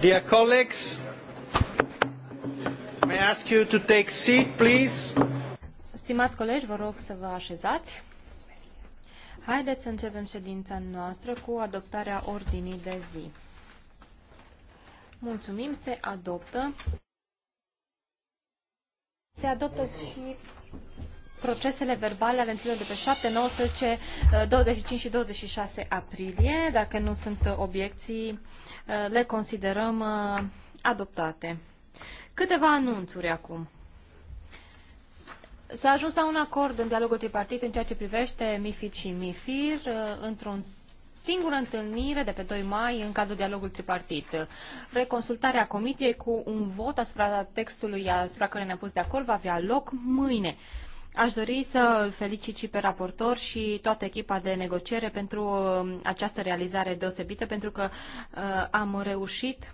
Dear colleagues, may I ask you to take seat, please? Stimați colegi, vă rog să vă așezați. Haideți să începem ședința noastră cu adoptarea ordinii de zi. Mulțumim, se adoptă. Se adoptă și procesele verbale ale întâlnirilor de pe 7, 19, 25 și 26 aprilie. Dacă nu sunt obiecții, uh, le considerăm uh, adoptate. Câteva anunțuri acum. S-a ajuns la un acord în dialogul tripartit în ceea ce privește MIFID și MIFIR uh, într-un singură întâlnire de pe 2 mai în cadrul dialogului tripartit. Reconsultarea comitiei cu un vot asupra textului asupra care ne-am pus de acord va avea loc mâine. Aș dori să felicit și pe raportor și toată echipa de negociere pentru um, această realizare deosebită, pentru că uh, am reușit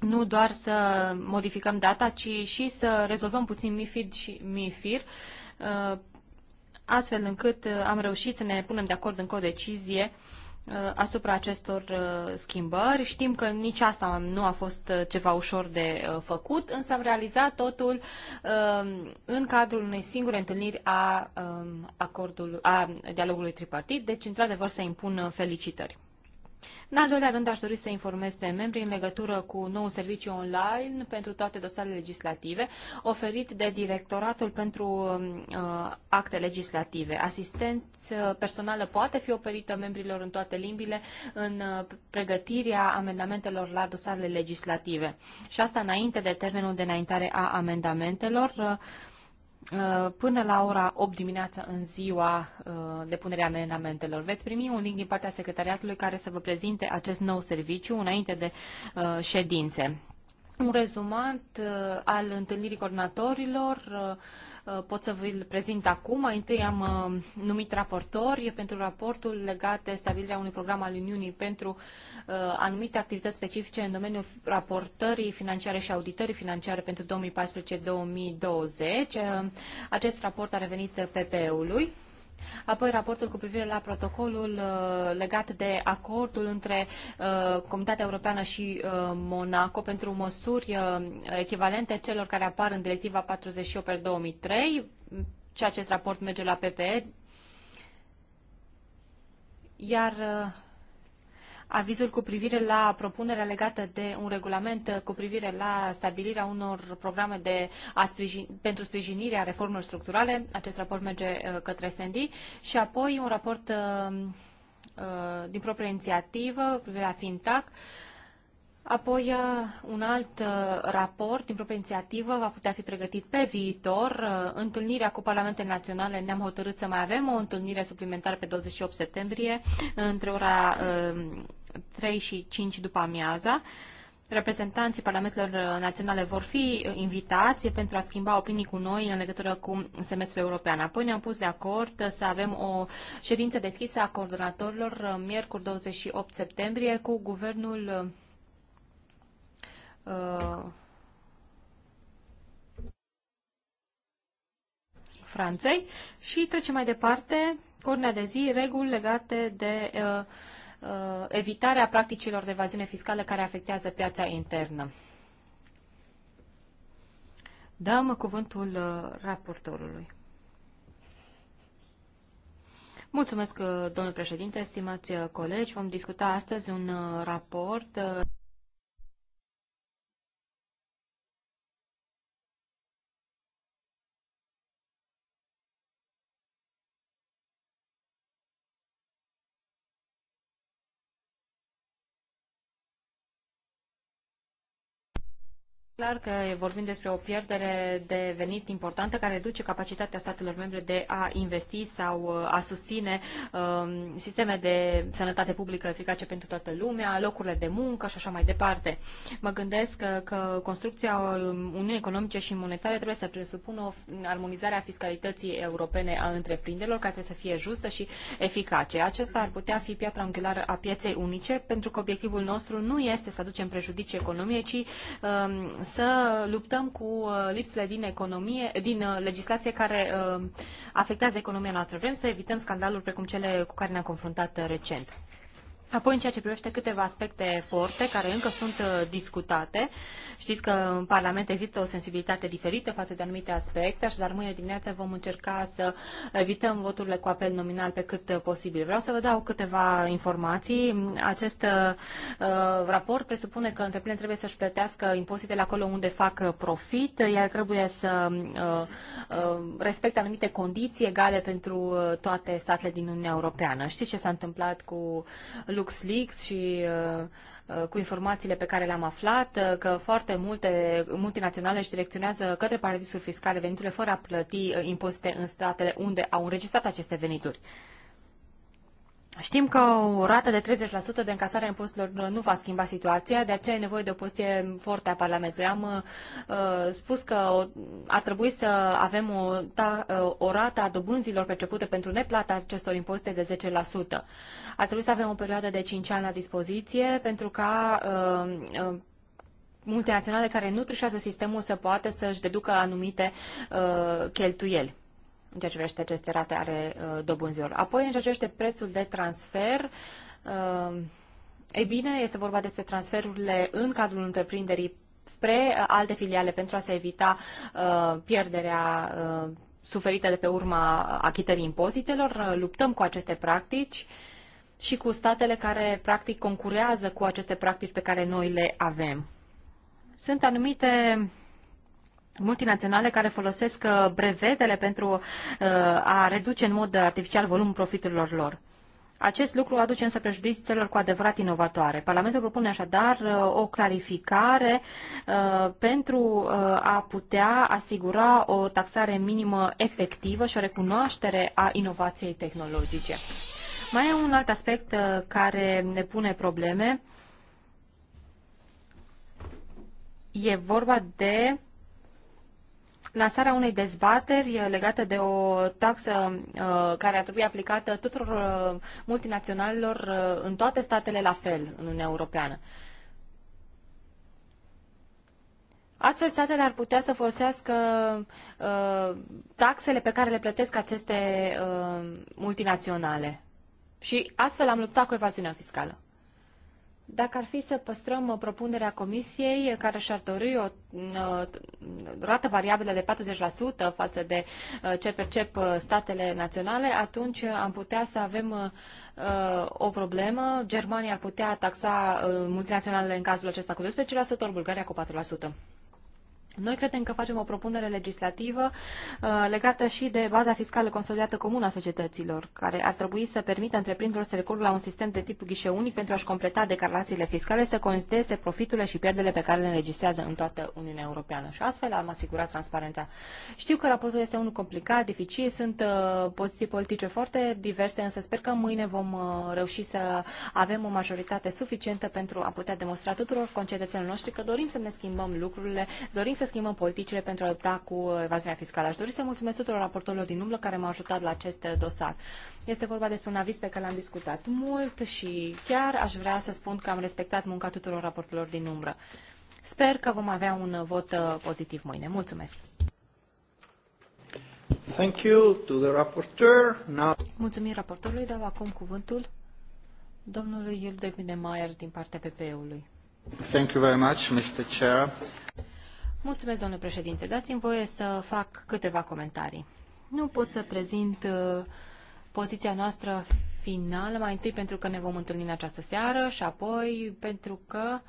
nu doar să modificăm data, ci și să rezolvăm puțin MIFID și MIFIR, uh, astfel încât uh, am reușit să ne punem de acord în codecizie decizie Uh, asupra acestor uh, schimbări. Știm că nici asta nu a fost uh, ceva ușor de făcut, însă am realizat totul în cadrul unei singure întâlniri a, um, acordului, a dialogului tripartit, deci într-adevăr să impun felicitări. În al doilea rând, aș dori să informez pe membrii în legătură cu nou serviciu online pentru toate dosarele legislative, oferit de Directoratul pentru um, uh, Acte Legislative. Asistență personală poate fi oferită membrilor în toate limbile în uh, pregătirea amendamentelor la dosarele legislative. Și asta înainte de termenul de înaintare a amendamentelor. Uh, Uh, până la ora 8 dimineața în ziua uh, depunerea amendamentelor. Veți primi un link din partea secretariatului care să vă prezinte acest nou serviciu înainte de uh, ședințe un rezumat uh, al întâlnirii coordonatorilor. Uh, uh, pot să vi-l prezint acum. Mai întâi am numit raportori pentru raportul legat de stabilirea unui program al Uniunii pentru anumite activități specifice în domeniul raportării financiare și auditării financiare pentru 2014-2020. Acest raport a revenit ppe ului Apoi raportul cu privire la protocolul uh, legat de acordul între uh, Comunitatea Europeană și uh, Monaco pentru măsuri echivalente celor care apar în Directiva 48 pe 2003 și acest raport merge la PPE. Iar avizul cu privire la propunerea legată de un regulament uh, cu privire la stabilirea unor programe de a sprijin, pentru sprijinirea reformelor structurale. Acest raport merge uh, către SND și apoi un raport uh, din propria inițiativă cu privire la FinTac. Apoi, un alt raport din propria inițiativă va putea fi pregătit pe viitor. Întâlnirea cu Parlamentele Naționale ne-am hotărât să mai avem o întâlnire suplimentară pe 28 septembrie între ora 3 și 5 după amiaza. Reprezentanții Parlamentelor Naționale vor fi invitați pentru a schimba opinii cu noi în legătură cu semestrul european. Apoi ne-am pus de acord să avem o ședință deschisă a coordonatorilor miercuri 28 septembrie cu guvernul uh, Franței și trecem mai departe cu de zi reguli legate de uh, Uh, evitarea practicilor de evaziune fiscală care afectează piața internă. Dăm cuvântul uh, raportorului. Mulțumesc, uh, domnule președinte, stimați colegi. Vom discuta astăzi un raport clar că vorbim despre o pierdere de venit importantă care reduce capacitatea statelor membre de a investi sau uh, a susține um, sisteme de sănătate publică eficace pentru toată lumea, locurile de muncă și așa mai departe. Mă gândesc că, uh, că construcția um, Uniunii Economice și Monetare trebuie să presupună armonizarea fiscalității europene a întreprinderilor, care trebuie să fie justă și eficace. Acesta ar putea fi piatra angulară a pieței unice, pentru că obiectivul nostru nu este să aducem prejudicii economiei, ci um, să luptăm cu uh, lipsurile din economie, din uh, legislație care uh, afectează economia noastră. Vrem să evităm scandaluri precum cele cu care ne-am confruntat recent. Apoi, în ceea ce privește câteva aspecte forte care încă sunt uh, discutate, știți că în Parlament există o sensibilitate diferită față de anumite aspecte, așadar mâine dimineață vom încerca să evităm voturile cu apel nominal pe cât uh, posibil. Vreau să vă dau câteva informații. Acest uh, uh raport presupune că întreprinderile trebuie să-și plătească impozitele acolo unde fac profit, iar trebuie să uh, uh, respecte anumite condiții egale pentru toate statele din Uniunea Europeană. Știți ce s-a întâmplat cu lucrurile LuxLeaks și uh, uh, cu informațiile pe care le-am aflat, uh, că foarte multe multinaționale își direcționează către paradisuri fiscale veniturile fără a plăti impozite în statele unde au înregistrat aceste venituri. Știm că o rată de 30% de încasare a impozitelor nu va schimba situația, de aceea e nevoie de o poziție forte a Parlamentului. Am uh, spus că ar trebui să avem o, ta, uh, o rată a dobânzilor percepute pentru neplata acestor impozite de 10%. Ar trebui să avem o perioadă de 5 ani la dispoziție pentru ca uh, uh, multinaționale care nu trișează sistemul să poată să-și deducă anumite uh, cheltuieli în ceea ce privește aceste rate ale uh, dobânzilor. Apoi, în ceea ce privește prețul de transfer, uh, ei bine, este vorba despre transferurile în cadrul întreprinderii spre uh, alte filiale pentru a se evita pierderea suferită de pe urma achitării impozitelor. Luptăm cu aceste practici și cu statele care practic concurează cu aceste practici pe care noi le avem. Sunt anumite multinaționale care folosesc uh, brevetele pentru uh, a reduce în mod artificial volumul profiturilor lor. Acest lucru aduce însă prejudicii celor cu adevărat inovatoare. Parlamentul propune așadar uh, o clarificare pentru a putea asigura o taxare minimă efectivă și o recunoaștere a inovației tehnologice. Mai e un alt aspect care ne pune probleme. E vorba de lansarea unei dezbateri legate de o taxă uh, care ar trebui aplicată tuturor uh, multinaționalilor uh, în toate statele la fel în Uniunea Europeană. Astfel, statele ar putea să folosească uh, taxele pe care le plătesc aceste uh, multinaționale. Și astfel am luptat cu evaziunea fiscală. Dacă ar fi să păstrăm uh, propunerea Comisiei, uh, care și-ar dori o uh, rată variabilă de 40% față de ce percep statele naționale, atunci am putea să avem o problemă. Germania ar putea taxa multinaționalele în cazul acesta cu 12%, ori Bulgaria cu 4%. Noi credem că facem o propunere legislativă uh, legată și de baza fiscală consolidată comună a societăților, care ar trebui să permită întreprinderilor să recurgă la un sistem de tip ghișe unic pentru a-și completa declarațiile fiscale, să considere profiturile și pierderile pe care le înregistrează în toată Uniunea Europeană. Și astfel am asigurat transparența. Știu că raportul este unul complicat, dificil, sunt uh, poziții politice foarte diverse, însă sper că mâine vom uh, reuși să avem o majoritate suficientă pentru a putea demonstra tuturor concetățenilor noștri că dorim să ne schimbăm lucrurile, dorim să să schimbăm politicile pentru a lupta cu evaziunea fiscală. Aș dori să mulțumesc tuturor raportorilor din umblă care m-au ajutat la acest dosar. Este vorba despre un aviz pe care l-am discutat mult și chiar aș vrea să spun că am respectat munca tuturor raportorilor din umbră. Sper că vom avea un vot uh, pozitiv mâine. Mulțumesc! Thank you to the rapporteur. Now... Mulțumim raportorului. Dau acum cuvântul domnului Ildek Maier din partea PPE-ului. Thank you very much, Mr. Chair. Mulțumesc, domnule președinte. Dați-mi voie să fac câteva comentarii. Nu pot să prezint uh, poziția noastră finală, mai întâi pentru că ne vom întâlni în această seară și apoi pentru că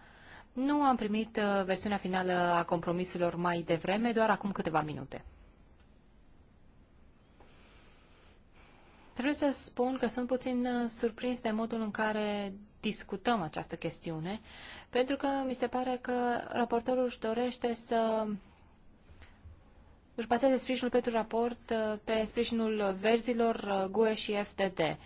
nu am primit uh, versiunea finală a compromisurilor mai devreme, doar acum câteva minute. Trebuie să spun că sunt puțin uh, surprins de modul în care discutăm această chestiune, pentru că mi se pare că raportorul își dorește să își baseze sprijinul pentru raport uh, pe sprijinul verzilor uh, GUE și FTD.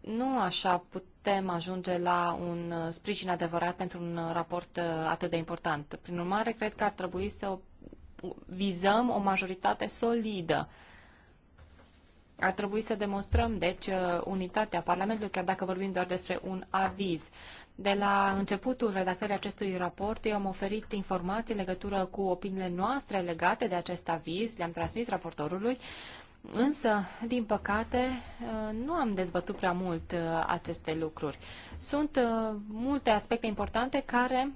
Nu așa putem ajunge la un uh, sprijin adevărat pentru un raport atât de important. Prin urmare, cred că ar trebui să vizăm o majoritate solidă ar trebui să demonstrăm, deci, uh, unitatea Parlamentului, chiar dacă vorbim doar despre un aviz. De la începutul redactării acestui raport, eu am oferit informații în legătură cu opiniile noastre legate de acest aviz, le-am transmis raportorului, însă, din păcate, uh, nu am dezbătut prea mult uh, aceste lucruri. Sunt multe aspecte importante care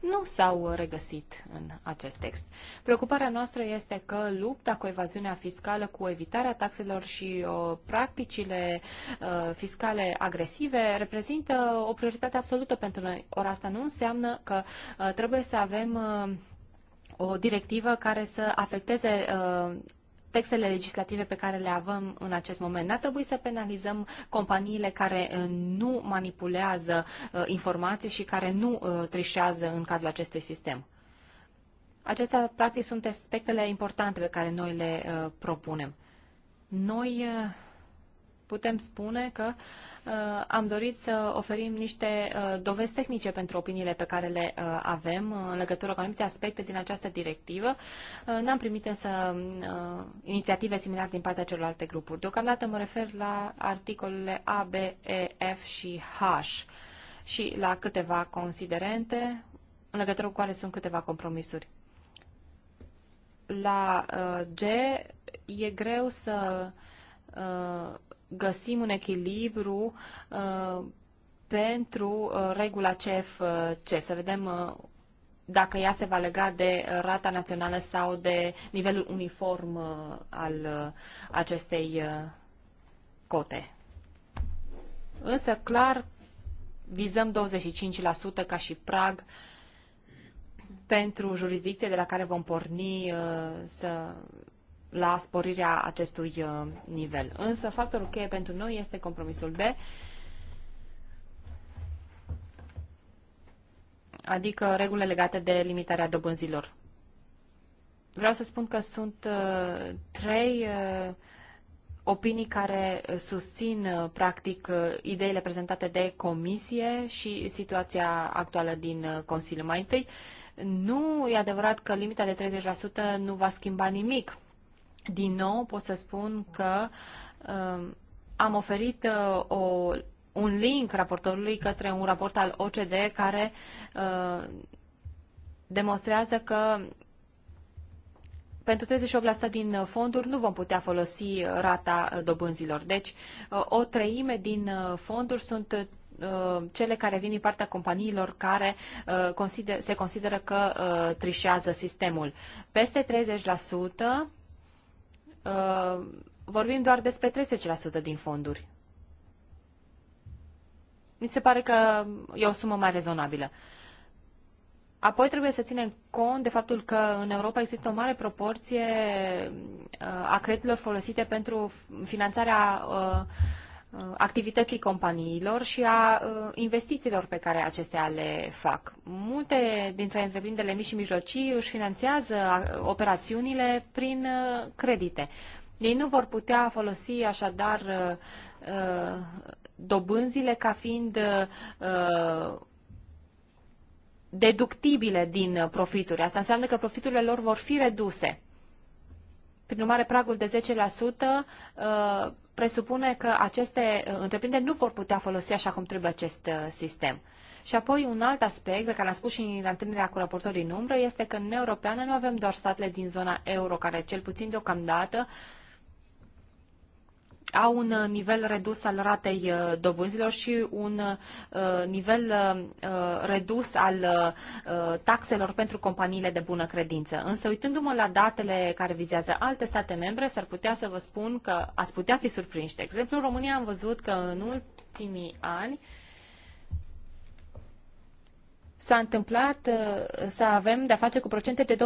nu s-au regăsit în acest text. Preocuparea noastră este că lupta cu evaziunea fiscală, cu evitarea taxelor și o uh, practicile o, uh, fiscale agresive reprezintă o prioritate absolută pentru noi. Ori asta nu înseamnă că o, uh, trebuie să avem o directivă care să afecteze textele legislative pe care le avem în acest moment. N-ar trebui să penalizăm companiile care uh, nu manipulează uh, informații și care nu uh, trișează în cadrul acestui sistem. Acestea, practic, sunt aspectele importante pe care noi le propunem. Noi uh, putem spune că uh, am dorit să oferim niște uh, dovezi tehnice pentru opiniile pe care le uh, avem uh, în legătură cu anumite aspecte din această directivă. Uh, n-am primit însă uh, inițiative similare din partea celorlalte grupuri. Deocamdată mă refer la articolele A, B, E, F și H și la câteva considerente în legătură cu care sunt câteva compromisuri. La uh, G e greu să uh, găsim un echilibru uh, pentru uh, regula CFC, să vedem uh, dacă ea se va lega de rata națională sau de nivelul uniform uh, al uh, acestei uh, cote. Însă, clar, vizăm 25% ca și prag pentru jurisdicție de la care vom porni să la sporirea acestui uh, nivel. Însă factorul cheie pentru noi este compromisul B, adică regulile legate de limitarea dobânzilor. Vreau să spun că sunt uh, trei uh, opinii care susțin, practic, ideile prezentate de comisie și situația actuală din Consiliu. Mai întâi, nu e adevărat că limita de 30% nu va schimba nimic din nou pot să spun că um, am oferit uh, o, un link raportorului către un raport al OCD care uh, demonstrează că pentru 38% din fonduri nu vom putea folosi rata uh, dobânzilor. Deci, o treime din fonduri sunt cele care vin din partea companiilor care consider, se consideră că trișează sistemul. Peste 30% Uh, vorbim doar despre 13% din fonduri. Mi se pare că e o sumă mai rezonabilă. Apoi trebuie să ținem cont de faptul că în Europa există o mare proporție uh, a creditelor folosite pentru finanțarea uh, Uh, activității companiilor și a uh, investițiilor pe care acestea le fac. Multe dintre întreprinderile mici și mijlocii își finanțează operațiunile prin uh, credite. Ei nu vor putea folosi așadar dobânzile ca fiind deductibile din profituri. Asta înseamnă că profiturile lor vor fi reduse. Prin urmare, pragul de 10% uh, presupune că aceste uh, întreprinderi nu vor putea folosi așa cum trebuie acest uh, sistem. Și apoi un alt aspect pe care l-am spus și în întâlnirea cu raportorii în umbră este că în Europeană nu avem doar statele din zona euro care, cel puțin deocamdată, uh, au un uh, nivel redus al ratei uh, dobânzilor și un uh, nivel redus al taxelor pentru companiile de bună credință. Însă, uitându-mă la datele care vizează alte state membre, s-ar putea să vă spun că ați putea fi surprinși. De exemplu, în România am văzut că în ultimii ani, s-a întâmplat uh, să avem de-a face cu procente de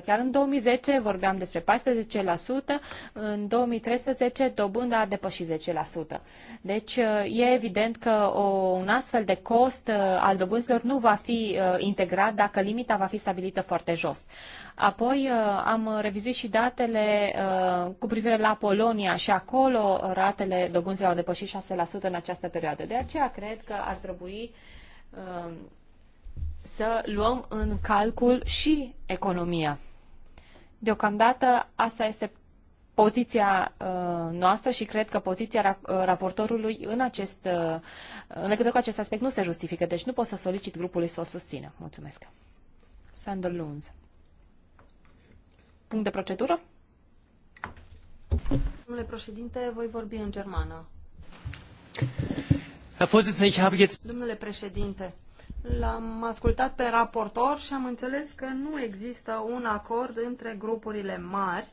25%. Chiar în 2010 vorbeam despre 14%, în 2013 dobânda a depășit 10%. Deci uh, e evident că o, un astfel de cost uh, al dobânzilor nu va fi integrat dacă limita va fi stabilită foarte jos. Apoi am revizuit și datele cu privire la Polonia și acolo ratele dobânzilor au depășit 6% în această perioadă. De aceea cred că ar trebui să luăm în calcul și economia. Deocamdată asta este poziția uh, noastră și cred că poziția uh, raportorului în, acest, uh, în legătură cu acest aspect nu se justifică, deci nu pot să solicit grupului să o susțină. Mulțumesc. Sandor Luns. Punct de procedură? Domnule președinte, voi vorbi în germană. Herr Vorsitzende, ich habe jetzt... Domnule președinte, L-am ascultat pe raportor și am înțeles că nu există un acord între grupurile mari.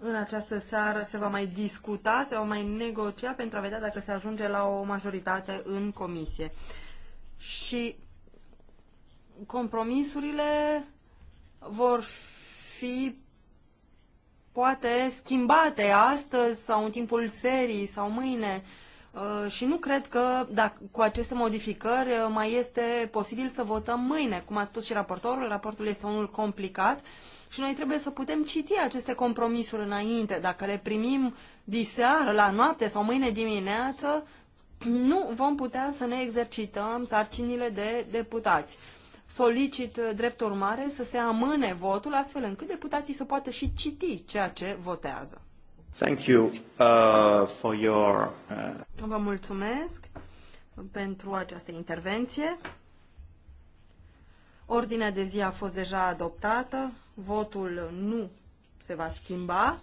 În această seară se va mai discuta, se va mai negocia pentru a vedea dacă se ajunge la o majoritate în comisie. Și compromisurile vor fi poate schimbate astăzi sau în timpul serii sau mâine. Uh, Uh, și nu cred că dacă, cu aceste modificări uh, mai este posibil să votăm mâine. Cum a spus și raportorul, raportul este unul complicat și noi trebuie să putem citi aceste compromisuri înainte. Dacă le primim diseară, la noapte sau mâine dimineață, nu vom putea să ne exercităm sarcinile de deputați. Solicit uh, drept urmare să se amâne votul astfel încât deputații să poată și citi ceea ce votează. Thank you uh, for your... Uh... Vă mulțumesc pentru această intervenție. Ordinea de zi a fost deja adoptată, votul nu se va schimba.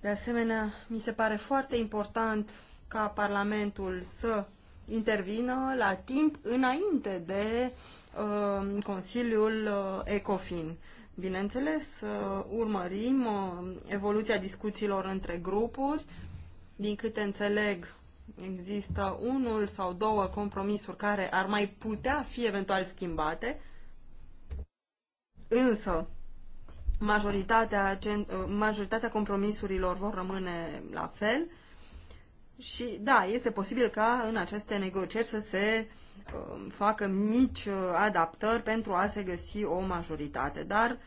De asemenea, mi se pare foarte important ca Parlamentul să intervină la timp înainte de uh, Consiliul uh, ECOFIN. Bineînțeles, uh, urmărim uh, evoluția discuțiilor între grupuri. Din câte înțeleg, există unul sau două compromisuri care ar mai putea fi eventual schimbate, însă majoritatea, uh, majoritatea compromisurilor vor rămâne la fel și da, este posibil ca în aceste negocieri să se facă mici adaptări pentru a se găsi o majoritate, dar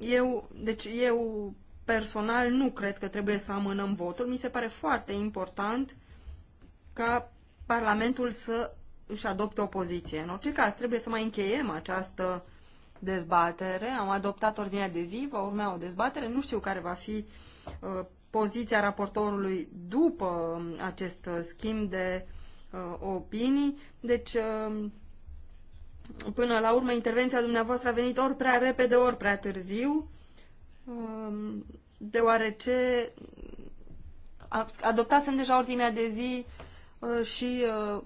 eu, deci eu personal nu cred că trebuie să amânăm votul. Mi se pare foarte important ca Parlamentul să își adopte o poziție. În orice caz, trebuie să mai încheiem această dezbatere. Am adoptat ordinea de zi, va urmea o dezbatere. Nu știu care va fi uh, poziția raportorului după um, acest schimb de uh, opinii. Deci, uh, Până la urmă, intervenția dumneavoastră a venit ori prea repede, ori prea târziu, um, deoarece adoptasem deja ordinea de zi uh, și uh,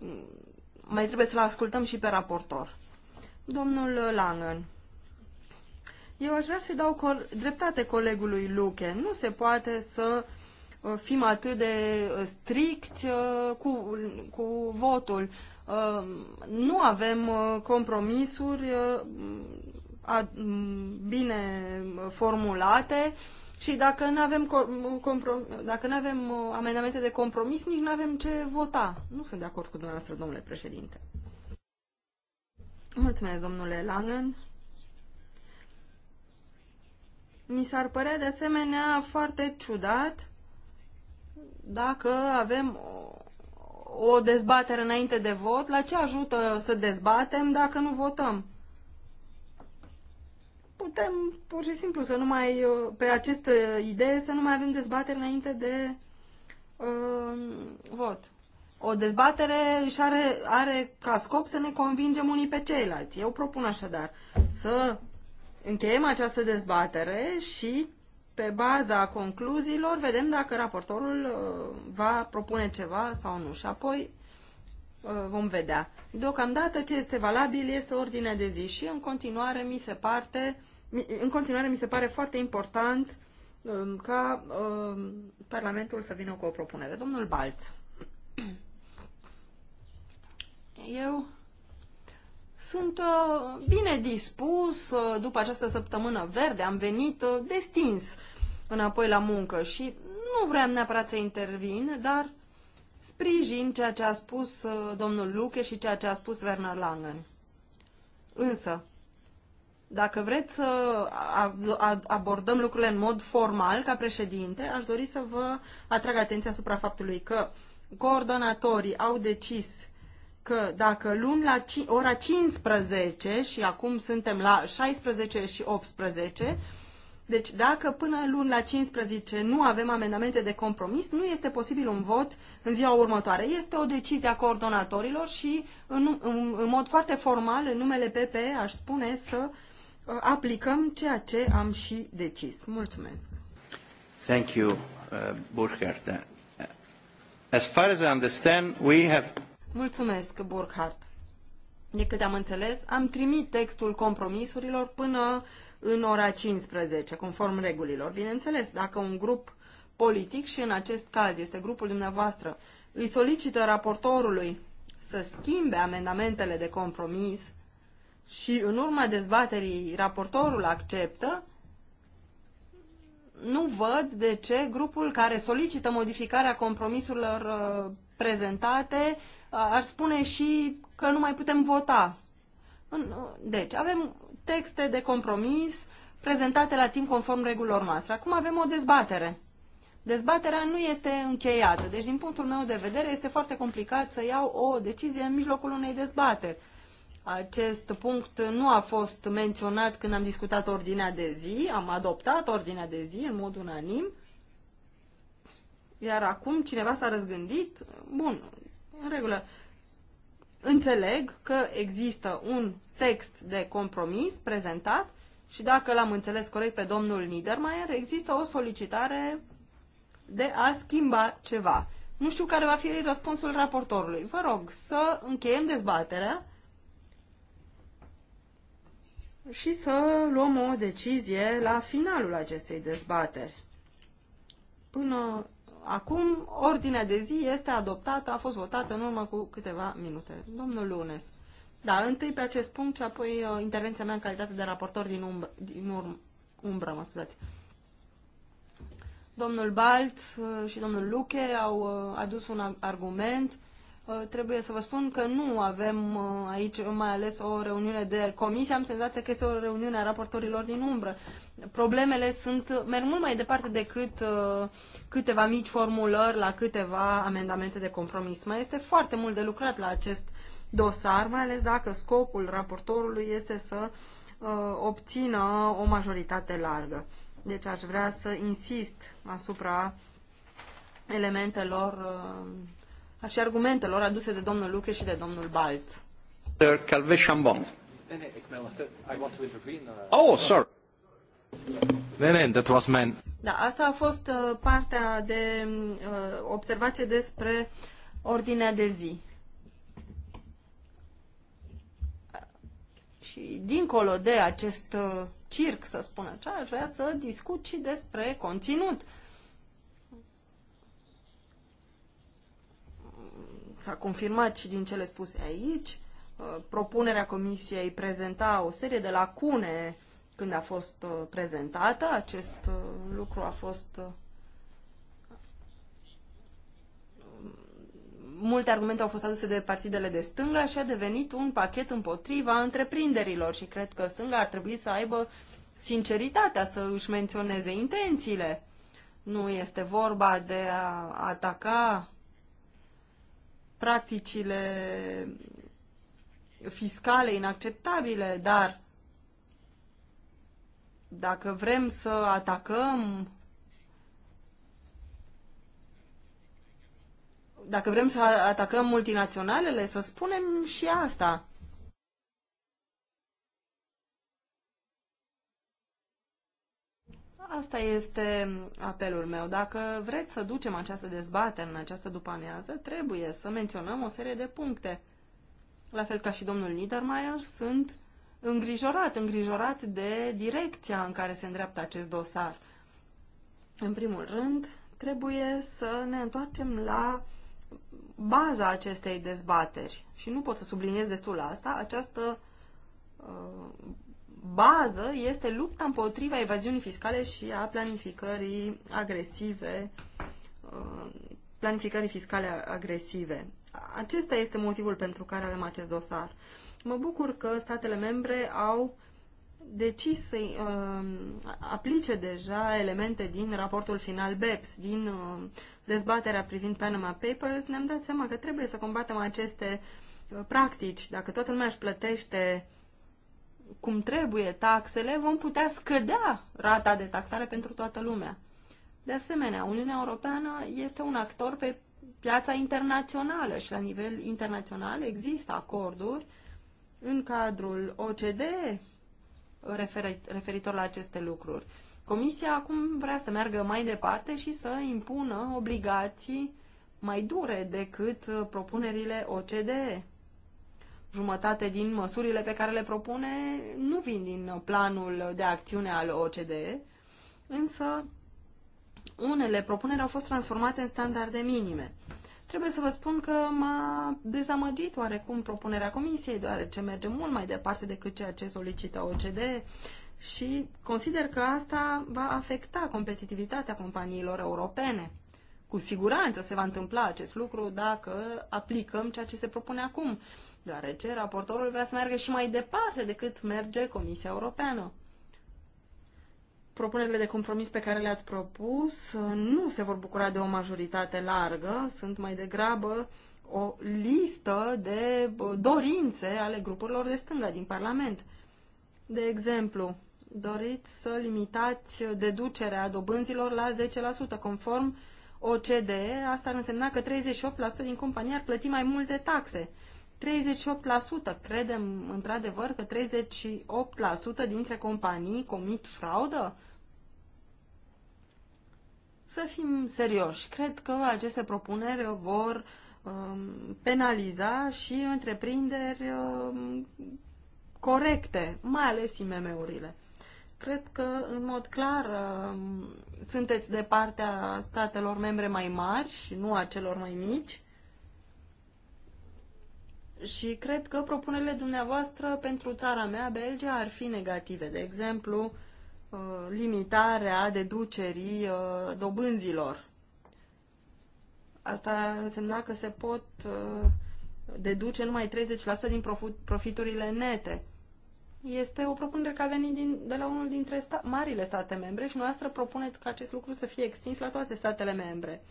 mai trebuie să-l ascultăm și pe raportor. Domnul Langen, eu aș vrea să-i dau co- dreptate colegului Luche. Nu se poate să uh, fim atât de stricți cu, cu votul. Ehm, nu avem uh, compromisuri uh, mm, bine uh, formulate și dacă nu avem, mm, dacă nu avem amendamente de compromis, nici nu avem ce vota. Nu sunt de acord cu dumneavoastră, domnule președinte. Mulțumesc, domnule Langen. Mi s-ar părea de asemenea foarte ciudat dacă avem o dezbatere înainte de vot, la ce ajută să dezbatem dacă nu votăm? Putem pur și simplu să nu mai, pe această idee, să nu mai avem dezbatere înainte de uh, vot. O dezbatere își are, are ca scop să ne convingem unii pe ceilalți. Eu propun așadar să încheiem această dezbatere și pe baza concluziilor vedem dacă raportorul uh, va propune ceva sau nu și apoi uh, vom vedea. Deocamdată ce este valabil este ordinea de zi și în continuare mi se, parte, în continuare mi se pare foarte important um, ca um, Parlamentul să vină cu o propunere. Domnul Balț. Eu sunt uh, bine dispus uh, după această săptămână verde, am venit uh, destins înapoi la muncă și nu vreau neapărat să intervin, dar sprijin ceea ce a spus domnul Luche și ceea ce a spus Werner Langen. Însă, dacă vreți să abordăm lucrurile în mod formal ca președinte, aș dori să vă atrag atenția asupra faptului că coordonatorii au decis că dacă luăm la ora 15 și acum suntem la 16 și 18, deci dacă până luni la 15 nu avem amendamente de compromis, nu este posibil un vot în ziua următoare. Este o decizie a coordonatorilor și în, în, în mod foarte formal, în numele PP, aș spune să uh, aplicăm ceea ce am și decis. Mulțumesc. Thank you, uh, uh As far as I understand, we have Mulțumesc, Burkhardt. De cât am înțeles, am trimit textul compromisurilor până în ora 15, conform regulilor. Bineînțeles, dacă un grup politic, și în acest caz este grupul dumneavoastră, îi solicită raportorului să schimbe amendamentele de compromis și în urma dezbaterii raportorul acceptă, nu văd de ce grupul care solicită modificarea compromisurilor uh, prezentate ar spune și că nu mai putem vota. Uh, deci, avem texte de compromis prezentate la timp conform regulilor noastre. Acum avem o dezbatere. Dezbaterea nu este încheiată, deci din punctul meu de vedere este foarte complicat să iau o decizie în mijlocul unei dezbateri. Acest punct nu a fost menționat când am discutat ordinea de zi, am adoptat ordinea de zi în mod unanim, iar acum cineva s-a răzgândit, bun, în regulă. Înțeleg că există un text de compromis prezentat și dacă l-am înțeles corect pe domnul Niedermayer, există o solicitare de a schimba ceva. Nu știu care va fi răspunsul raportorului. Vă rog să încheiem dezbaterea și să luăm o decizie la finalul acestei dezbateri. Până Acum, ordinea de zi este adoptată, a fost votată în urmă cu câteva minute. Domnul Lunes. Da, întâi pe acest punct și apoi uh, intervenția mea în calitate de raportor din, umbr- din urm- umbră, mă scuzați. Domnul Balt uh, și domnul Luche au uh, adus un argument Uh, trebuie să vă spun că nu avem uh, aici mai ales o reuniune de comisie, am senzația că este o reuniune a raportorilor din umbră. Problemele sunt, merg mult mai departe decât uh, câteva mici formulări la câteva amendamente de compromis. Mai este foarte mult de lucrat la acest dosar, mai ales dacă scopul raportorului este să obțină o majoritate largă. Deci aș vrea să insist asupra elementelor și argumentelor aduse de domnul Luche și de domnul Balț. Calvet Chambon. Oh, oh sorry. ne, that was man. Da, asta a fost uh, partea de uh, observație despre ordinea de zi. Și dincolo de acest uh, circ, să spun așa, aș vrea să discut și despre conținut. s-a confirmat și din cele spuse aici. Uh, propunerea comisiei prezenta o serie de lacune când a fost uh, prezentată. Acest uh, lucru a fost multe argumente au fost aduse de partidele de stânga și a devenit un pachet împotriva întreprinderilor și cred că stânga ar trebui să aibă sinceritatea să își menționeze intențiile. Nu este vorba de a ataca practicile fiscale inacceptabile, dar dacă vrem să atacăm dacă vrem să atacăm multinaționalele, să spunem și asta. Asta este apelul meu. Dacă vreți să ducem această dezbatere în această după-amiază, trebuie să menționăm o serie de puncte. La fel ca și domnul Niedermayer, sunt îngrijorat, îngrijorat de direcția în care se îndreaptă acest dosar. În primul rând, trebuie să ne întoarcem la baza acestei dezbateri. Și nu pot să subliniez destul asta, această uh, bază este lupta împotriva evaziunii fiscale și a planificării agresive, uh, planificării fiscale agresive. Acesta este motivul pentru care avem acest dosar. Mă bucur că statele membre au decis să uh, aplice deja elemente din raportul final BEPS, din uh, dezbaterea privind Panama Papers, ne-am dat seama că trebuie să combatem aceste practici. Dacă toată lumea își plătește cum trebuie taxele, vom putea scădea rata de taxare pentru toată lumea. De asemenea, Uniunea Europeană este un actor pe piața internațională și la nivel internațional există acorduri în cadrul OCDE referitor la aceste lucruri. Comisia acum vrea să meargă mai departe și să impună obligații mai dure decât propunerile OCDE jumătate din măsurile pe care le propune nu vin din planul de acțiune al OCDE, însă unele propuneri au fost transformate în standarde minime. Trebuie să vă spun că m-a dezamăgit oarecum propunerea Comisiei, deoarece merge mult mai departe decât ceea ce solicită OCDE și consider că asta va afecta competitivitatea companiilor europene. Cu siguranță se va întâmpla acest lucru dacă aplicăm ceea ce se propune acum deoarece raportorul vrea să meargă și mai departe decât merge Comisia Europeană. Propunerile de compromis pe care le-ați propus uh, nu se vor bucura de o majoritate largă, sunt mai degrabă o listă de uh, dorințe ale grupurilor de stânga din Parlament. De exemplu, doriți să limitați deducerea dobânzilor la 10%, conform OCDE, asta ar însemna că 38% din companii ar plăti mai multe taxe. 38% credem într-adevăr că 38% dintre companii comit fraudă? Să fim serioși, cred că aceste propuneri vor um, penaliza și întreprinderi um, corecte, mai ales IMM-urile. Cred că, în mod clar, um, sunteți de partea statelor membre mai mari și nu a celor mai mici și cred că propunerile dumneavoastră pentru țara mea, Belgia, ar fi negative. De exemplu, uh, limitarea deducerii uh, dobânzilor. Asta însemna că se pot uh, deduce numai 30% din profiturile nete. Este o propunere care a venit din, de la unul dintre sta- marile state membre și noastră propuneți ca acest lucru să fie extins la toate statele membre.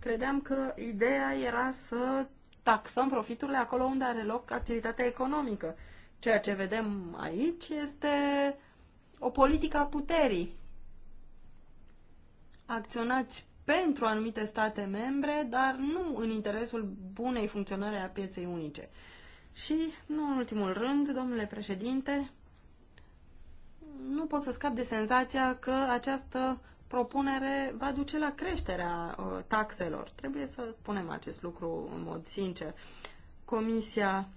Credeam că ideea era să taxăm profiturile acolo unde are loc activitatea economică. Ceea ce vedem aici este o politică a puterii. Acționați pentru anumite state membre, dar nu în interesul bunei funcționări a pieței unice. Și, nu în ultimul rând, domnule președinte, nu pot să scap de senzația că această propunere va duce la creșterea uh, taxelor. Trebuie să spunem acest lucru în mod sincer. Comisia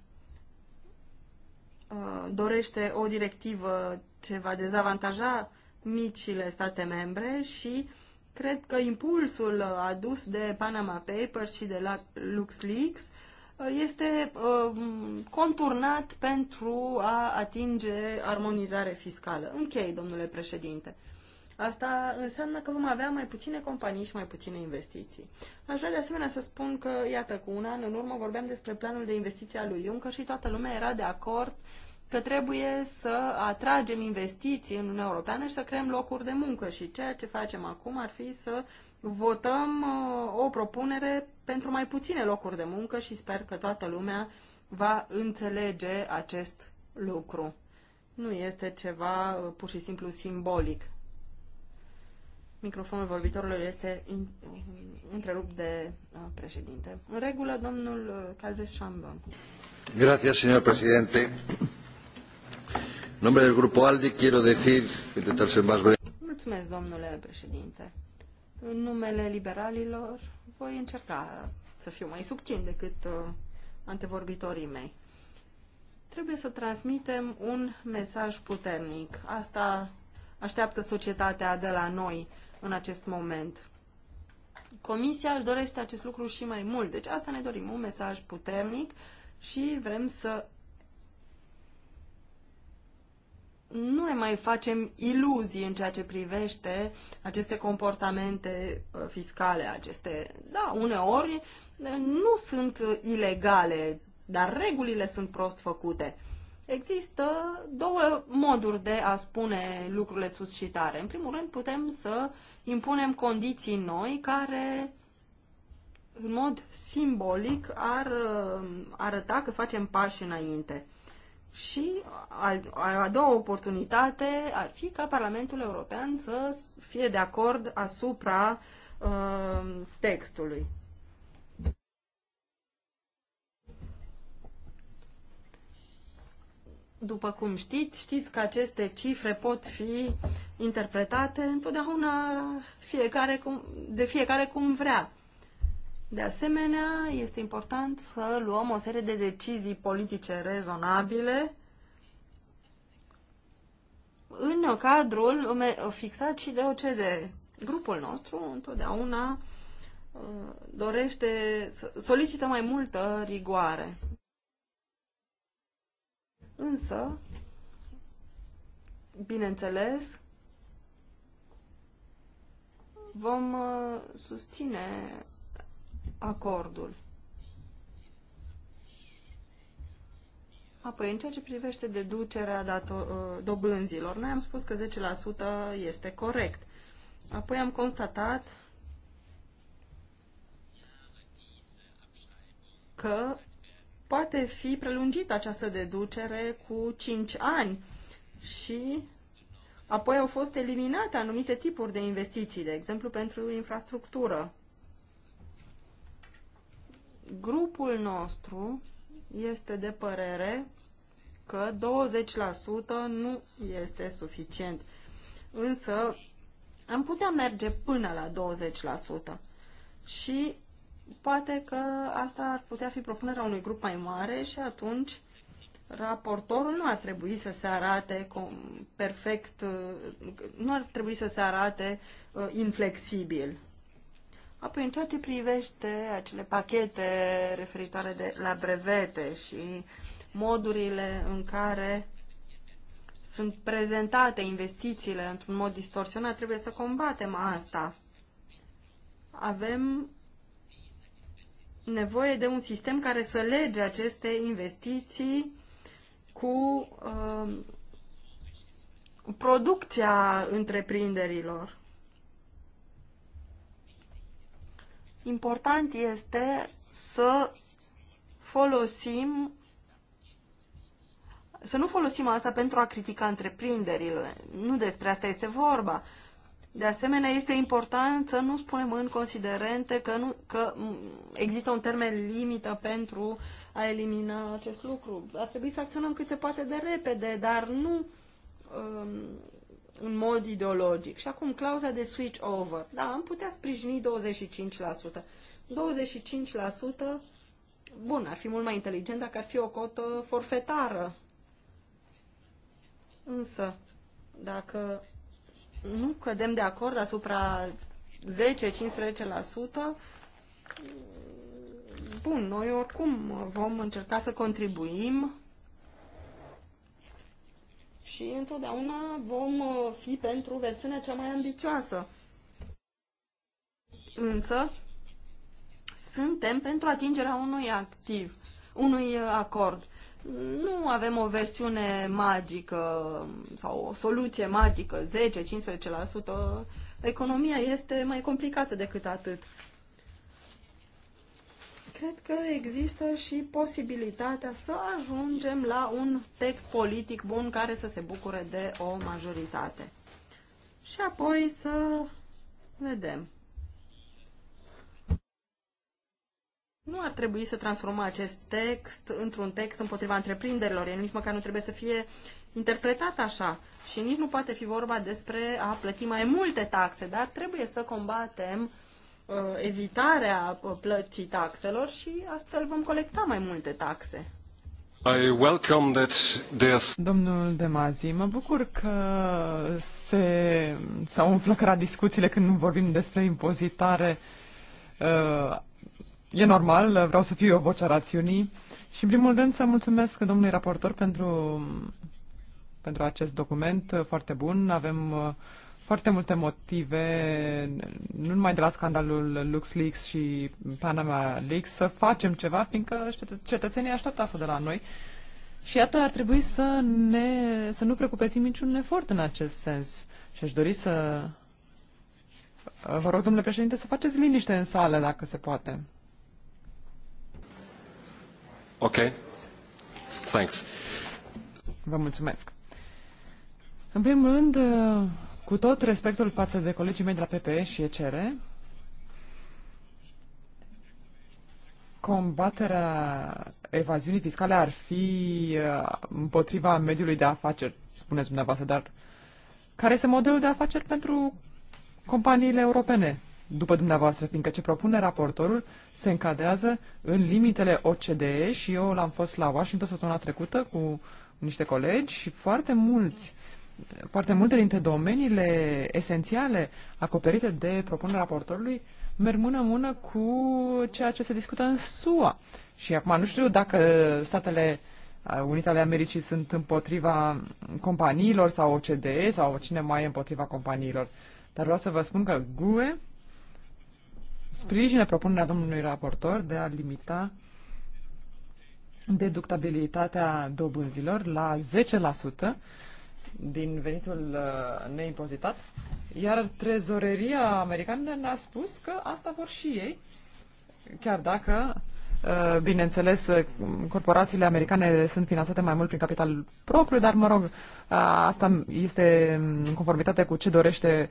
uh, dorește o directivă ce va dezavantaja micile state membre și cred că impulsul uh, adus de Panama Papers și de LuxLeaks este conturnat pentru a atinge armonizare fiscală. Închei, domnule președinte. Asta înseamnă că vom avea mai puține companii și mai puține investiții. Aș vrea de asemenea să spun că, iată, cu un an în urmă vorbeam despre planul de investiție al lui Juncker și toată lumea era de acord că trebuie să atragem investiții în Uniunea Europeană și să creăm locuri de muncă și ceea ce facem acum ar fi să votăm uh, o propunere pentru mai puține locuri de muncă și sper că toată lumea va înțelege acest lucru. Nu este ceva uh, pur și simplu simbolic. Microfonul vorbitorului este întrerupt de uh, președinte. În regulă, domnul uh, Calves Chambon. Gracias, señor presidente. numele del Grupo ALDE quiero decir, intentar ser más breve. Mulțumesc, domnule președinte. În numele liberalilor voi încerca să fiu mai succint decât uh, antevorbitorii mei. Trebuie să transmitem un mesaj puternic. Asta așteaptă societatea de la noi în acest moment. Comisia își dorește acest lucru și mai mult. Deci asta ne dorim, un mesaj puternic și vrem să nu ne mai facem iluzii în ceea ce privește aceste comportamente uh, fiscale, aceste, da, uneori uh, nu sunt ilegale, dar regulile sunt prost făcute. Există două moduri de a spune lucrurile sus și tare. În primul rând, putem să impunem condiții noi care, în mod simbolic, ar uh, arăta că facem pași înainte. Și a doua oportunitate ar fi ca Parlamentul European să fie de acord asupra uh, textului. După cum știți, știți că aceste cifre pot fi interpretate întotdeauna fiecare cum, de fiecare cum vrea. De asemenea, este important să luăm o serie de decizii politice rezonabile în cadrul fixat și de OCD. Grupul nostru întotdeauna uh, dorește, solicită mai multă rigoare. Însă, bineînțeles, vom uh, susține acordul. Apoi, în ceea ce privește deducerea uh, dobânzilor, noi am spus că 10% este corect. Apoi am constatat că poate fi prelungită această deducere cu 5 ani și apoi au fost eliminate anumite tipuri de investiții, de exemplu pentru infrastructură. Grupul nostru este de părere că 20% nu este suficient. Însă am putea merge până la 20% și Poate că asta ar putea fi propunerea unui grup mai mare și atunci raportorul nu ar trebui să se arate perfect, uh, nu ar trebui să se arate uh, inflexibil. Apoi, în ceea ce privește acele pachete referitoare de, la brevete și modurile în care sunt prezentate investițiile într-un mod distorsionat, trebuie să combatem asta. Avem nevoie de un sistem care să lege aceste investiții cu uh, producția întreprinderilor. Important este să folosim să nu folosim asta pentru a critica întreprinderile. Nu despre asta este vorba. De asemenea, este important să nu spunem în considerente că, nu, că există un termen limită pentru a elimina acest lucru. Ar trebui să acționăm cât se poate de repede, dar nu um, în mod ideologic. Și acum, clauza de switch over. Da, am putea sprijini 25%. 25%, bun, ar fi mult mai inteligent dacă ar fi o cotă forfetară. Însă, dacă nu cădem de acord asupra 10-15%, bun, noi oricum vom încerca să contribuim și întotdeauna vom fi pentru versiunea cea mai ambițioasă. Însă, suntem pentru atingerea unui activ, unui acord nu avem o versiune magică sau o soluție magică, 10-15%. Economia este mai complicată decât atât. Cred că există și posibilitatea să ajungem la un text politic bun care să se bucure de o majoritate. Și apoi să vedem. Nu ar trebui să transformă acest text într-un text împotriva întreprinderilor. El nici măcar nu trebuie să fie interpretat așa și nici nu poate fi vorba despre a plăti mai multe taxe, dar trebuie să combatem uh, evitarea uh, plății taxelor și astfel vom colecta mai multe taxe. I welcome that this... Domnul Demazi, mă bucur că se, s-au înflăcărat discuțiile când vorbim despre impozitare uh, E normal, vreau să fiu voce vocea rațiunii și în primul rând să mulțumesc domnului raportor pentru, pentru acest document foarte bun. Avem uh, foarte multe motive, nu numai de la scandalul LuxLeaks și Panama Leaks, să facem ceva, fiindcă cetățenii așteaptă asta de la noi. Și iată, ar trebui să, ne, să nu precupețim niciun efort în acest sens. Și aș dori să Vă rog, domnule președinte, să faceți liniște în sală, dacă se poate. Ok. Thanks. Vă mulțumesc. În primul rând, cu tot respectul față de colegii mei de la PPE și ECR, combaterea evaziunii fiscale ar fi uh, împotriva mediului de afaceri, spuneți dumneavoastră, dar care este modelul de afaceri pentru companiile europene? după dumneavoastră, fiindcă ce propune raportorul se încadrează în limitele OCDE și eu l-am fost la Washington săptămâna trecută cu niște colegi și foarte mulți foarte multe dintre domeniile esențiale acoperite de propunerea raportorului merg mână-mână cu ceea ce se discută în SUA. Și acum nu știu dacă Statele Unite ale Americii sunt împotriva companiilor sau OCDE sau cine mai e împotriva companiilor. Dar vreau să vă spun că GUE sprijină propunerea domnului raportor de a limita deductabilitatea dobânzilor la 10% din venitul uh, neimpozitat, iar trezoreria americană ne-a spus că asta vor și ei, chiar dacă, uh, bineînțeles, corporațiile americane sunt finanțate mai mult prin capital propriu, dar, mă rog, uh, asta este în conformitate cu ce dorește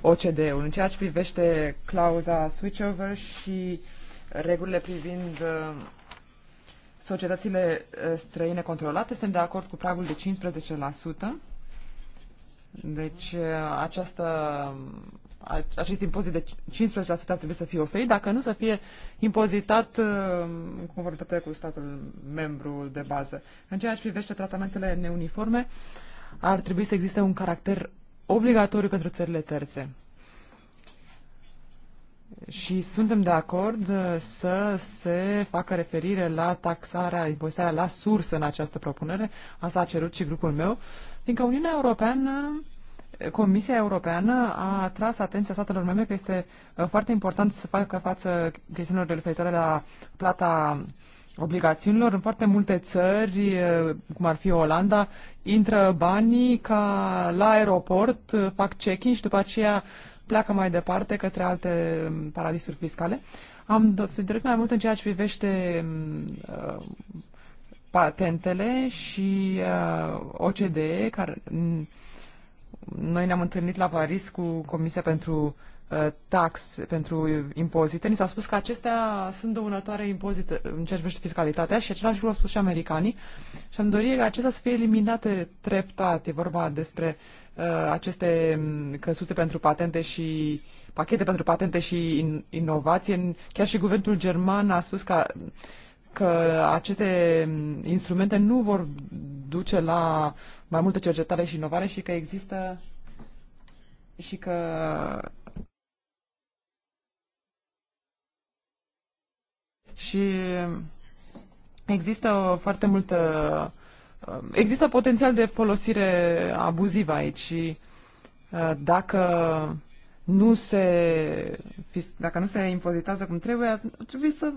ocd ul În ceea ce privește clauza switchover și regulile privind uh, societățile uh, străine controlate, suntem de acord cu pragul de 15%. Deci uh, această, acest impozit de 15% ar trebui să fie oferit, dacă nu să fie impozitat în conformitate cu statul membru de bază. În ceea ce privește tratamentele neuniforme, ar trebui să existe un caracter obligatoriu pentru țările terțe. Și suntem de acord uh, să se facă referire la taxarea, impozitarea la sursă în această propunere. Asta a cerut și grupul meu, fiindcă Uniunea Europeană, Comisia Europeană a atras atenția statelor membre că este uh, foarte important să facă față chestiunilor referitoare la plata obligațiunilor, în foarte multe țări, cum ar fi Olanda, intră banii ca la aeroport, fac check-in și după aceea pleacă mai departe către alte paradisuri fiscale. Am direct mai mult în ceea ce privește uh, patentele și uh, OCDE, care noi ne-am întâlnit la Paris cu Comisia pentru uh, Uh, tax pentru impozite, ni s-a spus că acestea sunt dăunătoare impozite în ceea ce privește fiscalitatea și același lucru au spus și americanii și am dorit ca acestea să fie eliminate treptat. E vorba despre uh, aceste um, căsuțe pentru patente și pachete pentru patente și in, inovație. Chiar și guvernul german a spus că că aceste um, instrumente nu vor duce la mai multă cercetare și inovare și că există și că și există foarte multă există potențial de folosire abuzivă aici și uh, dacă nu se dacă nu se impozitează cum trebuie, trebuie să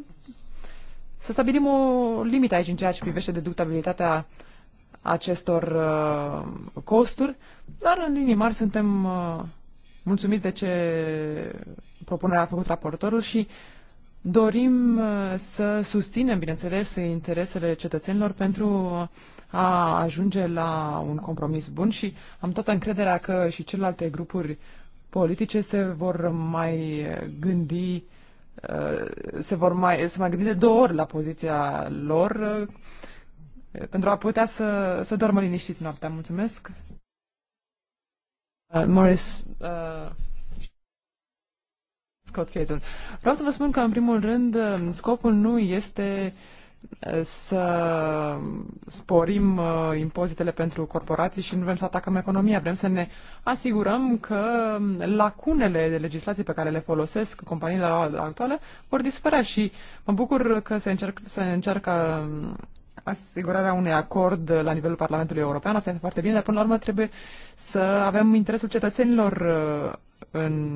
să stabilim o limită aici în ceea ce privește deductabilitatea acestor uh, costuri, dar în linii mari suntem uh, mulțumiți de ce propunerea a făcut raportorul și uh, Dorim uh, să susținem, bineînțeles, interesele cetățenilor pentru a ajunge la un compromis bun și am toată încrederea că și celelalte grupuri politice se vor mai gândi uh, se vor mai, se mai gândi de două ori la poziția lor uh, pentru a putea să, să dormă liniștiți noaptea. Mulțumesc! Uh, Morris, uh, Scott cheietul. Vreau să vă spun că, în primul rând, um, scopul nu este uh, să sporim uh, impozitele pentru corporații și nu vrem să atacăm economia. Vrem să ne asigurăm că um, lacunele de legislație pe care le folosesc companiile actuale vor dispărea și mă bucur că se, încerc, se încearcă um, asigurarea unui acord la nivelul Parlamentului European. Asta este foarte bine, dar până la urmă trebuie să avem interesul cetățenilor uh, în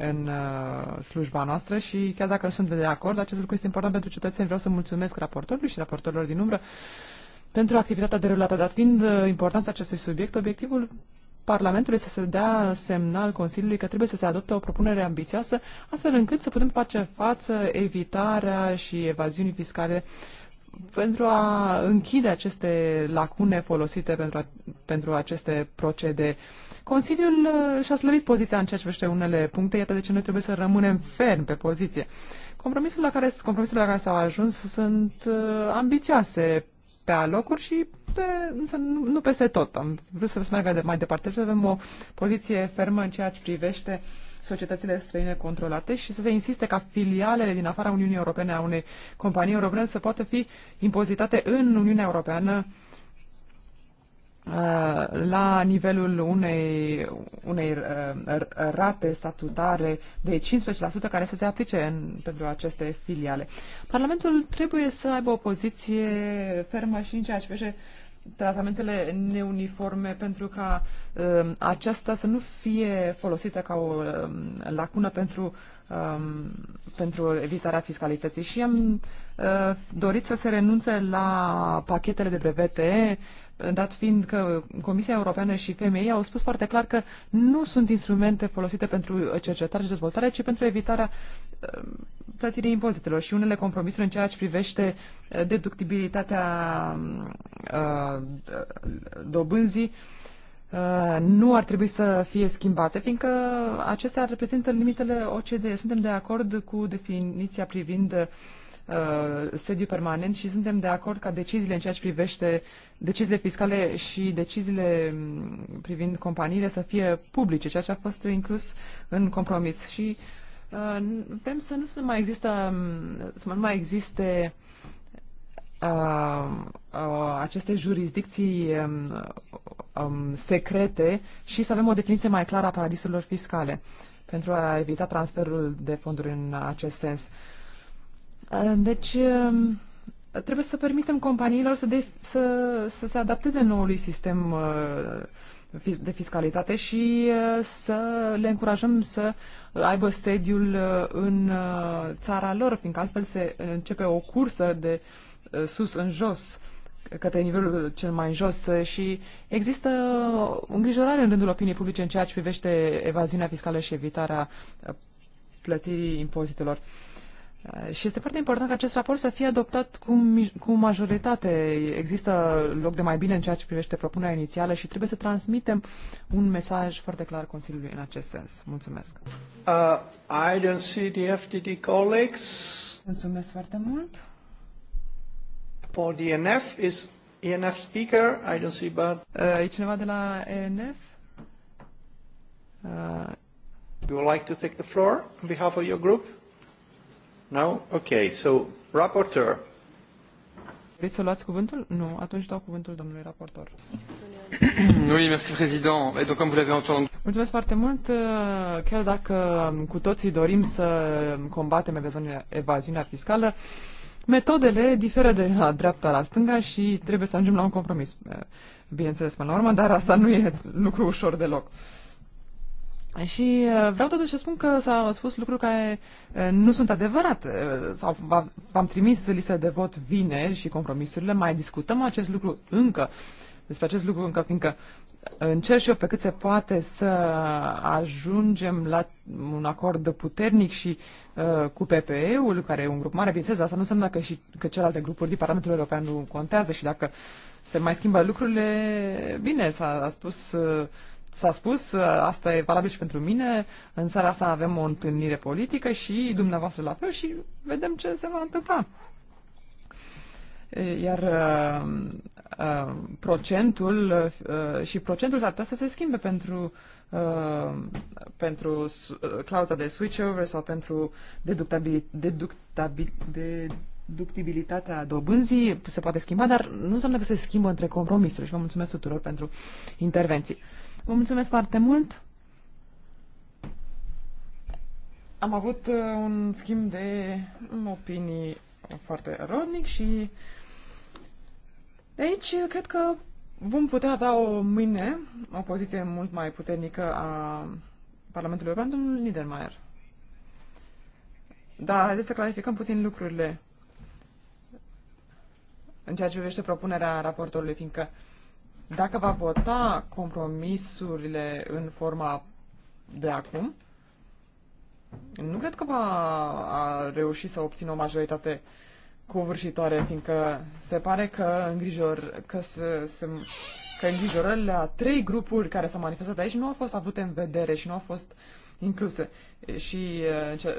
în uh, slujba noastră și chiar dacă nu sunt de acord, acest lucru este important pentru cetățeni. Vreau să mulțumesc raportorului și raportorilor din umbră pentru activitatea derulată, Dar fiind uh, importanța acestui subiect, obiectivul Parlamentului să se dea semnal Consiliului că trebuie să se adopte o propunere ambițioasă, astfel încât să putem face față evitarea și evaziunii fiscale pentru a închide aceste lacune folosite pentru, a, pentru aceste procede uh, Consiliul uh, și-a slăbit poziția în ceea ce privește unele puncte, iată de ce noi trebuie să rămânem ferm pe poziție. Compromisul la care, compromisurile la care s-au ajuns sunt uh, ambițioase pe alocuri și pe, însă nu, nu peste tot. Am vrut să merg de mai departe, să avem o poziție fermă în ceea ce privește societățile străine controlate și să se insiste ca filialele din afara Uniunii Europene a unei companii europene să poată fi impozitate în Uniunea Europeană uh, Uh, la nivelul unei, unei uh, rate statutare de 15% care să se aplice în, pentru aceste filiale. Parlamentul trebuie să aibă o poziție fermă și în ceea ce privește tratamentele neuniforme pentru ca um, aceasta să nu fie folosită ca o um, lacună pentru, um, pentru evitarea fiscalității. Și am uh, dorit să se renunțe la pachetele de brevete uh, dat fiind că Comisia Europeană și FMI au spus foarte clar că nu sunt instrumente folosite pentru cercetare și dezvoltare, ci pentru evitarea uh, plătirii impozitelor și unele compromisuri în ceea ce privește uh, deductibilitatea um, uh, dobânzii nu ar trebui să fie schimbate, fiindcă acestea reprezintă limitele OCDE. Suntem de acord cu definiția privind uh, sediu permanent și suntem de acord ca deciziile în ceea ce privește deciziile fiscale și deciziile mm, privind companiile să fie publice, ceea ce a fost inclus în compromis. Și uh, vrem să nu se mai există, mm, să nu mai existe uh, uh, aceste jurisdicții um, um, secrete și să avem o definiție mai clară a paradisurilor fiscale pentru a evita transferul de fonduri în acest sens. Uh, deci, um, trebuie să permitem companiilor să, de, să, să se adapteze noului sistem uh, de fiscalitate și uh, să le încurajăm să aibă sediul în țara lor, fiindcă altfel se începe o cursă de sus în jos către nivelul cel mai jos și există îngrijorare în rândul opiniei publice în ceea ce privește evaziunea fiscală și evitarea plătirii impozitelor. Uh, și este foarte important ca acest raport să fie adoptat cu, cu majoritate. Există loc de mai bine în ceea ce privește propunerea inițială și trebuie să transmitem un mesaj foarte clar Consiliului în acest sens. Mulțumesc. Uh, I don't see the FTD colleagues. Mulțumesc foarte mult. For the ENF is ENF speaker. I don't see but. Uh, e cineva de la ENF? Uh, you would like to take the floor on behalf of your group? No? Ok. So, rapporteur. Vreți să luați cuvântul? Nu. Atunci dau cuvântul domnului raportor. Oui, merci, président. Et donc, comme vous l'avez entendu... Mulțumesc foarte mult. Uh, chiar dacă cu toții dorim să combatem evaziunea fiscală, metodele diferă de la dreapta la stânga și trebuie să ajungem la un compromis. Uh, bineînțeles, până la urmă, dar asta nu e lucru ușor deloc. Și uh, vreau totuși să spun că s-au spus lucruri care uh, nu sunt adevărate. Uh, sau v-am trimis lista de vot vineri și compromisurile. Mai discutăm acest lucru încă, despre acest lucru încă, fiindcă încerc și eu pe cât se poate să ajungem la un acord puternic și uh, cu PPE-ul, care e un grup mare, bineînțeles, asta nu înseamnă că și că celelalte grupuri din Parlamentul European nu contează și dacă se mai schimbă lucrurile, bine, s-a spus uh, s-a spus, uh, asta e valabil și pentru mine, în seara asta avem o întâlnire politică și dumneavoastră la fel și vedem ce se va întâmpla. Iar uh, uh, procentul uh, și procentul s-ar putea să se schimbe pentru, uh, pentru uh, clauza de switchover sau pentru deductabil, deductabil, deductibilitatea dobânzii. Se poate schimba, dar nu înseamnă că se schimbă între compromisuri și vă mulțumesc tuturor pentru intervenții. Vă mulțumesc foarte mult! Am avut uh, un schimb de mm, opinii foarte rodnic și de aici uh, cred că vom putea avea o mâine o poziție mult mai puternică a Parlamentului European, domnul Niedermayer. Dar haideți să clarificăm puțin lucrurile în ceea ce privește propunerea raportului, fiindcă uh, dacă va vota compromisurile în forma de acum, nu cred că va reuși să obțină o majoritate covârșitoare, fiindcă se pare că, îngrijor, că, se, se, că îngrijorările a trei grupuri care s-au manifestat aici nu au fost avute în vedere și nu au fost incluse. Și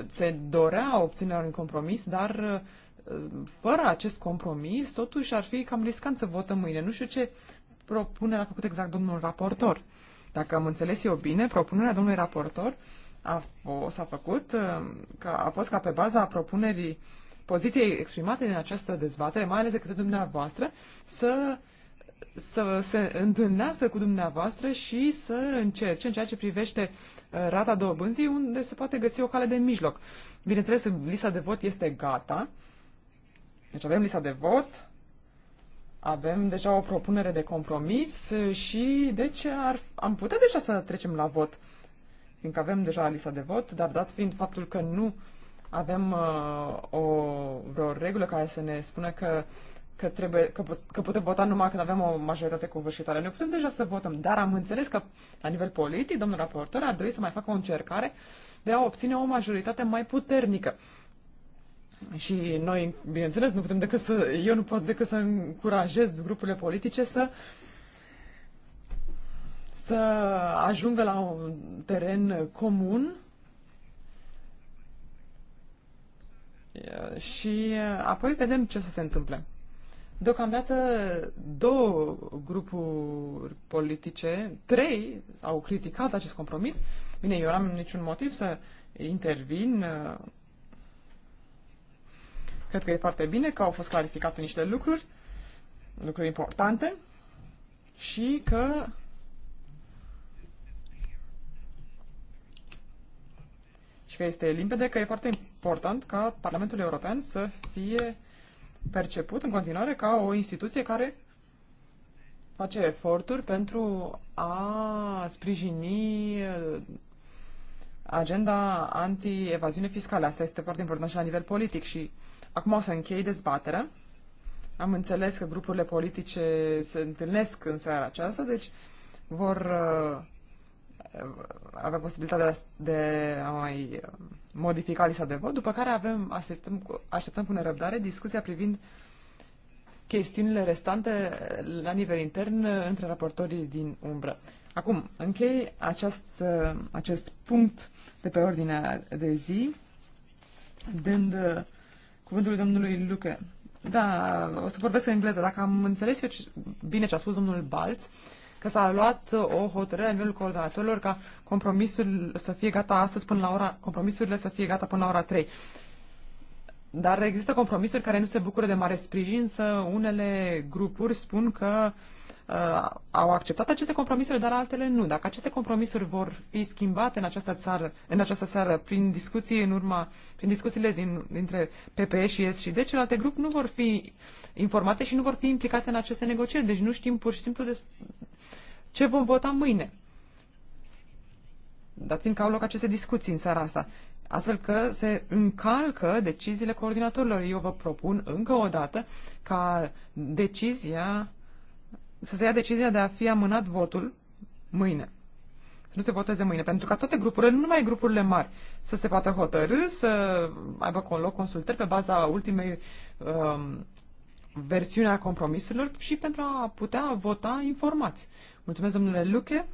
se dorea obținerea unui compromis, dar fără acest compromis, totuși ar fi cam riscant să votăm mâine. Nu știu ce propunerea a făcut exact domnul raportor. Dacă am înțeles eu bine, propunerea domnului raportor a fost, a făcut, uh, că a fost ca pe baza propunerii poziției exprimate din această dezbatere, mai ales de către dumneavoastră, să, să se întâlnească cu dumneavoastră și să încerce în ceea ce privește uh, rata dobânzii unde se poate găsi o cale de mijloc. Bineînțeles, lista de vot este gata. Deci avem lista de vot, avem deja o propunere de compromis și deci ar, am putea deja să trecem la vot, fiindcă avem deja lista de vot, dar dat fiind faptul că nu avem uh, o, vreo regulă care să ne spună că, că, trebuie, că, că putem vota numai când avem o majoritate covârșitoare. Noi putem deja să votăm, dar am înțeles că la nivel politic, domnul raportor, a dorit să mai facă o încercare de a obține o majoritate mai puternică. Și noi, bineînțeles, nu putem decât să, eu nu pot decât să încurajez grupurile politice să să ajungă la un teren comun și apoi vedem ce să se întâmple. Deocamdată două grupuri politice, trei, au criticat acest compromis. Bine, eu am niciun motiv să intervin Cred că e foarte bine că au fost clarificate niște lucruri, lucruri importante și că și că este limpede că e foarte important ca Parlamentul European să fie perceput în continuare ca o instituție care face eforturi pentru a sprijini eh, agenda anti-evaziune fiscală. Asta este foarte important și la nivel politic și Acum o să închei dezbaterea. Am înțeles că grupurile politice se întâlnesc în seara aceasta, deci vor uh, avea posibilitatea de a mai uh, modifica lista de vot, după care avem, așteptăm, așteptăm cu nerăbdare discuția privind chestiunile restante la nivel intern între raportorii din umbră. Acum, închei acest, uh, acest punct de pe ordinea de zi, dând cuvântul domnului Luke. Da, o să vorbesc în engleză. Dacă am înțeles eu bine ce a spus domnul Balț, că s-a luat uh, o hotărâre la nivelul coordonatorilor ca compromisul să fie gata astăzi până la ora, compromisurile să fie gata până la ora 3. Dar există compromisuri care nu se bucură de mare sprijin, să unele grupuri spun că uh, uh, au acceptat aceste compromisuri, dar altele nu. Dacă aceste compromisuri vor fi schimbate în această țară, în această seară, prin discuții în urma, prin discuțiile din, dintre PPE și S și de celelalte grup nu vor fi informate și nu vor fi implicate în aceste negocieri. Deci nu știm pur și simplu de ce vom vota mâine. Dar fiindcă au loc aceste discuții în seara asta. Astfel că se încalcă deciziile coordonatorilor. Eu vă propun încă o dată ca decizia să se ia decizia de a fi amânat votul mâine. Să nu se voteze mâine, pentru ca toate grupurile, nu numai grupurile mari, să se poată hotărâ, să aibă un loc consultări pe baza ultimei um, versiuni a compromisurilor și pentru a putea vota informați. Mulțumesc, domnule Luche.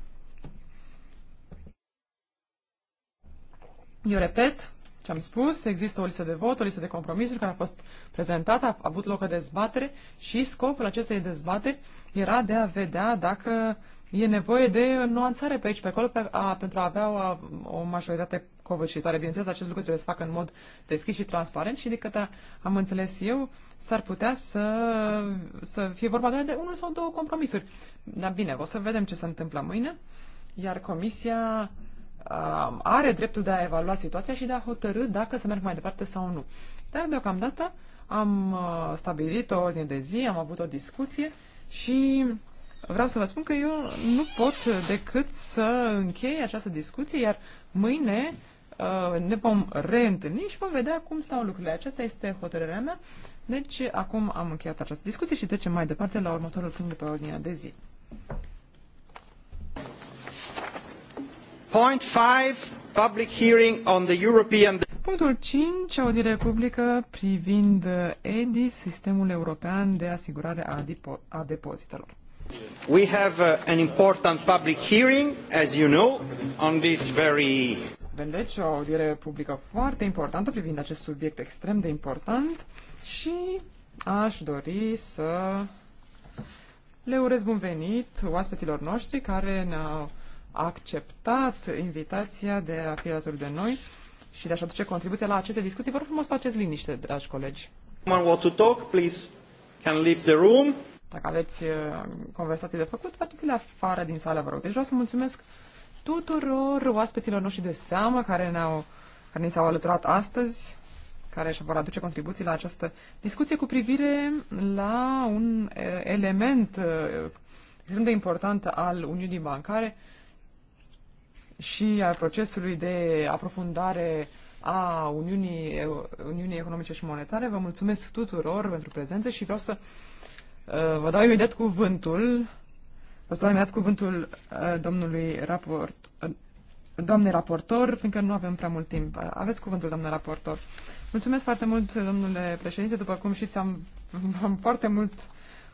Eu repet ce am spus, există o listă de vot, o listă de compromisuri care a fost prezentată, a avut loc o dezbatere și scopul acestei dezbateri era de a vedea dacă e nevoie de nuanțare pe aici, pe acolo, pe a, pentru a avea o, o majoritate covârșitoare. Bineînțeles, acest lucru trebuie să facă în mod deschis și transparent și de câte am înțeles eu, s-ar putea să, să fie vorba doar de unul sau două compromisuri. Dar bine, o să vedem ce se întâmplă mâine, iar comisia uh, are dreptul de a evalua situația și de a hotărâ dacă să merg mai departe sau nu. Dar deocamdată am uh, stabilit o ordine de zi, am avut o discuție și vreau să vă spun că eu nu pot decât să închei această discuție, iar mâine uh, ne vom reîntâlni și vom vedea cum stau lucrurile. Aceasta este hotărârea mea. Deci, acum am încheiat această discuție și trecem mai departe la următorul punct de pe ordinea de zi. Point 5 Public hearing on the European... Punctul 5, audiere publică privind EDI, Sistemul European de Asigurare a, depo a Depozitelor. We have uh, an important public hearing, as you know, on this very... Avem deci o audiere publică foarte importantă privind acest subiect extrem de important și aș dori să le urez bun venit oaspeților noștri care ne-au acceptat invitația de a fi alături de noi și de a-și aduce contribuția la aceste discuții. Vă rog frumos, faceți liniște, dragi colegi. Dacă aveți uh, conversații de făcut, faceți-le afară din sală, vă rog. Deci vreau să mulțumesc tuturor oaspeților noștri de seamă care, ne-au, care ni s-au alăturat astăzi, care își vor aduce contribuții la această discuție cu privire la un uh, element uh, extrem de important al Uniunii Bancare, și al procesului de aprofundare a Uniunii, Uniunii Economice și Monetare. Vă mulțumesc tuturor pentru prezență și vreau să uh, vă dau imediat cuvântul. Vă dau imediat cuvântul uh, domnului raport, uh, doamne raportor, fiindcă nu avem prea mult timp. Aveți cuvântul, doamne raportor. Mulțumesc foarte mult, domnule președinte. După cum știți, am, am foarte mult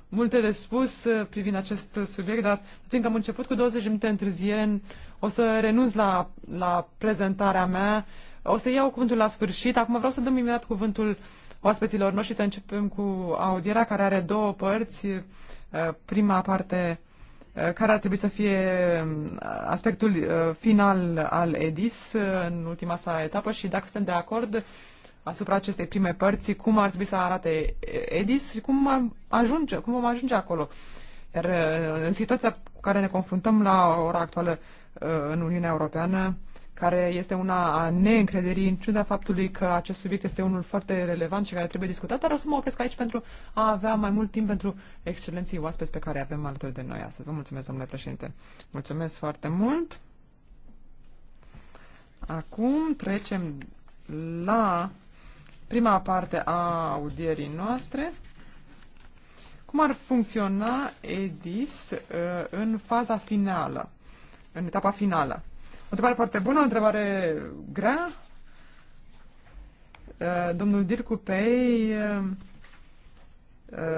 multe de spus uh, privind acest subiect, dar fiindcă am început cu 20 minute întârziere în o să renunț la, la prezentarea mea, o să iau cuvântul la sfârșit. Acum vreau să dăm imediat cuvântul oaspeților noștri, să începem cu audierea care are două părți. Uh, prima parte uh, care ar trebui să fie um, aspectul uh, final al EDIS în ultima sa etapă și dacă suntem de acord asupra acestei prime părți, cum ar trebui să arate EDIS și cum, ajunge, cum vom ajunge acolo. Iar în situația cu care ne confruntăm la ora actuală Uh, în Uniunea Europeană, care este una a neîncrederii, în ciuda faptului că acest subiect este unul foarte relevant și care trebuie discutat, dar o să mă opresc aici pentru a avea mai mult timp pentru excelenții oaspeți pe care avem alături de noi astăzi. Vă mulțumesc, domnule președinte. Mulțumesc foarte mult. Acum trecem la prima parte a audierii noastre. Cum ar funcționa EDIS uh, în faza finală? în etapa finală. O întrebare foarte bună, o întrebare grea. Uh, domnul Dircu Pei, uh,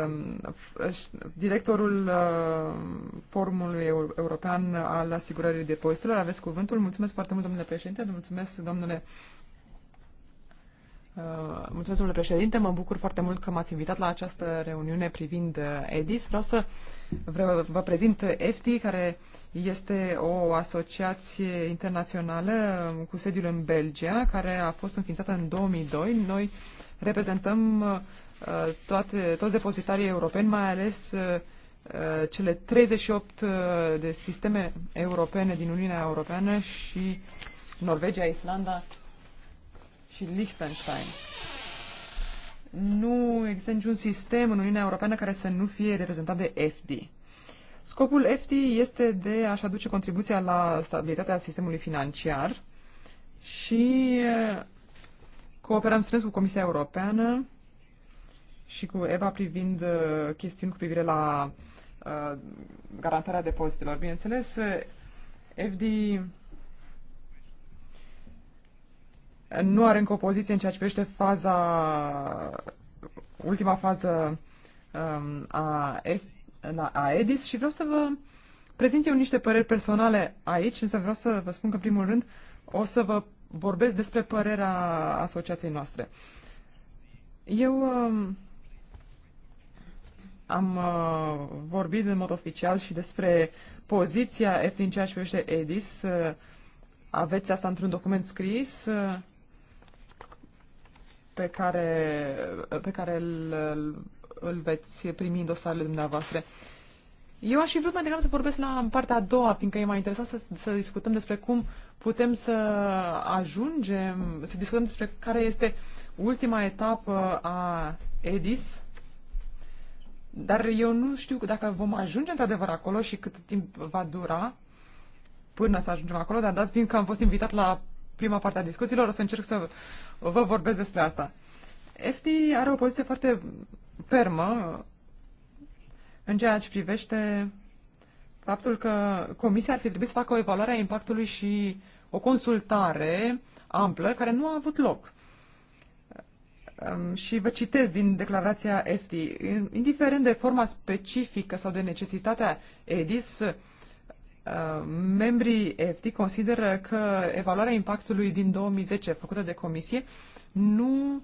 um, uh, directorul Forumului European al Asigurării Depozitelor, aveți cuvântul. Mulțumesc foarte mult, domnule președinte, mulțumesc, domnule Uh, mulțumesc, domnule președinte. Mă bucur foarte mult că m-ați invitat la această reuniune privind uh, EDIS. Vreau să vreau, vă prezint EFTI, uh, care este o asociație internațională um, cu sediul în Belgia, care a fost înființată în 2002. Noi reprezentăm toate, toți depozitarii europeni, mai ales cele 38 de sisteme europene din Uniunea Europeană și Norvegia, Islanda, și Liechtenstein. Nu există niciun sistem în Uniunea Europeană care să nu fie reprezentat de FD. Scopul FD este de a-și aduce contribuția la stabilitatea sistemului financiar și eh, cooperăm strâns cu Comisia Europeană și cu Eva privind eh, chestiuni cu privire la eh, garantarea depozitelor. Bineînțeles, FD nu are încă o poziție în ceea ce privește faza, ultima fază um, a, F, la, a EDIS și vreau să vă prezint eu niște păreri personale aici, însă vreau să vă spun că, în primul rând, o să vă vorbesc despre părerea asociației noastre. Eu um, am uh, vorbit în mod oficial și despre poziția F din ceea ce privește EDIS. Uh, aveți asta într-un document scris. Uh, pe care, pe care îl, îl veți primi în dosarele dumneavoastră. Eu aș fi vrut mai degrabă să vorbesc la partea a doua, fiindcă e mai interesat să, să discutăm despre cum putem să ajungem, să discutăm despre care este ultima etapă a EDIS, dar eu nu știu dacă vom ajunge într-adevăr acolo și cât timp va dura până să ajungem acolo, dar dat fiind că am fost invitat la prima parte a discuțiilor, o să încerc să vă vorbesc despre asta. FT are o poziție foarte fermă în ceea ce privește faptul că Comisia ar fi trebuit să facă o evaluare a impactului și o consultare amplă care nu a avut loc. Și vă citesc din declarația FT. Indiferent de forma specifică sau de necesitatea EDIS, Uh, membrii EFTI consideră că evaluarea impactului din 2010 făcută de comisie nu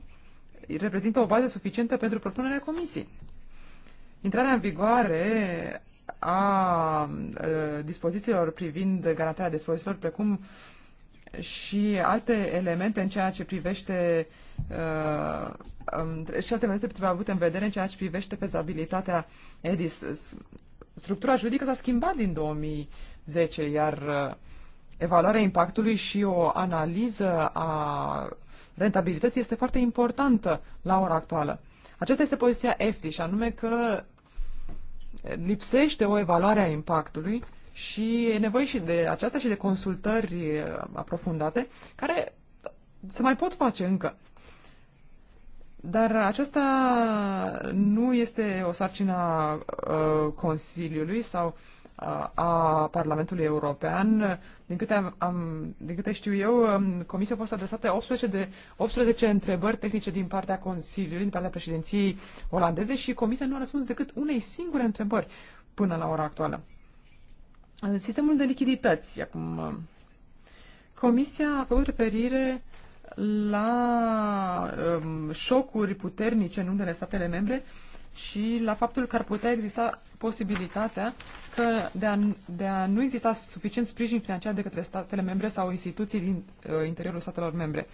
reprezintă o bază suficientă pentru propunerea comisiei. Intrarea în vigoare a uh, dispozițiilor privind garantarea dispozițiilor, precum și alte elemente în ceea ce privește uh, um, și alte elemente trebuie avute în vedere în ceea ce privește fezabilitatea EDIS. Structura juridică s-a schimbat din 2000 2010, iar uh, evaluarea impactului și o analiză a rentabilității este foarte importantă la ora actuală. Aceasta este poziția EFTI și anume că lipsește o evaluare a impactului și e nevoie și de aceasta și de consultări uh, aprofundate care se mai pot face încă. Dar aceasta nu este o sarcină a uh, Consiliului sau a Parlamentului European. Din câte, am, am, din câte știu eu, um, Comisia a fost adresată 18, de, 18 întrebări tehnice din partea Consiliului, din partea președinției olandeze și Comisia nu a răspuns decât unei singure întrebări până la ora actuală. Sistemul de lichidități. Acum, um, Comisia a făcut referire la um, șocuri puternice în unele statele membre și la faptul că ar putea exista posibilitatea că de, a, de a nu exista suficient sprijin financiar de către statele membre sau instituții din uh, interiorul statelor membre.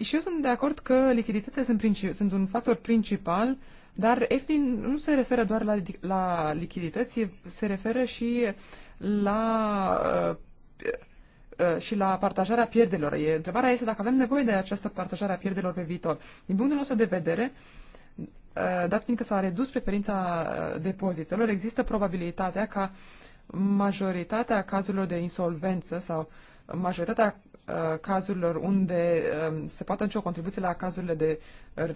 Și eu sunt de acord că lichiditățile sunt, sunt un factor principal, dar EFTIN nu se referă doar la, la lichidități, se referă și la uh, uh, uh, și la partajarea pierderilor. E, întrebarea este dacă avem nevoie de această partajare a pierderilor pe viitor. Din punctul nostru de vedere, uh, Eh, dat fiindcă s-a redus preferința eh, depozitelor, există probabilitatea ca majoritatea cazurilor de insolvență sau majoritatea eh, cazurilor unde se poate aduce o contribuție la cazurile de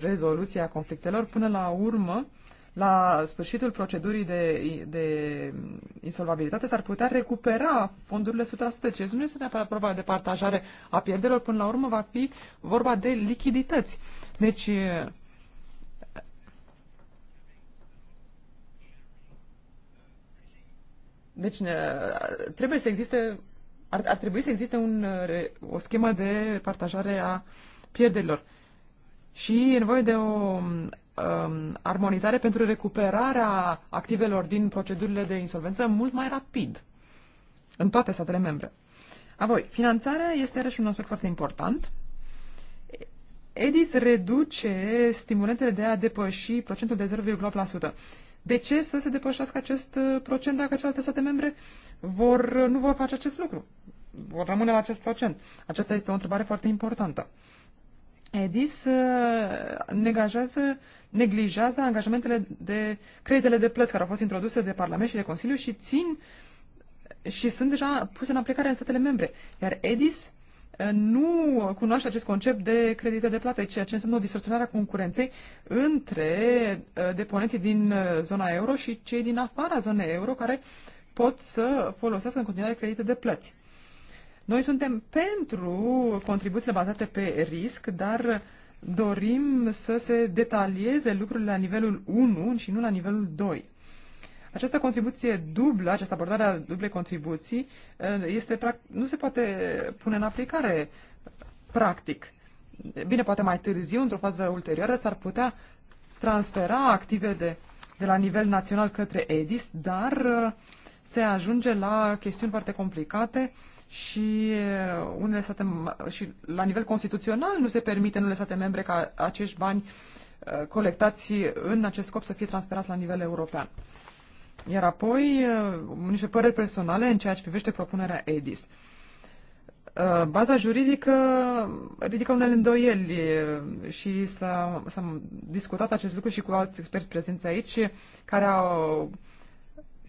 rezoluție a conflictelor, până la urmă, la sfârșitul procedurii de, de insolvabilitate, s-ar putea recupera fondurile 100%. Ce deci nu este neapărat vorba de partajare a pierderilor, până la urmă va fi vorba de lichidități. Deci Deci trebuie să existe, ar, ar trebui să existe un, o schemă de partajare a pierderilor. Și e nevoie de o um, armonizare pentru recuperarea activelor din procedurile de insolvență mult mai rapid în toate statele membre. Apoi, finanțarea este iarăși un aspect foarte important. EDIS reduce stimulentele de a depăși procentul de 0,8% de ce să se depășească acest uh, procent dacă celelalte state membre vor, uh, nu vor face acest lucru? Vor rămâne la acest procent? Aceasta este o întrebare foarte importantă. EDIS uh, negajează, neglijează angajamentele de creditele de plăți care au fost introduse de Parlament și de Consiliu și țin și sunt deja puse în aplicare în statele membre. Iar EDIS nu cunoaște acest concept de credite de plată, ceea ce înseamnă o distorsionare a concurenței între uh, deponenții din uh, zona euro și cei din afara zonei euro care pot să folosească în continuare credite de plăți. Noi suntem pentru contribuțiile bazate pe risc, dar dorim să se detalieze lucrurile la nivelul 1 și nu la nivelul 2. Această contribuție dublă, această abordare a dublei contribuții, eh, este, nu se poate pune în aplicare practic. Bine, poate mai târziu, într-o fază ulterioară, s-ar putea transfera active de, de la nivel național către EDIS, dar eh, se ajunge la chestiuni foarte complicate și eh, unele state, și la nivel constituțional nu se permite în unele state membre ca acești bani colectați în acest scop să fie transferați la nivel european. Iar apoi, uh, niște păreri personale în ceea ce privește propunerea EDIS. Uh, baza juridică ridică unele îndoieli uh, și s-a, discutat acest lucru și cu alți experți prezenți aici care au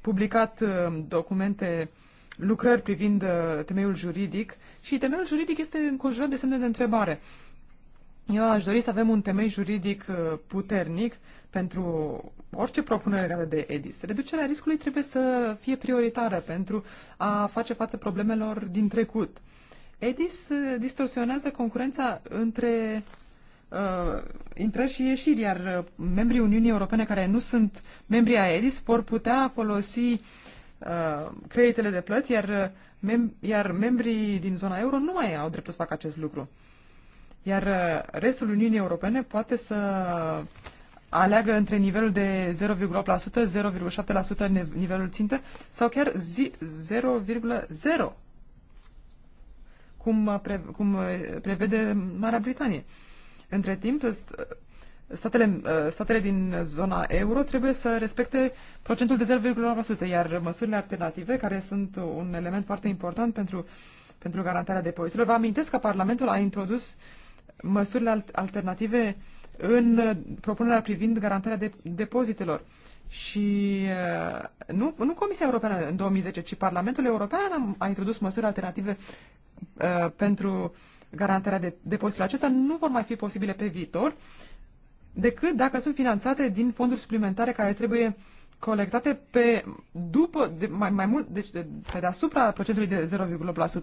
publicat documente, lucrări privind temeiul juridic și temeiul juridic este înconjurat de semne de întrebare. Eu aș dori să avem un temei juridic uh, puternic pentru orice propunere legată de EDIS. Reducerea riscului trebuie să fie prioritară pentru a face față problemelor din trecut. EDIS uh, distorsionează concurența între uh, intrări și ieșiri, iar uh, membrii Uniunii Europene care nu sunt membri ai EDIS vor putea folosi uh, creditele de plăți, iar, mem- iar membrii din zona euro nu mai au dreptul să facă acest lucru iar uh, restul Uniunii Europene poate să aleagă între nivelul de 0,8%, 0,7% nivelul țintă sau chiar 0,0%, cum, uh, pre, cum uh, prevede Marea Britanie. Între timp, statele, statele din zona euro trebuie să respecte procentul de 0,9%, iar măsurile alternative, care sunt un element foarte important pentru, pentru garantarea depozitelor, vă amintesc că Parlamentul a introdus uh, măsurile alternative în propunerea privind garantarea de depozitelor. Și uh, nu, nu Comisia Europeană în 2010, ci Parlamentul European a introdus măsuri alternative uh, pentru garantarea de depozitelor. Acestea nu vor mai fi posibile pe viitor decât dacă sunt finanțate din fonduri suplimentare care trebuie colectate pe după, de, mai, mai mult, deci de, pe deasupra procentului de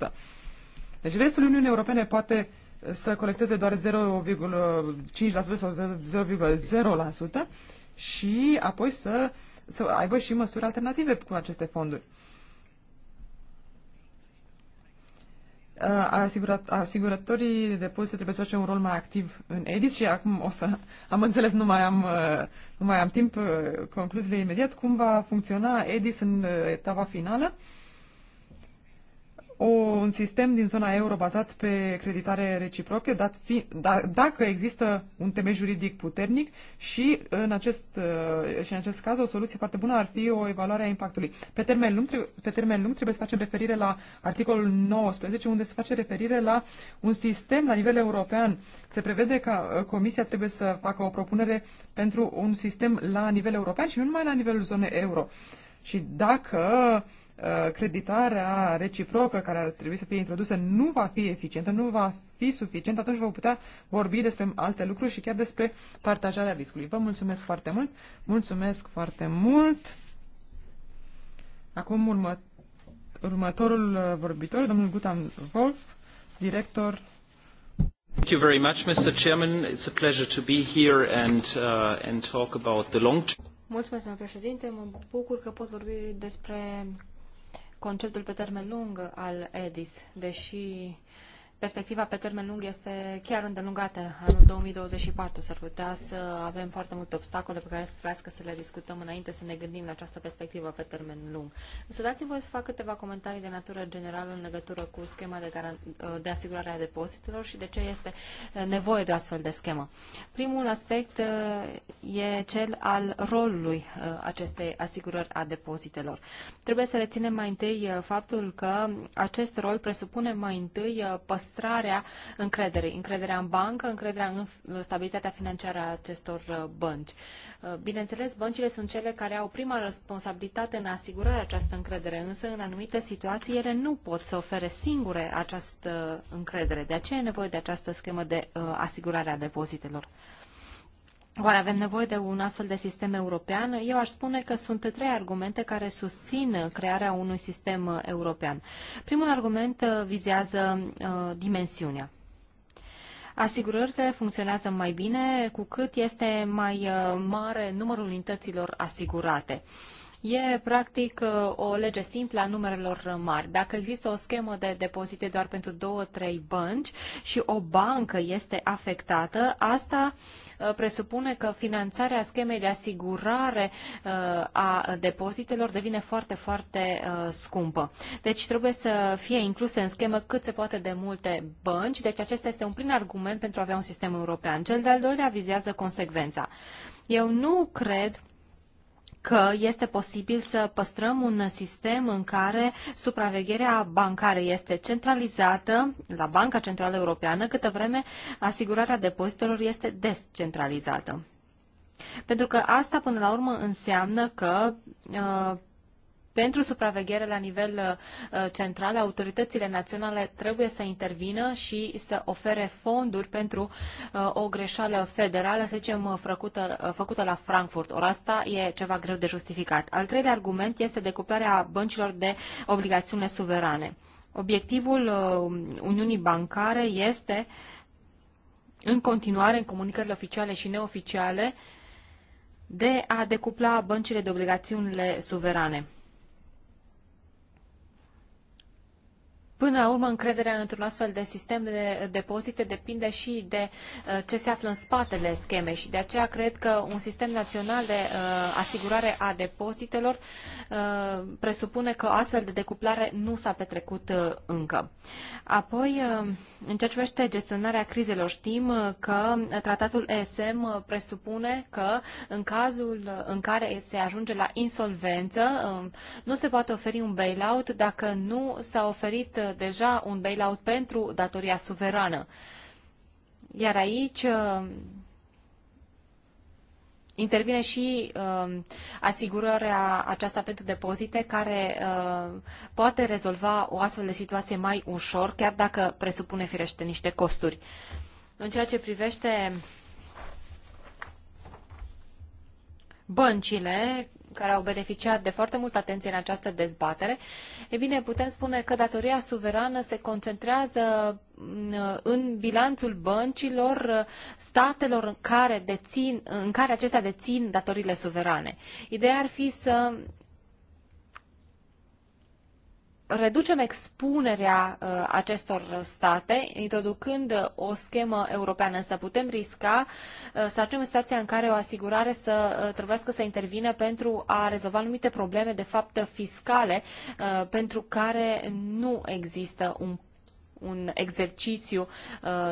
0,8%. Deci restul Uniunii Europene poate să colecteze doar 0,5% sau 0,0% și apoi să, să aibă și măsuri alternative cu aceste fonduri. Asigurat, asigurătorii de poze trebuie să facă un rol mai activ în EDIS și acum o să am înțeles, nu mai am, nu mai am timp, concluziile imediat, cum va funcționa EDIS în etapa finală o, un sistem din zona euro bazat pe creditare reciprocă, dat fi, da, dacă există un temei juridic puternic și în, acest, uh, și în acest caz o soluție foarte bună ar fi o evaluare a impactului. Pe termen lung, trebuie, pe termen lung trebuie să facem referire la articolul 19, unde se face referire la un sistem la nivel european. Se prevede că uh, Comisia trebuie să facă o propunere pentru un sistem la nivel european și nu numai la nivelul zonei euro. Și dacă uh, Uh, creditarea reciprocă care ar trebui să fie introdusă nu va fi eficientă, nu va fi suficient, atunci vom putea vorbi despre alte lucruri și chiar despre partajarea riscului. Vă mulțumesc foarte mult! Mulțumesc foarte mult! Acum urmă, următorul uh, vorbitor, domnul Gutam Wolf, director Thank you very much, Mr. Chairman. It's a pleasure to be here and, uh, and talk about the long term. Mulțumesc, domnule președinte. Mă bucur că pot vorbi despre conceptul pe termen lung al EDIS, deși perspectiva pe termen lung este chiar îndelungată. Anul 2024 s-ar putea să avem foarte multe obstacole pe care să trească să le discutăm înainte să ne gândim la această perspectivă pe termen lung. Să dați-mi voie să fac câteva comentarii de natură generală în legătură cu schema de, garan- de asigurare a depozitelor și de ce este nevoie de o astfel de schemă. Primul aspect uh, e cel al rolului uh, acestei asigurări a depozitelor. Trebuie să reținem mai întâi uh, faptul că acest rol presupune mai întâi păstrarea păstrarea încrederii, încrederea în bancă, încrederea în stabilitatea financiară a acestor uh, bănci. Uh, bineînțeles, băncile sunt cele care au prima responsabilitate în asigurarea această încredere, însă în anumite situații ele nu pot să ofere singure această încredere. De aceea e nevoie de această schemă de uh, asigurare a depozitelor. Oare avem nevoie de un astfel de sistem european? Eu aș spune că sunt trei argumente care susțin crearea unui sistem uh, european. Primul argument uh, vizează uh, dimensiunea. Asigurările funcționează mai bine cu cât este mai uh, mare numărul unităților asigurate. E practic o lege simplă a numerelor mari. Dacă există o schemă de depozite doar pentru două, trei bănci și o bancă este afectată, asta uh, Uh, presupune că finanțarea schemei de asigurare uh, a depozitelor devine foarte, foarte uh, scumpă. Deci trebuie să fie incluse în schemă cât se poate de multe bănci, deci acesta este un prim argument pentru a avea un sistem european. Cel de-al doilea vizează consecvența. Eu nu cred că este posibil să păstrăm un sistem în care supravegherea bancară este centralizată la Banca Centrală Europeană, câtă vreme asigurarea depozitelor este descentralizată. Pentru că asta, până la urmă, înseamnă că uh, pentru supraveghere la nivel uh, central, autoritățile naționale trebuie să intervină și să ofere fonduri pentru uh, o greșeală federală, să zicem, uh, făcută, făcută la Frankfurt. Ori asta e ceva greu de justificat. Al treilea argument este decuplarea băncilor de obligațiune suverane. Obiectivul Uniunii Bancare este, în continuare, în comunicările oficiale și neoficiale, de a decupla băncile de obligațiunile suverane. Până la urmă, încrederea într-un astfel de sistem de depozite depinde și de uh, ce se află în spatele schemei și de aceea cred că un sistem național de uh, asigurare a depozitelor uh, presupune că o astfel de decuplare nu s-a petrecut încă. Apoi, în ceea ce privește gestionarea crizelor, știm că tratatul ESM presupune că în cazul în care se ajunge la insolvență, nu se poate oferi un bailout dacă nu s-a oferit deja un bailout pentru datoria suverană. Iar aici uh, intervine și uh, asigurarea aceasta pentru depozite care uh, poate rezolva o astfel de situație mai ușor, chiar dacă presupune firește niște costuri. În ceea ce privește băncile, care au beneficiat de foarte multă atenție în această dezbatere, e bine, putem spune că datoria suverană se concentrează mm, în bilanțul băncilor statelor în care, dețin, în care acestea dețin datorile suverane. Ideea ar fi să reducem expunerea uh, acestor state, introducând uh, o schemă europeană, însă putem risca uh, să ajungem în situația în care o asigurare să trebuiască să intervină pentru a rezolva anumite probleme, de fapt, fiscale, pentru care nu există un, un exercițiu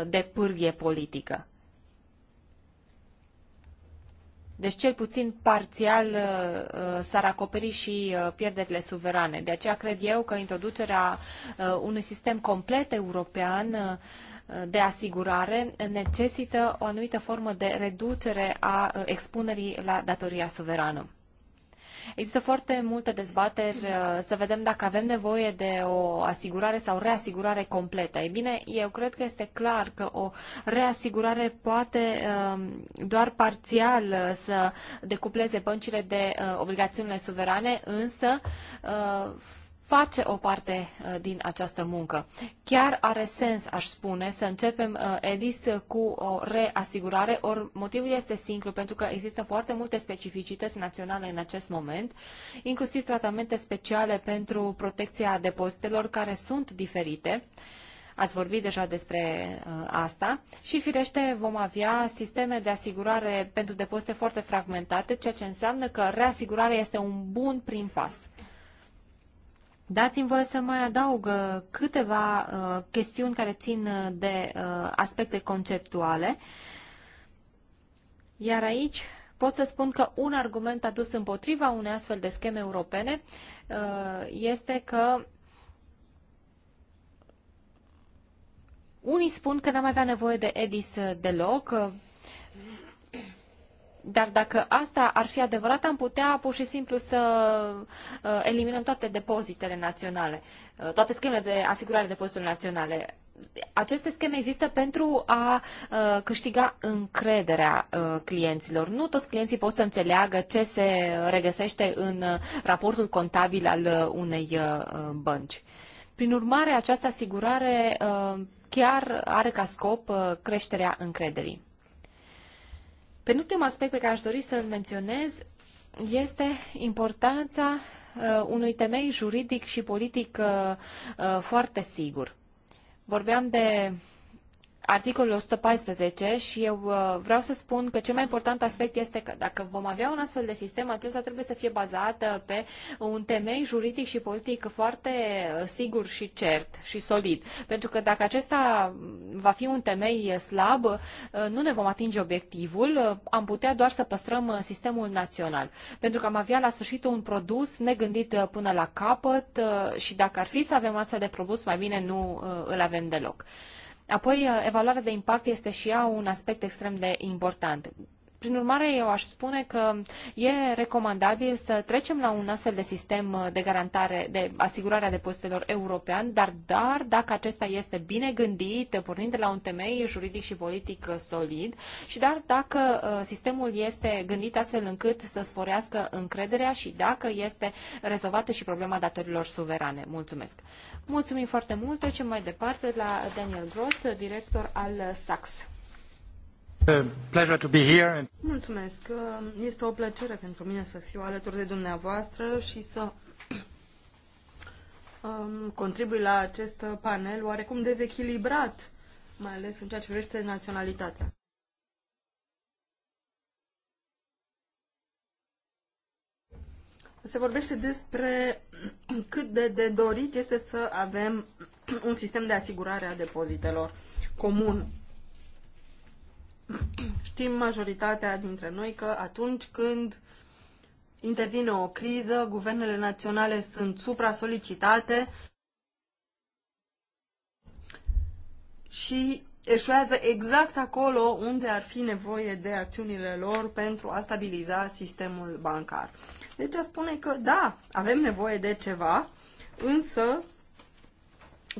de pârghie politică. Deci cel puțin parțial uh, uh, s-ar acoperi și uh, pierderile suverane. De aceea cred eu că introducerea unui sistem complet european de asigurare necesită o anumită formă de reducere a expunerii la datoria suverană. Există foarte multe dezbateri uh, să vedem dacă avem nevoie de o asigurare sau reasigurare completă. Ei bine, eu cred că este clar că o reasigurare poate um, doar parțial uh, să decupleze băncile de uh, obligațiunile suverane, însă face o parte uh, din această muncă. Chiar are sens, aș spune, să începem uh, EDIS uh, cu o reasigurare, ori motivul este simplu, pentru că există foarte multe specificități naționale în acest moment, inclusiv tratamente speciale pentru protecția depozitelor care sunt diferite. Ați vorbit deja despre asta și, firește, vom avea sisteme de asigurare pentru depozite foarte fragmentate, ceea ce înseamnă că reasigurarea este un bun prim pas. Dați-mi voie să mai adaug uh, câteva uh, chestiuni care țin uh, de uh, aspecte conceptuale. Iar aici pot să spun că un argument adus împotriva unei astfel de scheme europene uh, este că unii spun că n-am avea nevoie de EDIS uh, deloc, dar dacă asta ar fi adevărat, am putea pur și simplu să uh, eliminăm toate depozitele naționale, uh, toate schemele de asigurare de depozitelor naționale. Aceste scheme există pentru a uh, câștiga încrederea clienților. Nu toți clienții pot să înțeleagă ce se regăsește în raportul contabil al unei bănci. Prin urmare, această asigurare chiar are ca scop creșterea încrederii. Penultimul aspect pe care aș dori să-l menționez este importanța uh, unui temei juridic și politic uh, uh, foarte sigur. Vorbeam de articolul 114 și eu uh, vreau să spun că cel mai important aspect este că dacă vom avea un astfel de sistem, acesta trebuie să fie bazat uh, pe un temei juridic și politic foarte uh, sigur și cert și solid. Pentru că dacă acesta va fi un temei slab, nu ne vom atinge obiectivul, am putea doar să păstrăm sistemul național. Pentru că am avea la sfârșit un produs negândit până la capăt și dacă ar fi să avem astfel de produs, mai bine nu îl avem deloc. Apoi, evaluarea de impact este și ea un aspect extrem de important. Prin urmare, eu aș spune că e recomandabil să trecem la un astfel de sistem de garantare, de asigurare a depozitelor european, dar, dar dacă acesta este bine gândit, pornind de la un temei juridic și politic solid, și dar dacă uh, sistemul este gândit astfel încât să sporească încrederea și dacă este rezolvată și problema datorilor suverane. Mulțumesc! Mulțumim foarte mult! Trecem mai departe la Daniel Gross, director al Sachs. Mulțumesc. Este o plăcere pentru mine să fiu alături de dumneavoastră și să um, contribui la acest panel oarecum dezechilibrat, mai ales în ceea ce privește naționalitatea. Se vorbește despre cât de, de dorit este să avem un sistem de asigurare a depozitelor comun Știm majoritatea dintre noi că atunci când intervine o criză, guvernele naționale sunt supra-solicitate și eșuează exact acolo unde ar fi nevoie de acțiunile lor pentru a stabiliza sistemul bancar. Deci a spune că da, avem nevoie de ceva, însă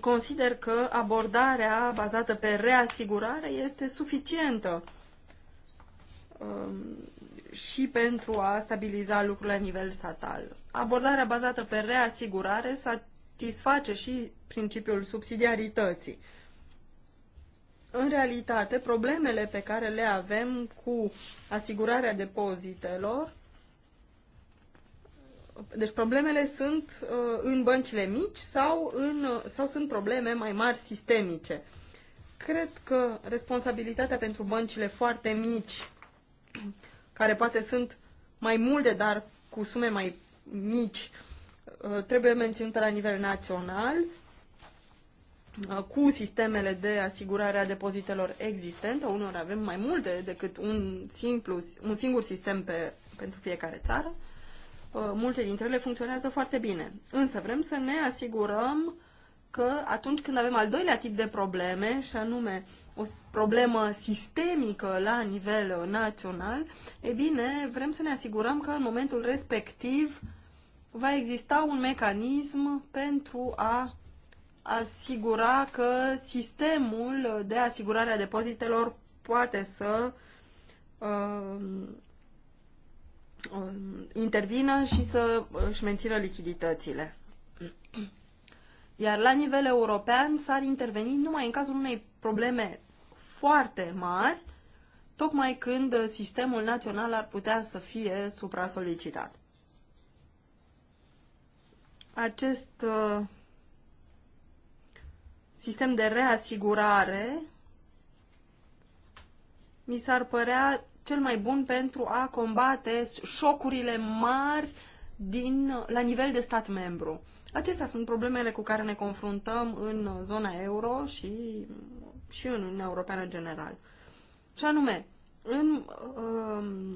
consider că abordarea bazată pe reasigurare este suficientă um, și pentru a stabiliza lucrurile la nivel statal. Abordarea bazată pe reasigurare satisface și principiul subsidiarității. În realitate, problemele pe care le avem cu asigurarea depozitelor deci problemele sunt uh, în băncile mici sau, în, uh, sau sunt probleme mai mari sistemice. Cred că responsabilitatea pentru băncile foarte mici, care poate sunt mai multe, dar cu sume mai mici, uh, trebuie menținută la nivel național cu sistemele de asigurare a depozitelor existente. Unor avem mai multe decât un, simplu, un singur sistem pe, pentru fiecare țară. Uh, multe dintre ele funcționează foarte bine. Însă vrem să ne asigurăm că atunci când avem al doilea tip de probleme, și anume o problemă sistemică la nivel național, e bine, vrem să ne asigurăm că în momentul respectiv va exista un mecanism pentru a asigura că sistemul de asigurare a depozitelor poate să uh, Um, intervină și să își mențină lichiditățile. Iar la nivel european s-ar interveni numai în cazul unei probleme foarte mari, tocmai când sistemul național ar putea să fie supra-solicitat. Acest uh, sistem de reasigurare mi s-ar părea cel mai bun pentru a combate șocurile mari din, la nivel de stat membru. Acestea sunt problemele cu care ne confruntăm în zona euro și, și în Uniunea Europeană în general. Și anume, în uh,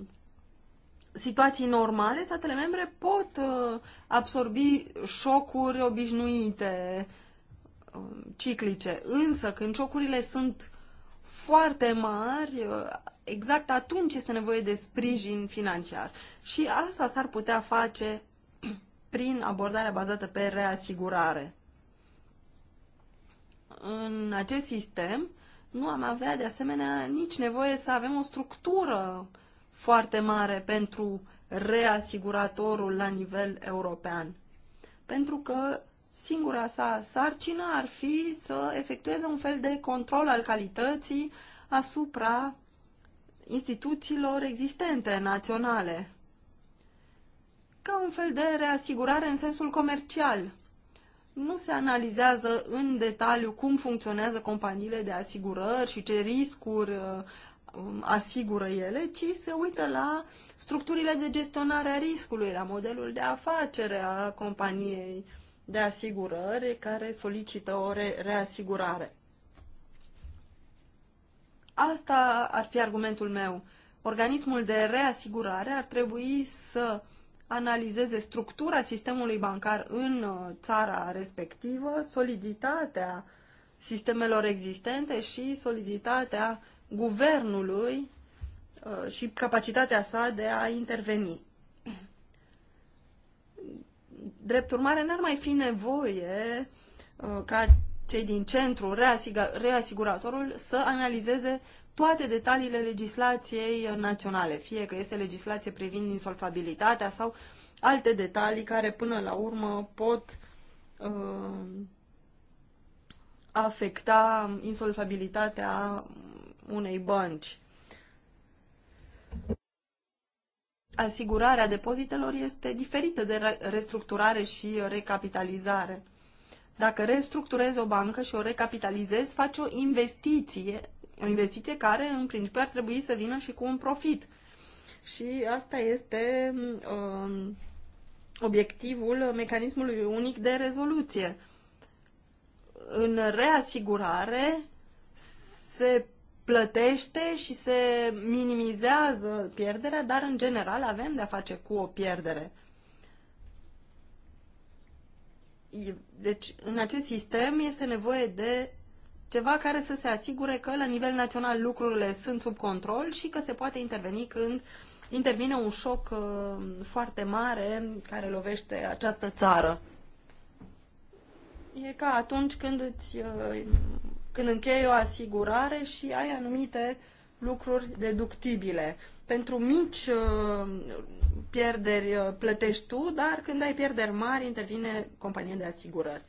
situații normale, statele membre pot uh, absorbi șocuri obișnuite, uh, ciclice, însă când șocurile sunt foarte mari, uh, exact atunci este nevoie de sprijin financiar. Și asta s-ar putea face prin abordarea bazată pe reasigurare. În acest sistem nu am avea de asemenea nici nevoie să avem o structură foarte mare pentru reasiguratorul la nivel european. Pentru că singura sa sarcină ar fi să efectueze un fel de control al calității asupra instituțiilor existente naționale, ca un fel de reasigurare în sensul comercial. Nu se analizează în detaliu cum funcționează companiile de asigurări și ce riscuri uh, asigură ele, ci se uită la structurile de gestionare a riscului, la modelul de afacere a companiei de asigurări care solicită o re- reasigurare. Asta ar fi argumentul meu. Organismul de reasigurare ar trebui să analizeze structura sistemului bancar în uh, țara respectivă, soliditatea sistemelor existente și soliditatea guvernului uh, și capacitatea sa de a interveni. Drept urmare, n-ar mai fi nevoie uh, ca cei din centru, reasiguratorul, să analizeze toate detaliile legislației naționale, fie că este legislație privind insolvabilitatea sau alte detalii care până la urmă pot uh, afecta insolvabilitatea unei bănci. Asigurarea depozitelor este diferită de restructurare și recapitalizare. Dacă restructurezi o bancă și o recapitalizezi, faci o investiție, o investiție care în principiu ar trebui să vină și cu un profit. Și asta este um, obiectivul mecanismului unic de rezoluție. În reasigurare se plătește și se minimizează pierderea, dar în general avem de-a face cu o pierdere. Deci, în acest sistem este nevoie de ceva care să se asigure că la nivel național lucrurile sunt sub control și că se poate interveni când intervine un șoc uh, foarte mare care lovește această țară. E ca atunci când, îți, uh, când încheie o asigurare și ai anumite lucruri deductibile pentru mici uh, pierderi uh, plătești tu, dar când ai pierderi mari intervine compania de asigurări.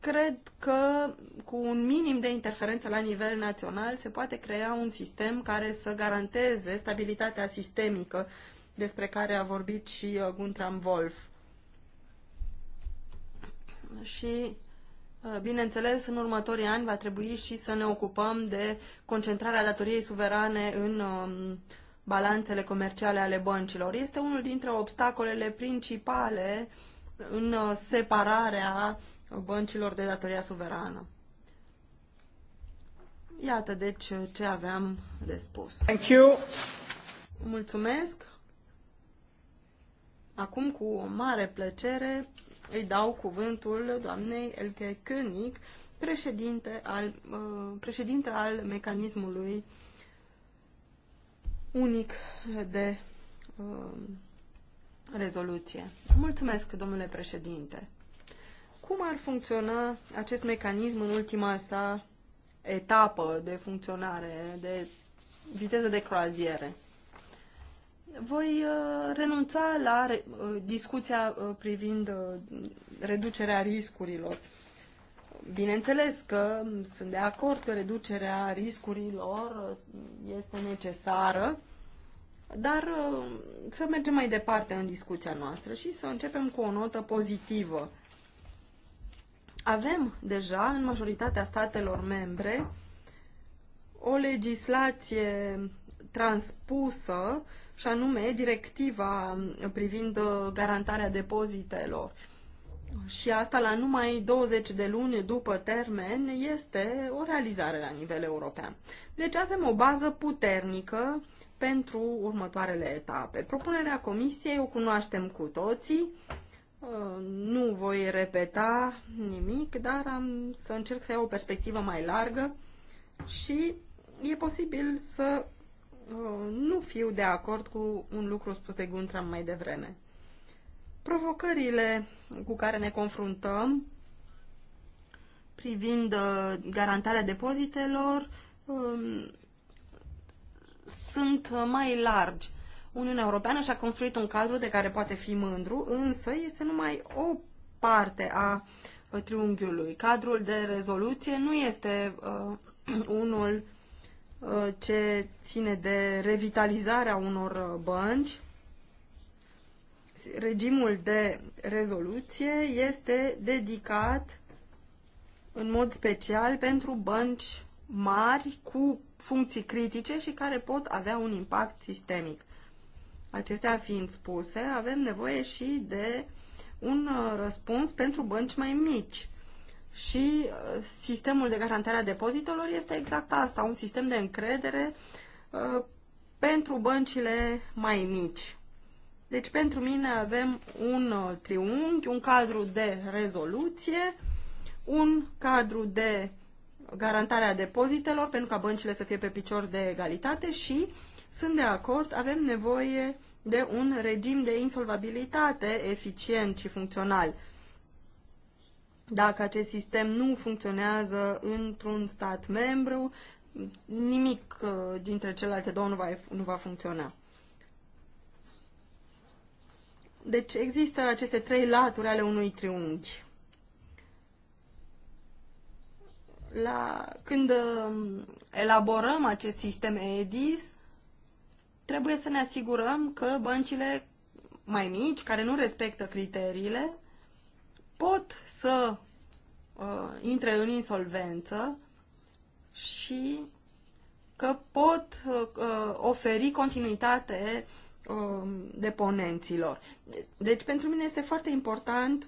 Cred că cu un minim de interferență la nivel național se poate crea un sistem care să garanteze stabilitatea sistemică despre care a vorbit și uh, Guntram Wolf. Și Uh, bineînțeles, în următorii ani va trebui și să ne ocupăm de concentrarea datoriei suverane în um, balanțele comerciale ale băncilor. Este unul dintre obstacolele principale în uh, separarea băncilor de datoria suverană. Iată, deci, ce aveam de spus. Thank you. Mulțumesc. Acum, cu o mare plăcere, îi dau cuvântul doamnei Elke König, președinte al, uh, președinte al mecanismului unic de uh, rezoluție. Mulțumesc, domnule președinte. Cum ar funcționa acest mecanism în ultima sa etapă de funcționare, de viteză de croaziere? voi uh, renunța la uh, discuția uh, privind reducerea riscurilor. Bineînțeles că sunt de acord că reducerea riscurilor este necesară, dar să mergem mai departe în discuția noastră și să începem cu o notă pozitivă. Avem deja în majoritatea statelor membre o legislație transpusă și anume directiva privind uh, garantarea depozitelor. Și asta la numai 20 de luni după termen este o realizare la nivel european. Deci avem o bază puternică pentru următoarele etape. Propunerea comisiei o cunoaștem cu toții. Uh, nu voi repeta nimic, dar am să încerc să iau o perspectivă mai largă și e posibil să Uh, nu fiu de acord cu un lucru spus de Guntram mai devreme. Provocările cu care ne confruntăm privind uh, garantarea depozitelor um, sunt uh, mai largi. Uniunea Europeană și-a construit un cadru de care poate fi mândru, însă este numai o parte a triunghiului. Cadrul de rezoluție nu este uh, unul uh, Uh, ce ține de revitalizarea unor uh, bănci, regimul de rezoluție este dedicat în mod special pentru bănci mari cu funcții critice și care pot avea un impact sistemic. Acestea fiind spuse, avem nevoie și de un uh, răspuns pentru bănci mai mici. Și uh, sistemul de garantare a depozitelor este exact asta, un sistem de încredere uh, pentru băncile mai mici. Deci pentru mine avem un uh, triunghi, un cadru de rezoluție, un cadru de garantare a depozitelor pentru ca băncile să fie pe picior de egalitate și sunt de acord, avem nevoie de un regim de insolvabilitate eficient și funcțional dacă acest sistem nu funcționează într-un stat membru, nimic uh, dintre celelalte două nu va, nu va funcționa. Deci există aceste trei laturi ale unui triunghi. La, când um, elaborăm acest sistem EDIS, trebuie să ne asigurăm că băncile mai mici, care nu respectă criteriile, pot să uh, intre în insolvență și că pot uh, oferi continuitate uh, deponenților. Deci, pentru mine este foarte important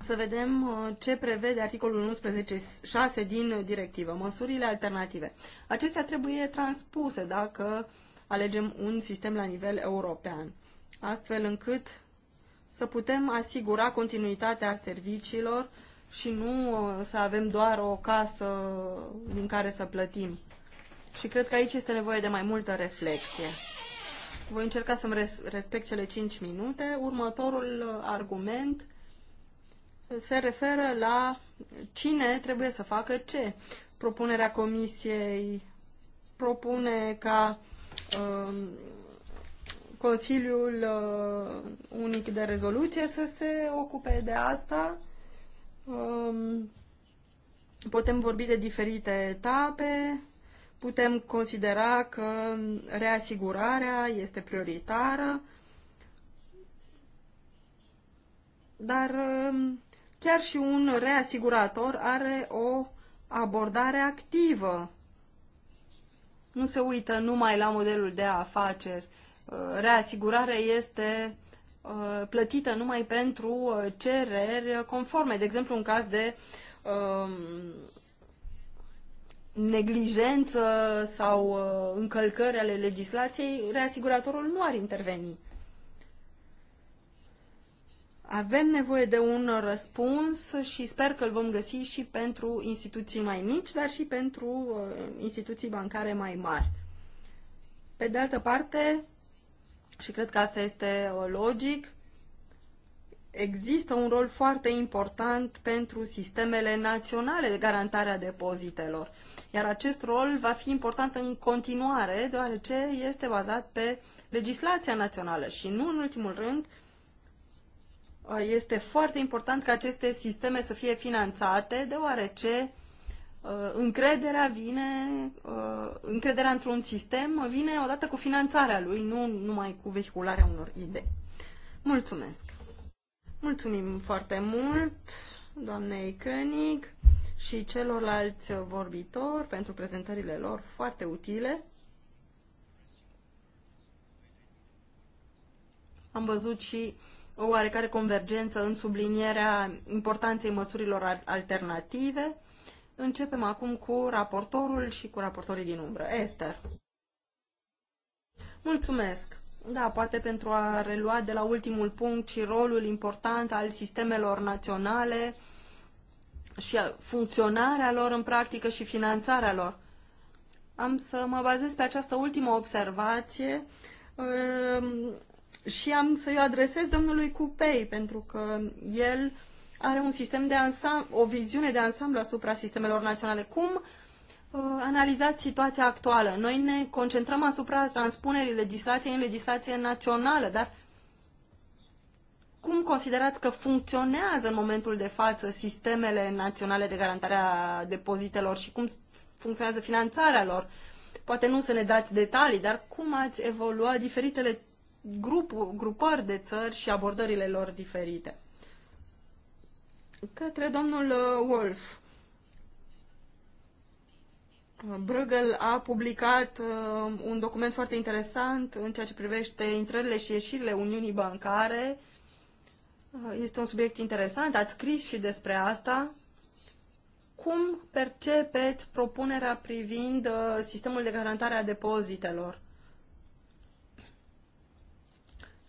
să vedem uh, ce prevede articolul 11.6 din directivă, măsurile alternative. Acestea trebuie transpuse dacă alegem un sistem la nivel european, astfel încât să putem asigura continuitatea serviciilor și nu uh, să avem doar o casă din care să plătim. Și cred că aici este nevoie de mai multă reflexie. Voi încerca să-mi respect cele 5 minute. Următorul uh, argument se referă la cine trebuie să facă ce. Propunerea comisiei propune ca uh, Consiliul uh, Unic de Rezoluție să se ocupe de asta. Um, putem vorbi de diferite etape, putem considera că reasigurarea este prioritară, dar um, chiar și un reasigurator are o abordare activă. Nu se uită numai la modelul de afaceri, Uh, reasigurare este uh, plătită numai pentru uh, cereri conforme. De exemplu, în caz de um, neglijență sau încălcări ale legislației, reasiguratorul nu ar interveni. Avem nevoie de un răspuns și sper că îl vom găsi și pentru instituții mai mici, dar și pentru instituții bancare mai mari. Pe de altă parte, și cred că asta este uh, logic, există un rol foarte important pentru sistemele naționale de garantare a depozitelor. Iar acest rol va fi important în continuare, deoarece este bazat pe legislația națională și nu în ultimul rând uh, este foarte important ca aceste sisteme să fie finanțate, deoarece Uh, încrederea vine, uh, încrederea într-un sistem vine odată cu finanțarea lui, nu numai cu vehicularea unor idei. Mulțumesc! Mulțumim foarte mult doamnei König și celorlalți vorbitori pentru prezentările lor foarte utile. Am văzut și o oarecare convergență în sublinierea importanței măsurilor alternative Începem acum cu raportorul și cu raportorii din umbră. Esther. Mulțumesc. Da, poate pentru a relua de la ultimul punct și rolul important al sistemelor naționale și funcționarea lor în practică și finanțarea lor. Am să mă bazez pe această ultimă observație um, și am să-i adresez domnului Cupei, pentru că el are un sistem de ansam, o viziune de ansamblu asupra sistemelor naționale. Cum uh, analizați situația actuală? Noi ne concentrăm asupra transpunerii legislației în legislație națională, dar cum considerați că funcționează în momentul de față sistemele naționale de garantare a depozitelor și cum funcționează finanțarea lor? Poate nu să ne dați detalii, dar cum ați evoluat diferitele grupuri, grupări de țări și abordările lor diferite? către domnul uh, Wolf. Uh, Bruegel a publicat uh, un document foarte interesant în ceea ce privește intrările și ieșirile Uniunii Bancare. Este un subiect interesant, ați scris și despre asta. Cum percepeți propunerea privind sistemul de garantare a depozitelor?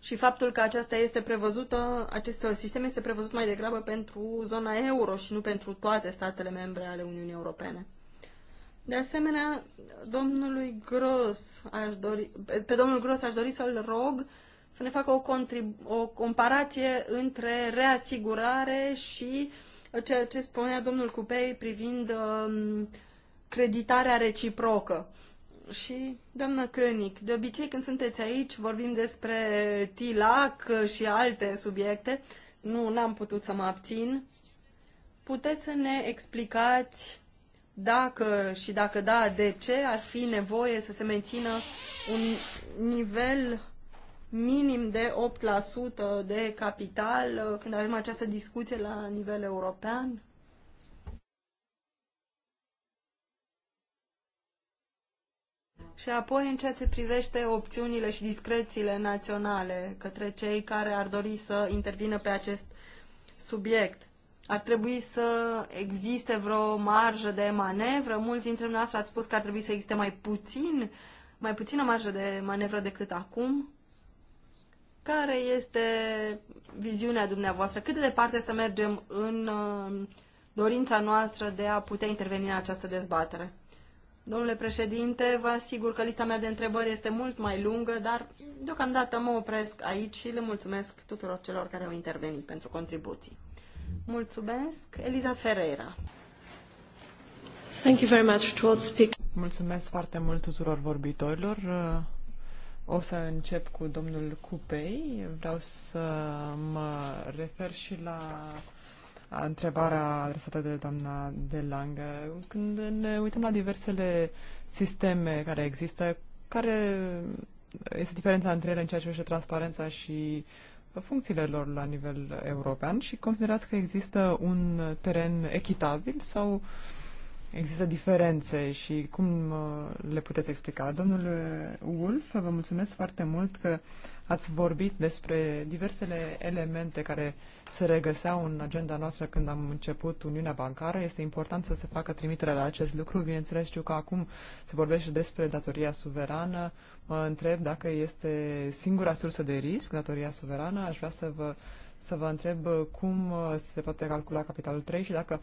și faptul că aceasta este prevăzută, acest sistem este prevăzut mai degrabă pentru zona euro și nu pentru toate statele membre ale Uniunii Europene. De asemenea, domnului Gros aș dori, pe domnul Gros aș dori să-l rog să ne facă o, o comparație între reasigurare și ceea ce spunea domnul Cupei privind um, creditarea reciprocă. Uh, și, doamnă König, de obicei când sunteți aici vorbim despre TILAC și alte subiecte. Nu, n-am putut să mă abțin. Puteți să ne explicați dacă și dacă da, de ce ar fi nevoie să se mențină un nivel minim de 8% de capital uh, când avem această discuție la nivel european? Și apoi, în ceea ce privește opțiunile și discrețiile naționale către cei care ar dori să intervină pe acest subiect, ar trebui să existe vreo marjă de manevră? Mulți dintre noastre ați spus că ar trebui să existe mai puțin, mai puțină marjă de manevră decât acum. Care este viziunea dumneavoastră? Cât de departe să mergem în uh, dorința noastră de a putea interveni în această dezbatere? Domnule președinte, vă asigur că lista mea de întrebări este mult mai lungă, dar deocamdată mă opresc aici și le mulțumesc tuturor celor care au intervenit pentru contribuții. Mulțumesc, Eliza Ferreira. Thank you very much to all speak. Mulțumesc foarte mult tuturor vorbitorilor. Uh, o să încep cu domnul Cupei. Vreau să mă refer și la întrebarea adresată de doamna de Langă. Când ne uităm la diversele sisteme care există, care este diferența între ele în ceea ce privește transparența și funcțiile lor la nivel european și considerați că există un teren echitabil sau există diferențe și cum uh, le puteți explica? Domnule Wolf, vă mulțumesc foarte mult că Ați vorbit despre diversele elemente care se regăseau în agenda noastră când am început Uniunea Bancară. Este important să se facă trimitere la acest lucru. Bineînțeles, știu că acum se vorbește despre datoria suverană. Mă întreb dacă este singura sursă de risc, datoria suverană. Aș vrea să vă, să vă întreb cum se poate calcula capitalul 3 și dacă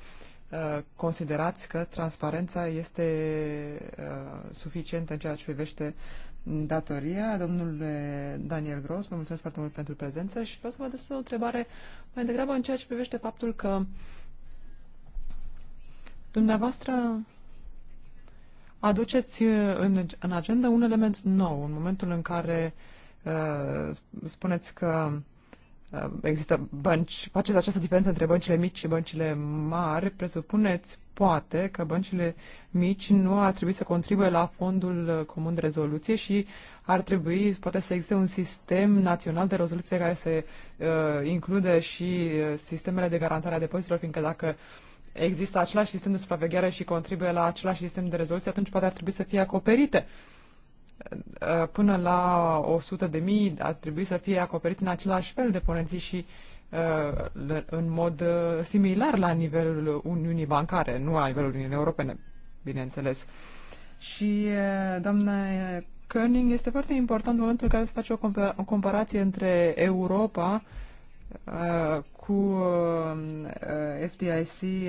uh, considerați că transparența este uh, suficientă în ceea ce privește datoria. Domnule Daniel Gros, vă mulțumesc foarte mult pentru prezență și vreau să vă adresez o întrebare mai degrabă în ceea ce privește faptul că dumneavoastră aduceți uh, în, în agenda un element nou în momentul în care uh, spuneți că Uh, există bănci, faceți această diferență între băncile mici și băncile mari, presupuneți poate că băncile mici nu ar trebui să contribuie la fondul comun de rezoluție și ar trebui poate să existe un sistem național de rezoluție care să uh, include și uh, sistemele de garantare a depozitelor, fiindcă dacă există același sistem de supraveghere și contribuie la același sistem de rezoluție, atunci poate ar trebui să fie acoperite uh, Uh, până la 100 de mii ar trebui să fie acoperit în același fel de ponenții și uh, în mod uh, similar la nivelul Uniunii Bancare, nu la nivelul Uniunii Europene, bineînțeles. Și, doamna Körning este foarte important momentul în care se face o, comparație între Europa cu FDIC,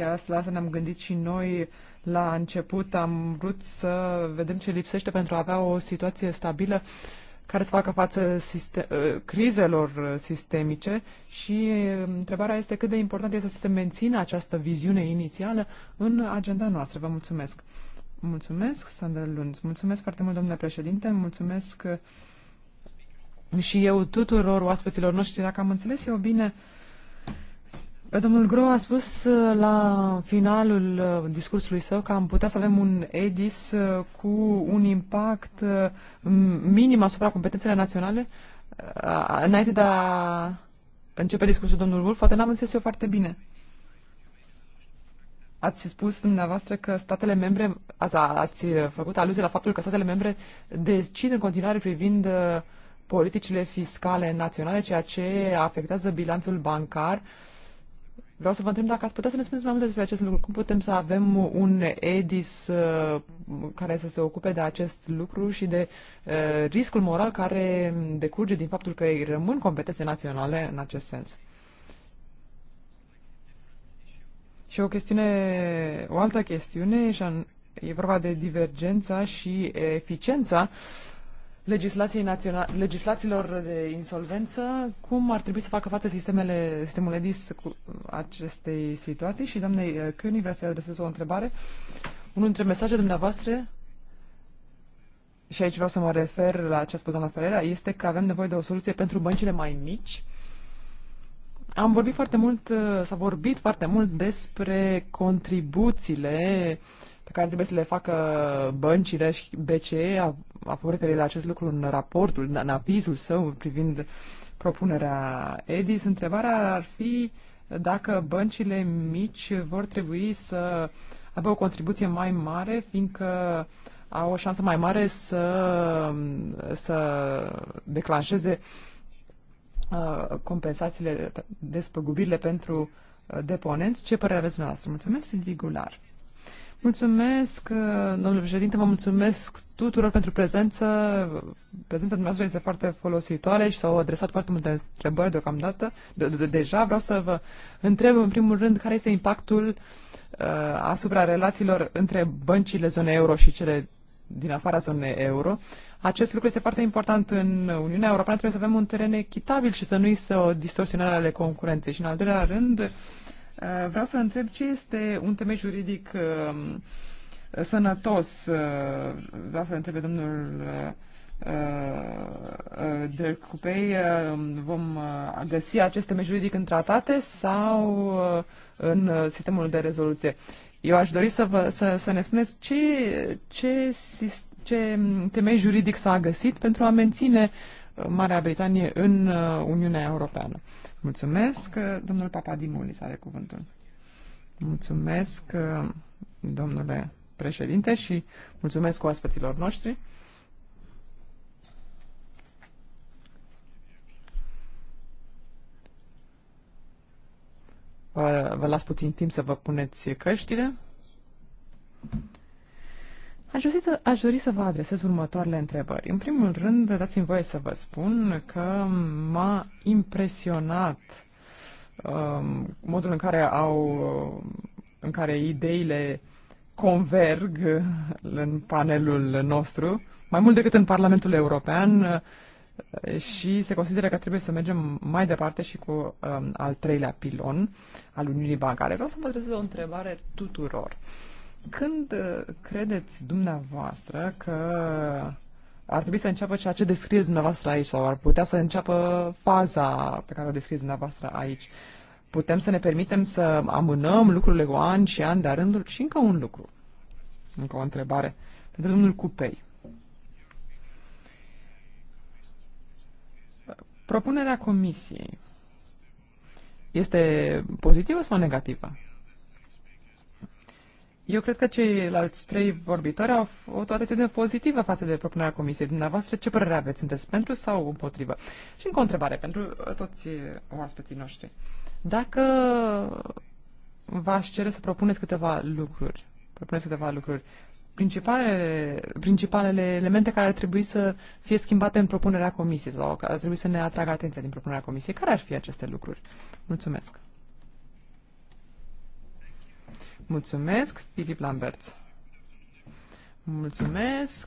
asta, asta ne-am gândit și noi la început am vrut să vedem ce lipsește pentru a avea o situație stabilă care să facă față siste- ă, crizelor sistemice și întrebarea este cât de important este să se mențină această viziune inițială în agenda noastră. Vă mulțumesc! Mulțumesc, Sandra Lunz. Mulțumesc foarte mult, domnule președinte. Mulțumesc și eu tuturor oaspeților noștri. Dacă am înțeles eu bine, uh, Domnul Gro a spus uh, la finalul uh, discursului său că am putea să avem un EDIS uh, cu un impact minim asupra competențelor naționale. Înainte de a începe discursul domnul Wolf, poate n-am înțeles eu foarte bine. Ați spus dumneavoastră că statele membre, ați, ați făcut aluzie la faptul că statele membre decid în continuare privind politicile fiscale naționale, ceea ce afectează bilanțul bancar uh, Vreau să vă întreb dacă ați putea să ne spuneți mai multe despre acest lucru. Cum putem să avem un EDIS uh, care să se ocupe de acest lucru și de uh, riscul moral care decurge din faptul că rămân competențe naționale în acest sens? Și o chestiune, o altă chestiune, e vorba de divergența și eficiența legislației național, legislațiilor de insolvență, cum ar trebui să facă față sistemele, sistemul EDIS cu acestei situații și doamnei Câni uh, vreau să adresez o întrebare. Unul dintre mesajele dumneavoastră și aici vreau să mă refer la ce a spus doamna Ferreira, este că avem nevoie de o soluție pentru băncile mai mici. Am vorbit foarte mult, uh, s-a vorbit foarte mult despre contribuțiile uh, pe care trebuie să le facă băncile și BCE a, a referire la acest lucru în raportul, în avizul său privind propunerea EDIS. Întrebarea ar fi dacă băncile mici vor trebui să aibă o contribuție mai mare, fiindcă au o șansă mai mare să, să declanșeze compensațiile, despăgubirile pentru deponenți. Ce părere aveți dumneavoastră? Mulțumesc, Silvi Gular. Mulțumesc, uh, domnule președinte, vă mulțumesc tuturor pentru prezență. Prezența dumneavoastră este foarte folositoare și s-au adresat foarte multe întrebări deocamdată. De, de, deja vreau să vă întreb în primul rând care este impactul uh, asupra relațiilor între băncile zonei euro și cele din afara zonei euro. Acest lucru este foarte important în Uniunea Europeană. Trebuie să avem un teren echitabil și să nu există o distorsionare ale concurenței. Și în al doilea rând, Eh, vreau să întreb ce este un temei juridic eh, sănătos. Eh, vreau să întreb domnul Dirk Cupei, vom găsi acest temei juridic în tratate sau în sistemul de rezoluție. Eu aș dori să, vă, să, să ne spuneți ce, ce, ce temei juridic s-a găsit pentru a menține Marea Britanie în uh, Uniunea Europeană. Mulțumesc, uh, domnul Papadimulis are cuvântul. Mulțumesc, uh, domnule președinte, și mulțumesc oaspeților noștri. Vă, vă las puțin timp să vă puneți căștile. Aș să, aș dori să vă adresez următoarele întrebări. În primul rând, dați-mi voie să vă spun că m-a impresionat um, modul în care au, în care ideile converg în panelul nostru, mai mult decât în Parlamentul European, și se consideră că trebuie să mergem mai departe și cu um, al treilea pilon al Uniunii Bancare. Vreau să vă adresez o întrebare tuturor. Uh, când uh, credeți dumneavoastră că ar trebui să înceapă ceea ce descrieți dumneavoastră aici sau ar putea să înceapă faza pe care o descrieți dumneavoastră aici? Putem să ne permitem să amânăm lucrurile cu ani și ani de rândul și încă un lucru. Încă o întrebare. Pentru domnul Cupei. Propunerea comisiei este pozitivă sau negativă? Eu cred că ceilalți trei vorbitori au avut o atitudine pozitivă față de propunerea comisiei. Dumneavoastră, ce părere aveți? Sunteți pentru sau împotrivă? Și încă o întrebare pentru uh, toți uh, oaspeții noștri. Dacă v-aș cere să propuneți câteva lucruri, propuneți câteva lucruri, principalele, principalele elemente care ar trebui să fie schimbate în propunerea comisiei sau care ar trebui să ne atragă atenția din propunerea comisiei, care ar fi aceste lucruri? Mulțumesc! Mulțumesc, Filip Lambert. Mulțumesc.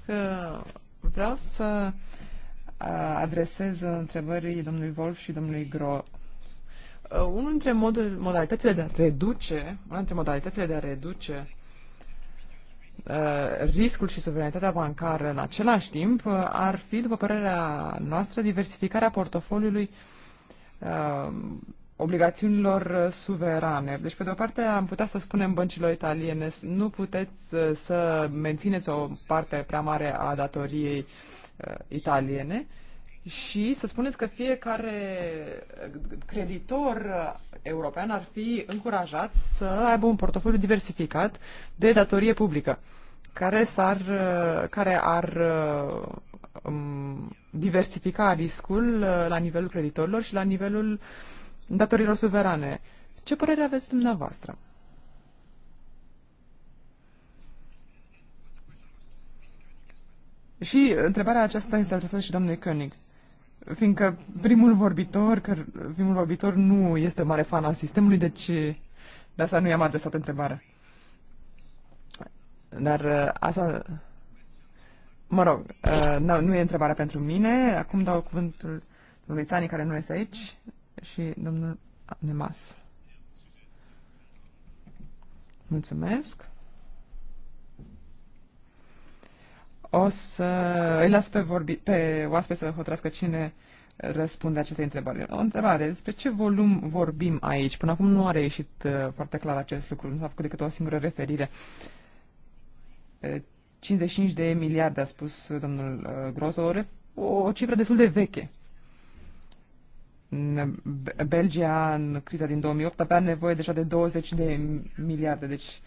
Vreau să adresez întrebării domnului Wolf și domnului Gro. Unul dintre modul, modalitățile de a reduce, una dintre modalitățile de a reduce riscul și suveranitatea bancară în același timp ar fi, după părerea noastră, diversificarea portofoliului obligațiunilor uh, suverane. Deci, pe de o parte, am putea să spunem băncilor italiene, nu puteți uh, să mențineți o parte prea mare a datoriei uh, italiene și să spuneți că fiecare creditor european ar fi încurajat să aibă un portofoliu diversificat de datorie publică, care, s-ar, care ar diversifica riscul la nivelul creditorilor și la nivelul uh, datorilor suverane. Ce părere aveți dumneavoastră? Și întrebarea aceasta este adresată și domnului König, fiindcă primul vorbitor, că primul vorbitor nu este mare fan al sistemului, deci de asta nu i-am adresat întrebarea. Dar uh, asta... Mă rog, uh, nu e întrebarea pentru mine. Acum dau cuvântul lui Țani, care nu este aici, și domnul Nemas. Mulțumesc. O să îi las pe, vorbi, pe oaspe să hotărască cine răspunde aceste întrebări. O întrebare, despre ce volum vorbim aici? Până acum nu a reieșit uh, foarte clar acest lucru, nu s-a făcut decât o singură referire. Uh, 55 de miliarde, a spus domnul uh, Grozo, o, o cifră destul de veche în Belgia, în criza din 2008, avea nevoie deja de 20 de miliarde. Deci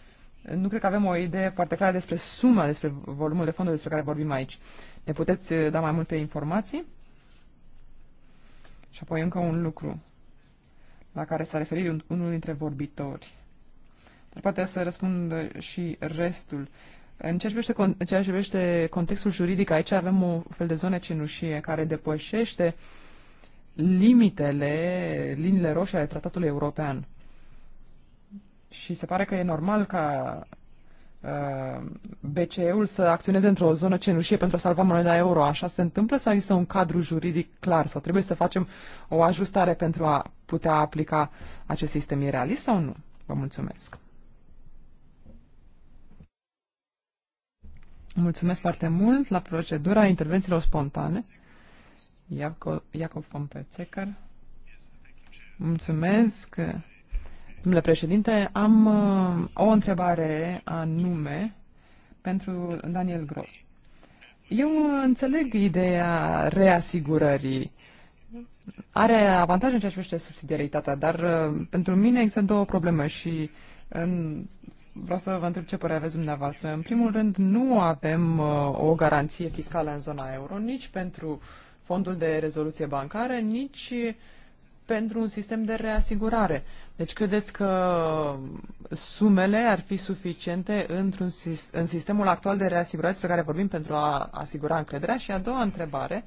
nu cred că avem o idee foarte clară despre suma, despre volumul de fonduri despre care vorbim aici. Ne puteți uh, da mai multe informații? Și apoi încă un lucru la care s-a referit unul dintre vorbitori. Dar poate să răspund și restul. În ceea, ce privește, în ceea ce privește contextul juridic, aici avem o fel de zonă cenușie care depășește uh, limitele, liniile roșii ale tratatului european. Și se pare că e normal ca uh, BCE-ul să acționeze într-o zonă cenușie pentru a salva moneda euro. Așa se întâmplă sau există un cadru juridic clar sau trebuie să facem o ajustare pentru a putea aplica acest sistem? E realist sau nu? Vă mulțumesc! Mulțumesc foarte mult la procedura intervențiilor spontane. Iacob, Iacob von Petzecker. Mulțumesc. Domnule președinte, am uh, o întrebare anume pentru Daniel Gros. Eu înțeleg ideea reasigurării. Are avantaje în ceea ce privește subsidiaritatea, dar uh, pentru mine există două probleme și în... Uh, vreau să vă întreb ce părere aveți dumneavoastră. În primul rând, nu avem o garanție fiscală în zona euro, nici pentru uh, fondul de rezoluție bancară, nici pentru un sistem de reasigurare. Deci credeți că sumele ar fi suficiente într-un, în sistemul actual de reasigurare pe care vorbim pentru a asigura încrederea? Și a doua întrebare,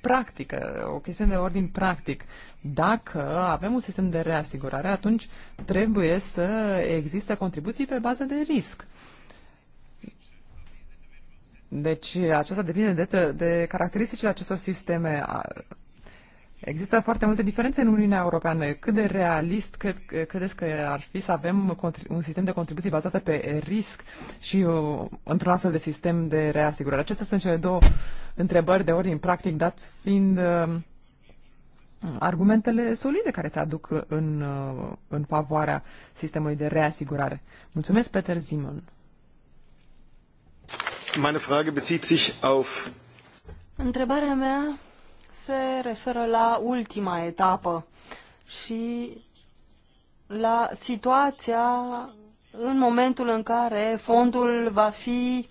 practică, o chestiune de ordin practic. Dacă avem un sistem de reasigurare, atunci trebuie să existe contribuții pe bază de risc. Deci aceasta depinde de, de caracteristicile acestor sisteme. Există foarte multe diferențe în Uniunea Europeană. Cât de realist cred, credeți că ar fi să avem un sistem de contribuții bazată pe risc și uh, într-un astfel de sistem de reasigurare? Acestea sunt cele două întrebări de ordin practic, dat fiind uh, argumentele solide care se aduc în, uh, în favoarea sistemului de reasigurare. Mulțumesc, Peter Zimon. Meine Frage bezieht sich auf Întrebarea mea se referă la ultima etapă și la situația în momentul în care fondul va fi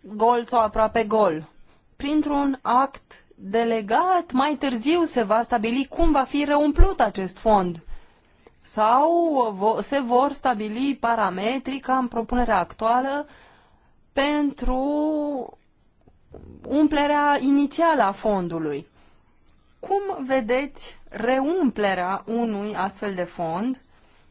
gol sau aproape gol. Printr-un act delegat, mai târziu se va stabili cum va fi reumplut acest fond sau se vor stabili parametri ca în propunerea actuală pentru umplerea inițială a fondului. Cum vedeți reumplerea unui astfel de fond,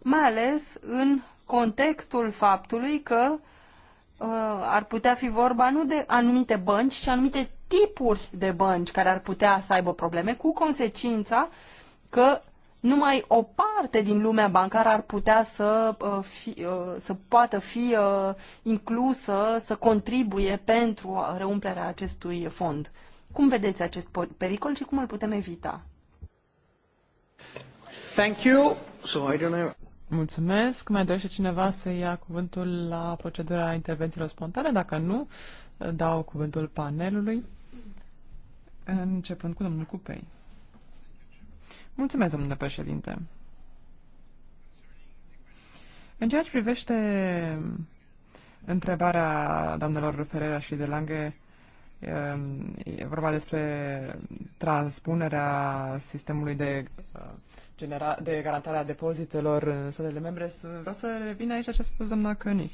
mai ales în contextul faptului că uh, ar putea fi vorba nu de anumite bănci, ci anumite tipuri de bănci care ar putea să aibă probleme, cu consecința că numai o parte din lumea bancară ar putea să, uh, fi, uh, să poată fi uh, inclusă, să contribuie pentru reumplerea acestui fond. Cum vedeți acest pericol și cum îl putem evita? Thank you. So I don't know. Mulțumesc. Mai dorește cineva să ia cuvântul la procedura intervențiilor spontane? Dacă nu, dau cuvântul panelului. Începând cu domnul Cupei. Mulțumesc, domnule președinte. În ceea ce privește întrebarea doamnelor Ferreira și de Lange, um, e vorba despre transpunerea sistemului de, uh, genera- de garantare a depozitelor în statele membre. Vreau să revin aici ce a spus doamna König.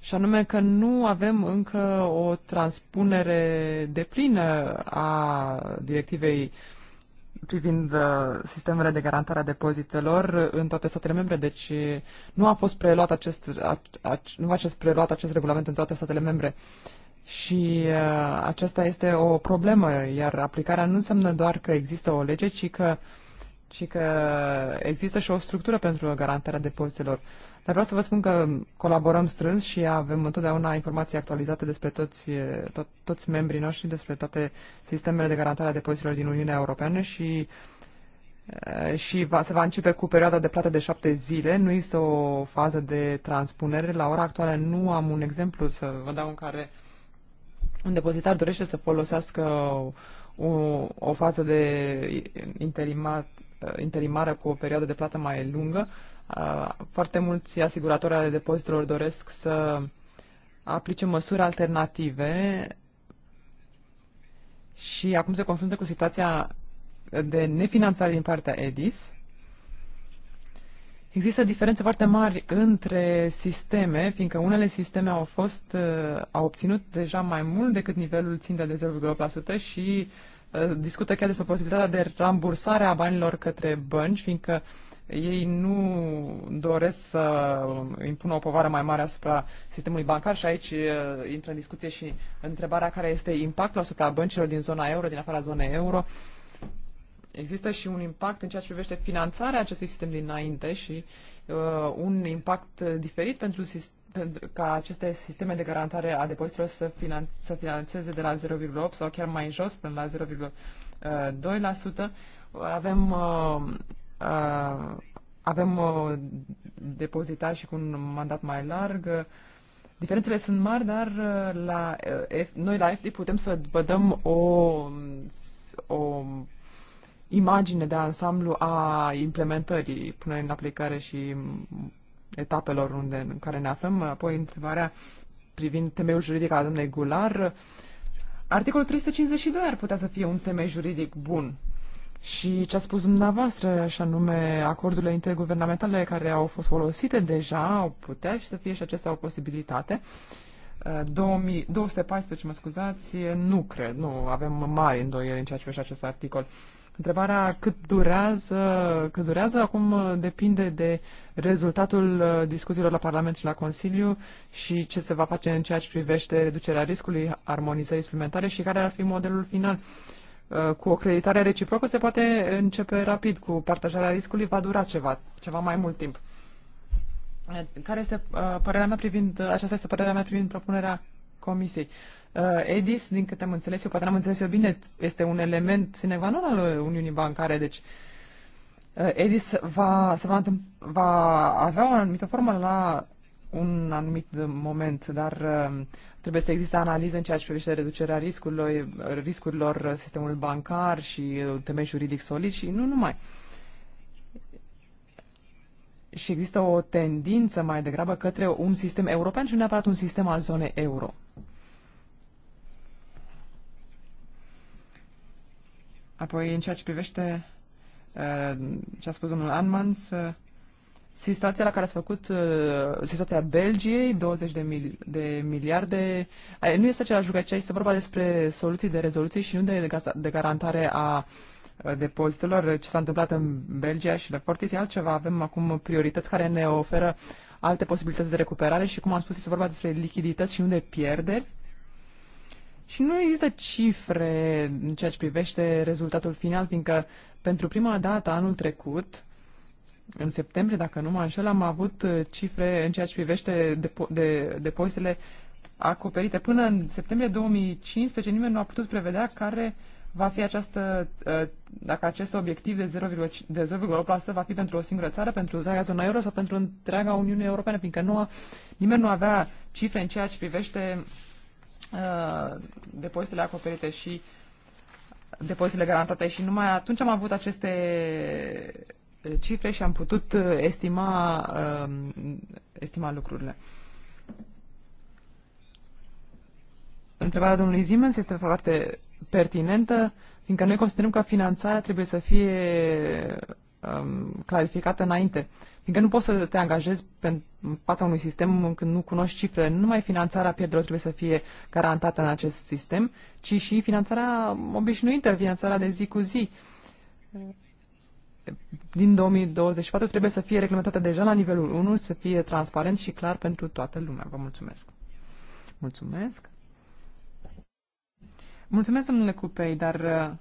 Și anume că nu avem încă o transpunere deplină a directivei uh, privind uh, sistemele de garantare a depozitelor în toate statele membre, deci nu a fost preluat acest, nu a fost preluat acest regulament în toate statele membre. Și uh, aceasta este o problemă, iar aplicarea nu înseamnă doar că există o lege, ci că uh, ci că există și o structură pentru garantarea depozitelor. Dar vreau să vă spun că colaborăm strâns și avem întotdeauna informații actualizate despre toți, to- toți membrii noștri, despre toate sistemele de garantare a depozitelor din Uniunea Europeană și eh, și va, se va începe cu perioada de plată de șapte zile. Nu este o fază de transpunere. La ora actuală nu am un exemplu să vă dau în care un depozitar dorește să folosească o, o fază de interimat Uh, interimară cu o perioadă de plată mai lungă. Uh, foarte mulți asiguratori ale depozitelor doresc să aplice măsuri alternative și acum se confruntă cu situația de nefinanțare din partea EDIS. Există diferențe foarte mari între sisteme, fiindcă unele sisteme au fost, uh, au obținut deja mai mult decât nivelul țintă de 0,8% și uh, Uh, discută chiar despre posibilitatea de rambursare a banilor către bănci, fiindcă ei nu doresc să impună o povară mai mare asupra sistemului bancar și aici uh, intră în discuție și întrebarea care este impactul asupra băncilor din zona euro, din afara zonei euro. Există și un impact în ceea ce privește finanțarea acestui sistem dinainte și uh, un impact diferit pentru, pentru ca aceste sisteme de garantare a depozitelor să, finan- să finanțeze de la 0,8 sau chiar mai jos până la 0,2%. Uh, avem, uh, uh, avem uh, depozitar și cu un mandat mai larg. Diferențele sunt mari, dar uh, la uh, F, noi la FD putem să vă dăm o, o imagine de ansamblu a implementării, punerii în aplicare și etapelor unde, în care ne aflăm. Apoi întrebarea privind temeiul juridic al domnului Gular. Articolul 352 ar putea să fie un temei juridic bun. Și ce a spus dumneavoastră, și anume acordurile interguvernamentale care au fost folosite deja, au putea și să fie și acestea o posibilitate. 2000, uh, 214, mă scuzați, nu cred, nu avem mari îndoieri în ceea ce privește acest articol. Întrebarea cât durează, cât durează acum depinde de rezultatul uh, discuțiilor la Parlament și la Consiliu și ce se va face în ceea ce privește reducerea riscului, armonizării suplimentare și care ar fi modelul final. Uh, cu o creditare reciprocă se poate începe rapid, cu partajarea riscului va dura ceva, ceva mai mult timp. Uh, care este părerea mea privind, aceasta este părerea mea privind propunerea Comisiei. Uh, EDIS, din câte am înțeles eu, poate n-am înțeles eu bine, este un element sine al Uniunii Bancare, deci uh, EDIS va, se va, va avea o anumită formă la un anumit moment, dar uh, trebuie să existe analiză în ceea ce privește reducerea riscurilor, riscurilor sistemul bancar și temei juridic solid și nu numai. Și există o tendință mai degrabă către un sistem european și nu neapărat un sistem al zonei euro. Apoi, în ceea ce privește uh, ce a spus domnul Anmans, uh, situația la care ați făcut, uh, situația Belgiei, 20 de, mil, de miliarde, nu este același lucru, aici este vorba despre soluții de rezoluție și nu de, de garantare a depozitelor. Ce s-a întâmplat în Belgia și la Fortis e altceva. Avem acum priorități care ne oferă alte posibilități de recuperare și, cum am spus, este vorba despre lichidități și nu de pierderi. Și nu există cifre în ceea ce privește rezultatul final, fiindcă pentru prima dată anul trecut, în septembrie, dacă nu mă înșel, am avut uh, cifre în ceea ce privește depo- de, depozitele acoperite. Până în septembrie 2015 nimeni nu a putut prevedea care va fi această, uh, dacă acest obiectiv de 0,8% de va fi pentru o singură țară, pentru întreaga zona euro sau pentru întreaga Uniune Europeană, fiindcă nu a, nimeni nu avea cifre în ceea ce privește Uh, depozitele acoperite și depozitele garantate și numai atunci am avut aceste uh, cifre și am putut uh, estima, uh, estima lucrurile. Întrebarea domnului Zimens este foarte pertinentă, fiindcă noi considerăm că finanțarea trebuie să fie Um, clarificată înainte. Fiindcă nu poți să te angajezi pe, fața unui sistem când nu cunoști cifrele. Nu numai finanțarea pierderilor trebuie să fie garantată în acest sistem, ci și finanțarea obișnuită, finanțarea de zi cu zi. Din 2024 trebuie să fie reglementată deja la nivelul 1, să fie transparent și clar pentru toată lumea. Vă mulțumesc! Mulțumesc! Mulțumesc, domnule Cupei, dar uh,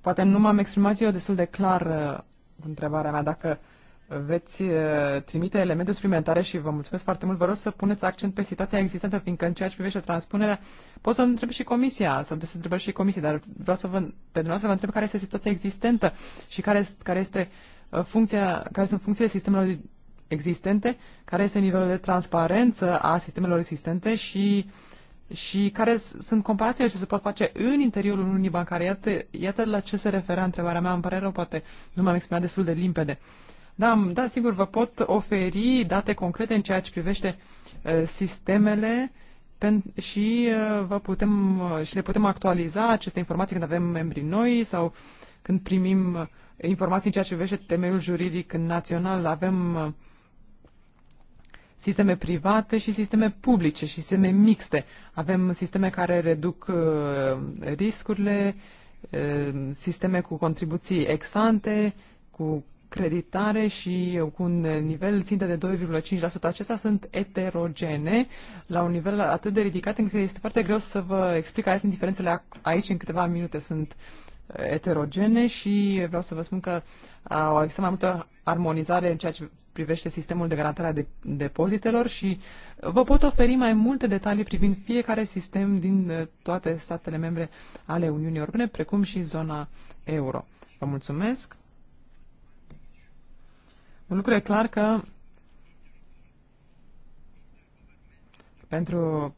poate nu m-am exprimat eu destul de clar uh, întrebarea mea dacă veți eh, trimite elemente suplimentare și vă mulțumesc foarte mult. Vă rog să puneți accent pe situația existentă, fiindcă în ceea ce privește transpunerea, pot să întreb și comisia, să puteți întreba și comisia, dar vreau să vă, pe dumneavoastră vă întreb care este situația existentă și care, care, este eh, funcția, care sunt funcțiile sistemelor existente, care este nivelul de transparență a sistemelor existente și uh, și care sunt comparațiile ce se pot face în interiorul Uniunii Bancare. Iată, iată la ce se referă întrebarea mea, îmi pare rău, poate nu m-am exprimat destul de limpede. Da, da, sigur, vă pot oferi date concrete în ceea ce privește uh, sistemele și uh, vă putem, uh, și le putem actualiza aceste informații când avem membri noi sau când primim informații în ceea ce privește temeiul juridic național. Avem uh, sisteme private și sisteme publice, și sisteme mixte. Avem sisteme care reduc uh, riscurile, uh, sisteme cu contribuții exante, cu creditare și uh, cu un nivel țintă de 2,5%. Acestea sunt eterogene la un nivel atât de ridicat încât este foarte greu să vă explic care sunt diferențele aici în câteva minute. Sunt eterogene și vreau să vă spun că au existat mai multe armonizare în ceea ce privește sistemul de garantare a depozitelor și vă pot oferi mai multe detalii privind fiecare sistem din uh, toate statele membre ale Uniunii Europene, precum și zona euro. Vă mulțumesc! Un lucru e clar că pentru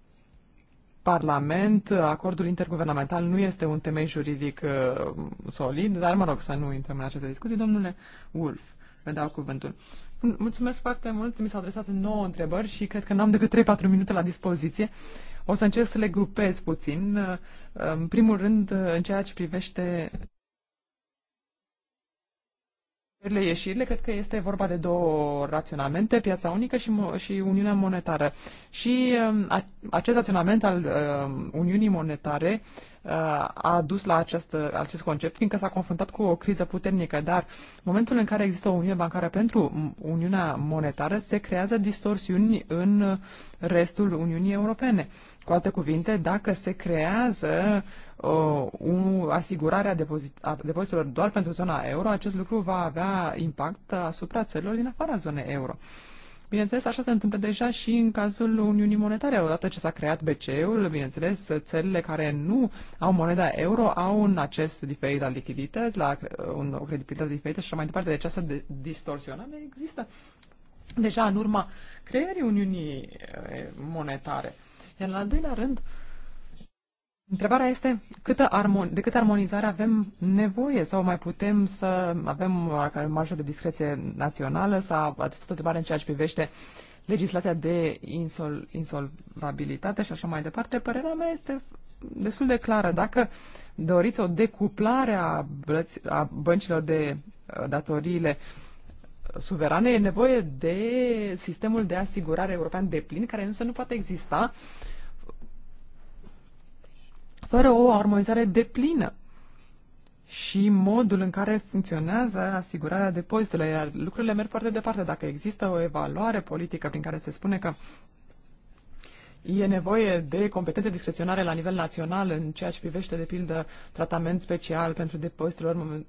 Parlament, acordul interguvernamental nu este un temei juridic uh, solid, dar mă rog să nu intrăm în această discuție, domnule Wolf dau cuvântul. Mulțumesc foarte mult, mi s-au adresat 9 întrebări și cred că n-am decât 3-4 minute la dispoziție. O să încerc să le grupez puțin. În primul rând, în ceea ce privește Ieșirile, ieșirile, cred că este vorba de două raționamente, piața unică și, și Uniunea Monetară. Și uh, acest raționament al uh, Uniunii Monetare uh, a dus la această, uh, acest concept, fiindcă s-a confruntat cu o criză puternică, dar în momentul în care există o Uniune Bancară pentru Uniunea Monetară, se creează distorsiuni în restul Uniunii Europene. Cu alte cuvinte, dacă se creează uh, uh, un, asigurarea depozit, a depozitelor doar pentru zona euro, acest lucru va avea impact asupra țărilor din afara zonei euro. Bineînțeles, așa se întâmplă deja și în cazul Uniunii Monetare. Odată ce s-a creat BCE-ul, bineînțeles, țările care nu au moneda euro au un acces diferit la lichidități, la un, o credibilitate diferită și așa mai departe. Deci această de distorsionare există deja în urma creierii Uniunii eh, Monetare. Iar în al doilea rând, uh, Întrebarea este câtă armon- de câtă armonizare avem nevoie sau mai putem să avem oarecare marjă de discreție națională? sau atât de o întrebare în ceea ce privește legislația de insol- insolvabilitate și așa mai departe. Părerea mea este destul de clară. Dacă doriți o decuplare a, blăți- a băncilor de uh, datoriile suverane, e nevoie de sistemul de asigurare european de plin, care însă nu poate exista fără o armonizare deplină și modul în care funcționează asigurarea depozitelor, iar lucrurile merg foarte departe. Dacă există o evaluare politică prin care se spune că E nevoie de competențe discreționare la nivel național în ceea ce privește, de pildă, tratament special pentru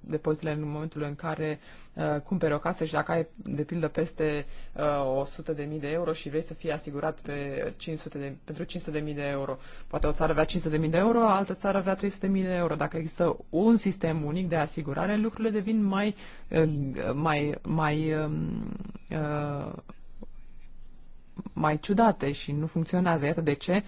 depozitele în momentul în care uh, cumperi o casă și dacă ai, de pildă, peste uh, 100.000 de euro și vrei să fii asigurat pe 500 de, pentru 500.000 de euro. Poate o țară vrea 500.000 de euro, altă țară vrea 300.000 de euro. Dacă există un sistem unic de asigurare, lucrurile devin mai, uh, mai, mai um, uh, uh, mai ciudate și nu funcționează. Iată de ce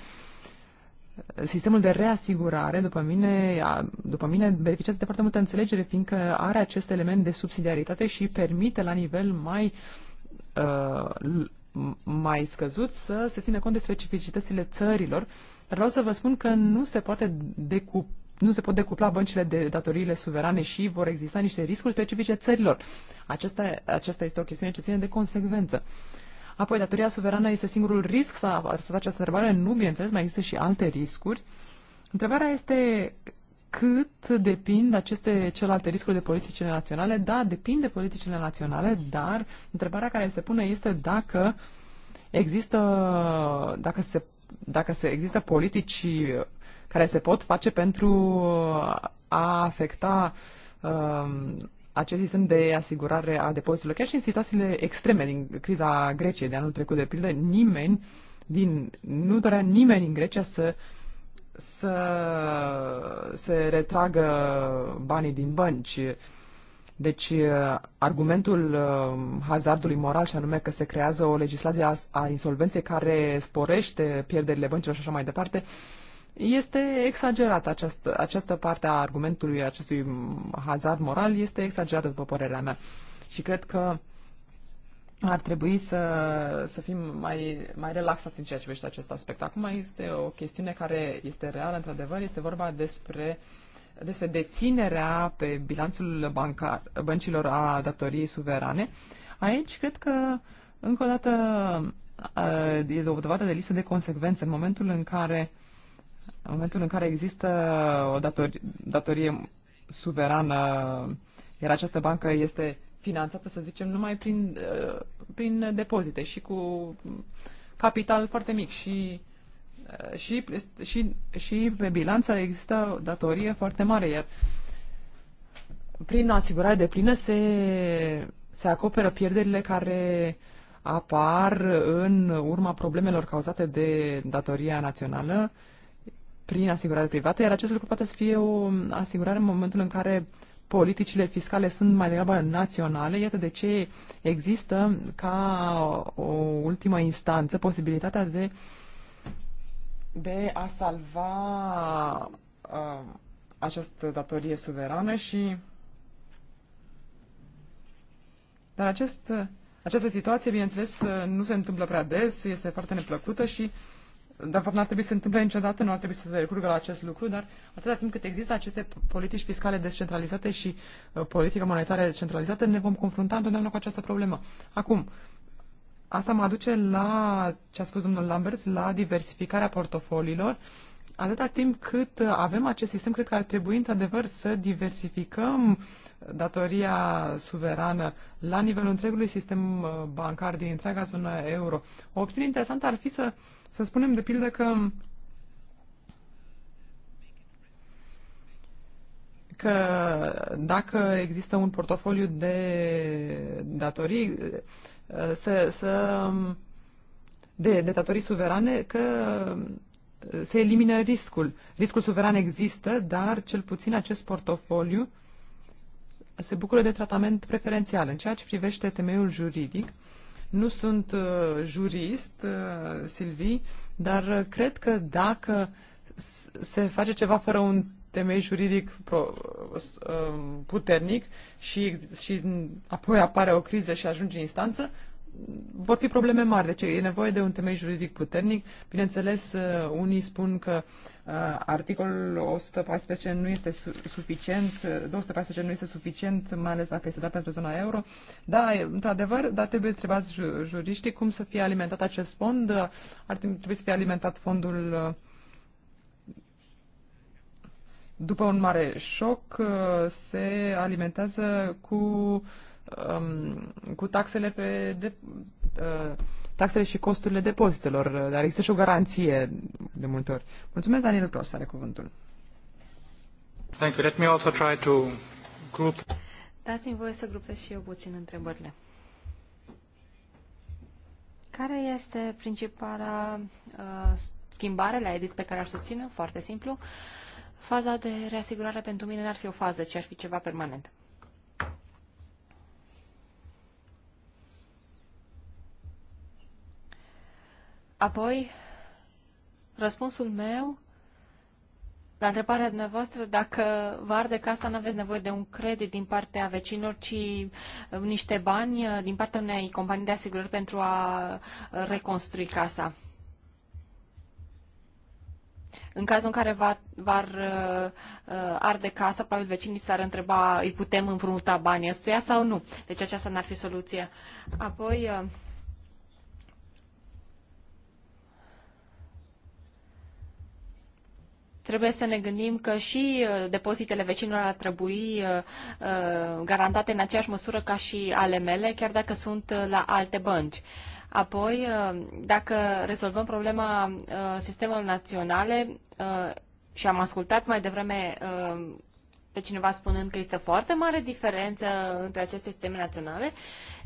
sistemul de reasigurare, după mine, după mine beneficiază de foarte multă înțelegere, fiindcă are acest element de subsidiaritate și permite la nivel mai uh, mai scăzut să se țină cont de specificitățile țărilor. Vreau să vă spun că nu se poate decup nu se pot decupla băncile de datoriile suverane și vor exista niște riscuri specifice țărilor. Aceasta, aceasta este o chestiune ce ține de consecvență. Uh, Apoi, datoria suverană este singurul risc să adresat această întrebare? Nu, bineînțeles, mai există și alte riscuri. Întrebarea este cât depind aceste celelalte riscuri de politicile naționale? Da, depind de politicile naționale, dar întrebarea care se pune este dacă există, dacă se, dacă se există politici care se pot face pentru a afecta um, acest sistem de asigurare a depozitelor, chiar și în situațiile extreme din criza Greciei de anul trecut, de pildă, nimeni din, nu dorea nimeni în Grecia să să se retragă banii din bănci. Deci argumentul uh, hazardului moral și anume că se creează o legislație a, insolvenței care sporește pierderile băncilor și așa mai departe, uh, este exagerat această, această parte a argumentului acestui hazard moral, este exagerată după părerea mea. Și cred că ar trebui să, să fim mai, mai relaxați în ceea ce vește acest aspect. Acum este o chestiune care este reală, într-adevăr, este vorba despre despre deținerea pe bilanțul bancar, băncilor a datoriei suverane. Aici cred că, încă o dată, e dovadă de lipsă de consecvență în momentul în care uh, în momentul în care există o datorie, datorie suverană, iar această bancă este finanțată, să zicem, numai prin, uh, prin depozite și cu capital foarte mic și uh, și, și, și pe bilanță există o datorie foarte mare, iar prin asigurare de plină se, se acoperă pierderile care apar în urma problemelor cauzate de datoria națională prin asigurare privată, iar acest lucru poate să fie o asigurare în momentul în care politicile fiscale sunt mai degrabă naționale, iată de ce există ca o ultimă instanță posibilitatea de, de a salva uh, această datorie suverană și dar acest, această situație, bineînțeles, nu se întâmplă prea des, este foarte neplăcută și uh, de fapt, n-ar trebui să se întâmple niciodată, nu ar trebui să se recurgă la acest lucru, dar atâta timp cât există aceste politici fiscale descentralizate și uh, politică monetară descentralizată, ne vom confrunta întotdeauna cu această problemă. Acum, asta mă aduce la ce a spus domnul Lamberts, la diversificarea portofoliilor. Atâta timp cât avem acest sistem, cred că ar trebui într-adevăr să diversificăm datoria suverană la nivelul întregului sistem uh, bancar din întreaga zonă euro. O opțiune interesantă ar fi să uh, să spunem de pildă că că dacă există un portofoliu de datorii, să, să de, de datorii suverane, că se elimină riscul. Riscul suveran există, dar cel puțin acest portofoliu se bucură de tratament preferențial. În ceea ce privește temeiul juridic, nu sunt uh, jurist, uh, Silvii, dar uh, cred că dacă se face ceva fără un temei juridic puternic și, și apoi apare o criză și ajunge în instanță, vor fi probleme mari, deci e nevoie de un temei juridic puternic. Bineînțeles, uh, unii spun că uh, articolul 114 nu este suficient, 214 uh, nu este suficient, mai ales dacă este dat pentru zona euro. Da, într-adevăr, dar trebuie întrebați juriștii cum să fie alimentat acest fond. Ar trebui să fie alimentat fondul după un mare șoc, se alimentează cu uh, um, cu taxele pe de, uh, taxele și costurile depozitelor, uh, dar există și o garanție de multe ori. Mulțumesc, Daniel Cross, are cuvântul. Thank you. Let me also try to group. Dați-mi voie să grupez și eu puțin întrebările. Care este principala uh, schimbare la EDIS pe care ar susțină? Foarte simplu. Faza de reasigurare pentru mine n-ar fi o fază, ci ar fi ceva permanent. Apoi, răspunsul meu la întrebarea dumneavoastră, dacă vă arde casa, nu aveți nevoie de un credit din partea vecinilor, ci uh, niște bani uh, din partea unei companii de asigurări pentru a uh, reconstrui casa. În cazul în care va, va arde casa, probabil vecinii s-ar întreba, îi putem împrumuta banii ăstuia sau nu? Deci aceasta n-ar fi soluția. Apoi, Trebuie să ne gândim că și uh, depozitele vecinilor ar trebui uh, uh, garantate în aceeași măsură ca și ale mele, chiar dacă sunt la alte bănci. Apoi, dacă rezolvăm problema sistemelor naționale, și am ascultat mai devreme pe cineva spunând că este foarte mare diferență între aceste sisteme naționale,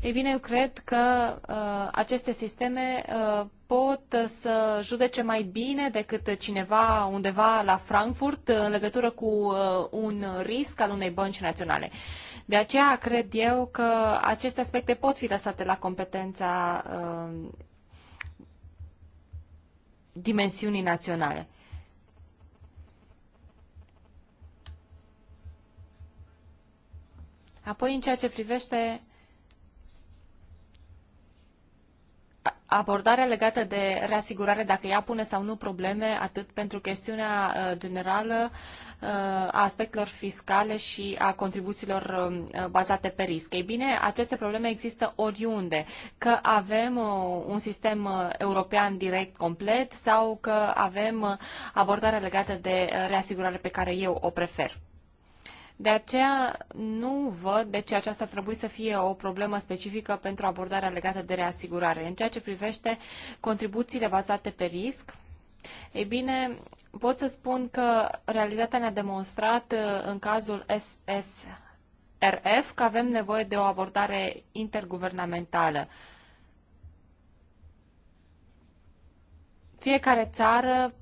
ei bine, eu cred că uh, aceste sisteme uh, pot să judece mai bine decât cineva undeva la Frankfurt uh, în legătură cu uh, un risc al unei bănci naționale. De aceea cred eu că aceste aspecte pot fi lăsate la competența uh, dimensiunii naționale. Apoi, în ceea ce privește abordarea legată de reasigurare, dacă ea pune sau nu probleme, atât pentru chestiunea uh, generală uh, a aspectelor fiscale și a contribuțiilor um, uh, bazate pe risc. Ei bine, aceste probleme există oriunde, că avem un sistem european direct complet sau că avem abordarea legată de reasigurare pe care eu o prefer. De aceea nu văd de ce aceasta trebuie să fie o problemă specifică pentru abordarea legată de reasigurare. În ceea ce privește contribuțiile bazate pe risc, ei bine, pot să spun că realitatea ne-a demonstrat uh, în cazul SSRF că avem nevoie de o abordare interguvernamentală. Fiecare țară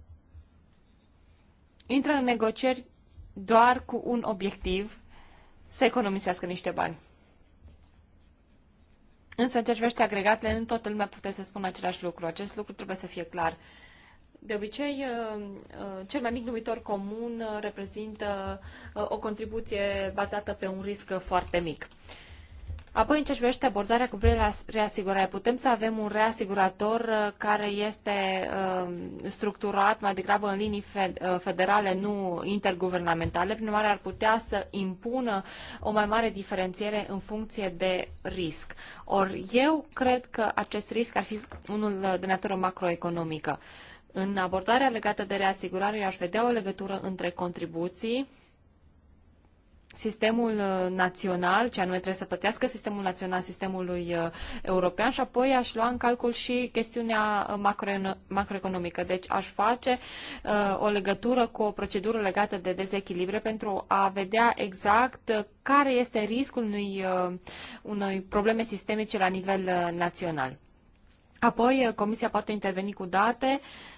intră în negocieri doar cu un obiectiv, să economisească niște bani. Însă, în ce privește agregatele, nu toată lumea putea să spună același lucru. Acest lucru trebuie să fie clar. De obicei, uh, uh, cel mai mic numitor comun uh, reprezintă o contribuție bazată pe un risc foarte mic. Apoi, în ce privește abordarea cu privire la reasigurare, putem să avem un reasigurator uh, care este um, structurat mai degrabă în linii uh, federale, nu interguvernamentale, prin urmare ar putea să impună o mai mare diferențiere în funcție de risc. Ori eu cred că acest risc ar fi unul uh, de natură macroeconomică. În abordarea legată de reasigurare, eu aș vedea o legătură între contribuții sistemul uh, național, ce anume trebuie să plătească sistemul național sistemului uh, european și apoi aș lua în calcul și chestiunea uh, macro, macroeconomică. Deci aș face uh, o legătură cu o procedură legată de dezechilibre pentru a vedea exact care este riscul unui, uh, unui probleme sistemice la nivel național. Apoi, Comisia poate interveni cu date uh,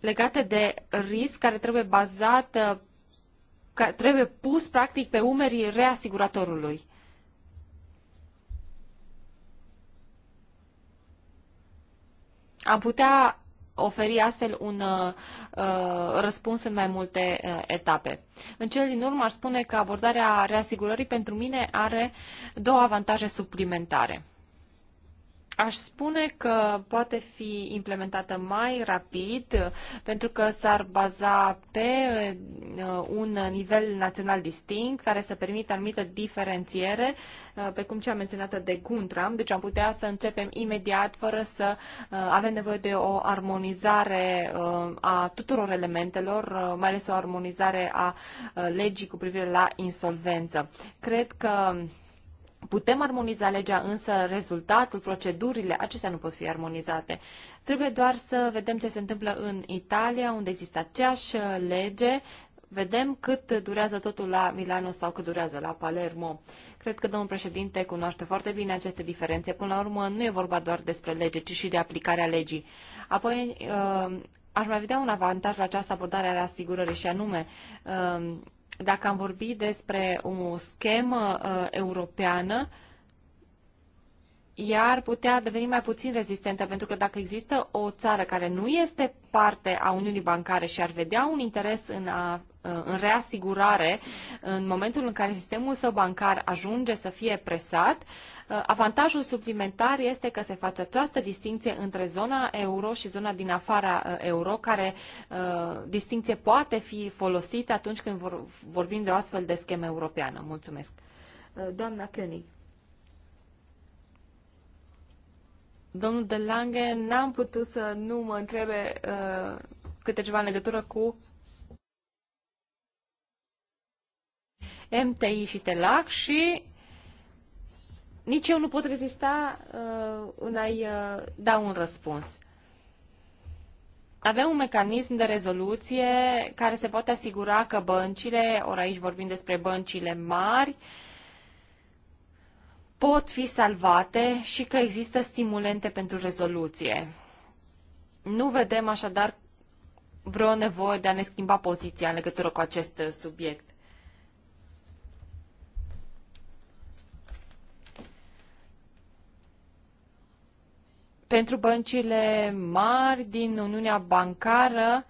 legate de risc care trebuie bazată, uh, care trebuie pus practic pe umerii reasiguratorului. Am putea oferi astfel un uh, uh răspuns în mai multe uh, etape. În cel din urmă ar spune că abordarea reasigurării pentru mine are două avantaje suplimentare. Aș spune că poate fi implementată mai rapid pentru că s-ar baza pe uh, un nivel național distinct care să permită anumită diferențiere, uh, pe cum cea menționată de Guntram. Deci am putea să începem imediat fără să uh, avem nevoie de o armonizare a tuturor elementelor, mai ales o armonizare a legii cu privire la insolvență. Cred că Putem armoniza legea, însă rezultatul, procedurile, acestea nu pot fi armonizate. Trebuie doar să vedem ce se întâmplă în Italia, unde există aceeași lege, vedem cât durează totul la Milano sau cât durează la Palermo. Cred că domnul președinte cunoaște foarte bine aceste diferențe. Până la urmă, nu e vorba doar despre lege, ci și de aplicarea legii. Apoi, uh, aș mai vedea un avantaj la această abordare a asigurării și anume, uh, dacă am vorbit despre o schemă uh, europeană, uh, ea ar putea deveni mai puțin rezistentă, pentru că dacă există o țară care nu este parte a Uniunii Bancare și ar vedea un interes în, a, în reasigurare, în momentul în care sistemul său bancar ajunge să fie presat, avantajul suplimentar este că se face această distinție între zona euro și zona din afara uh, euro, care uh, distinție poate fi folosită atunci când vorbim de o astfel de schemă europeană. Mulțumesc. Uh, doamna Kenny domnul de Lange, n-am putut să nu mă întrebe uh, câte ceva în legătură cu MTI și TELAC și nici eu nu pot rezista uh, în a-i uh, da un răspuns. Avem un mecanism de rezoluție care se poate asigura că băncile, ori aici vorbim despre băncile mari, uh, pot fi salvate și că există stimulente pentru rezoluție. Nu vedem așadar vreo nevoie de a ne schimba poziția în legătură cu acest uh, subiect. Pentru băncile mari din Uniunea Bancară,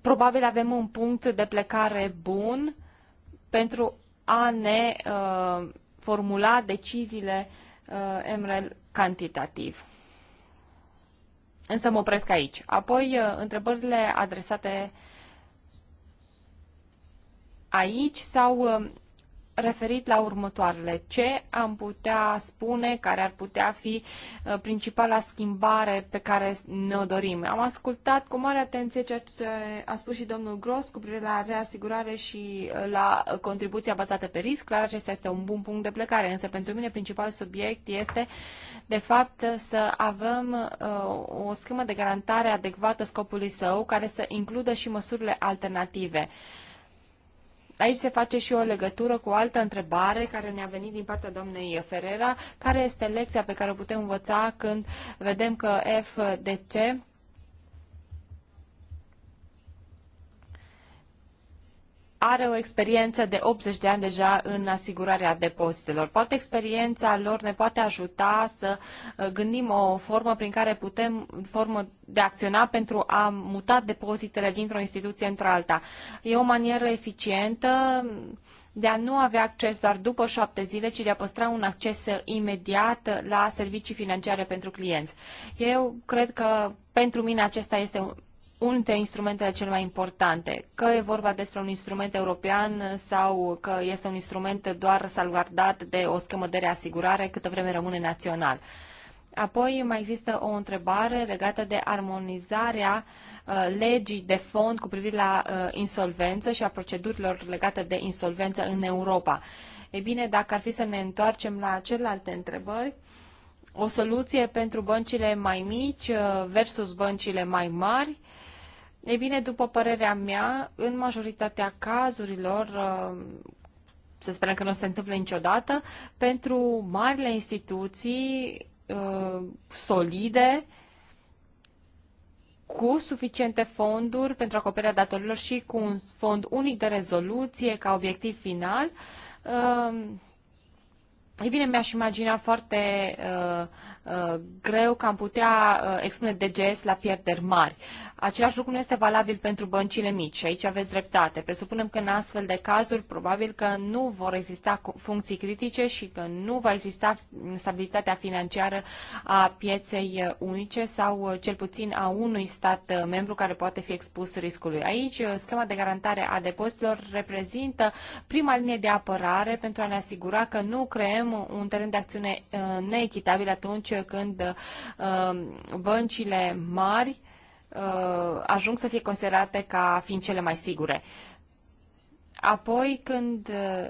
probabil avem un punct de plecare bun pentru a ne uh, formula deciziile uh, MREL cantitativ. Însă mă opresc aici. Apoi, uh, întrebările adresate aici sau uh, referit la următoarele. Ce am putea spune care ar putea fi uh, principala schimbare pe care ne-o dorim? Am ascultat cu mare atenție ceea ce a spus și domnul Gros cu privire la reasigurare și uh, la contribuția bazată pe risc. Clar, acesta este un bun punct de plecare, însă pentru mine principalul subiect este, de fapt, să avem uh, o schemă de garantare adecvată scopului său, care să includă și măsurile alternative. Aici se face și o legătură cu o altă întrebare care ne-a venit din partea doamnei Ferrera, care este lecția pe care o putem învăța când vedem că FDC are o experiență de 80 de ani deja în asigurarea depozitelor. Poate experiența lor ne poate ajuta să uh, gândim o formă prin care putem, formă de a acționa pentru a muta depozitele dintr-o instituție într-alta. E o manieră eficientă de a nu avea acces doar după șapte zile, ci de a păstra un acces imediat la servicii financiare pentru clienți. Eu cred că pentru mine acesta este unul dintre instrumentele cele mai importante, că e vorba despre un instrument european sau că este un instrument doar salvardat de o schemă de reasigurare câtă vreme rămâne național. Apoi mai există o întrebare legată de armonizarea uh, legii de fond cu privire la uh, insolvență și a procedurilor legate de insolvență în Europa. Ei bine, dacă ar fi să ne întoarcem la celelalte întrebări, o soluție pentru băncile mai mici uh, versus băncile mai mari ei bine, după părerea mea, în majoritatea cazurilor, uh, să sperăm că nu se întâmplă niciodată, pentru marile instituții uh, solide, cu suficiente fonduri pentru acoperirea datorilor și cu un fond unic de rezoluție ca obiectiv final, uh, ei bine, mi-aș imagina foarte uh, Uh, greu că am putea uh, expune DGS la pierderi mari. Același lucru nu este valabil pentru băncile mici și aici aveți dreptate. Presupunem că în astfel de cazuri probabil că nu vor exista funcții critice și că nu va exista stabilitatea financiară a pieței unice sau uh, cel puțin a unui stat membru care poate fi expus riscului. Aici schema de garantare a depozitelor reprezintă prima linie de apărare pentru a ne asigura că nu creăm un teren de acțiune neechitabil atunci atunci când uh, băncile mari uh, ajung să fie considerate ca fiind cele mai sigure. Apoi, când uh,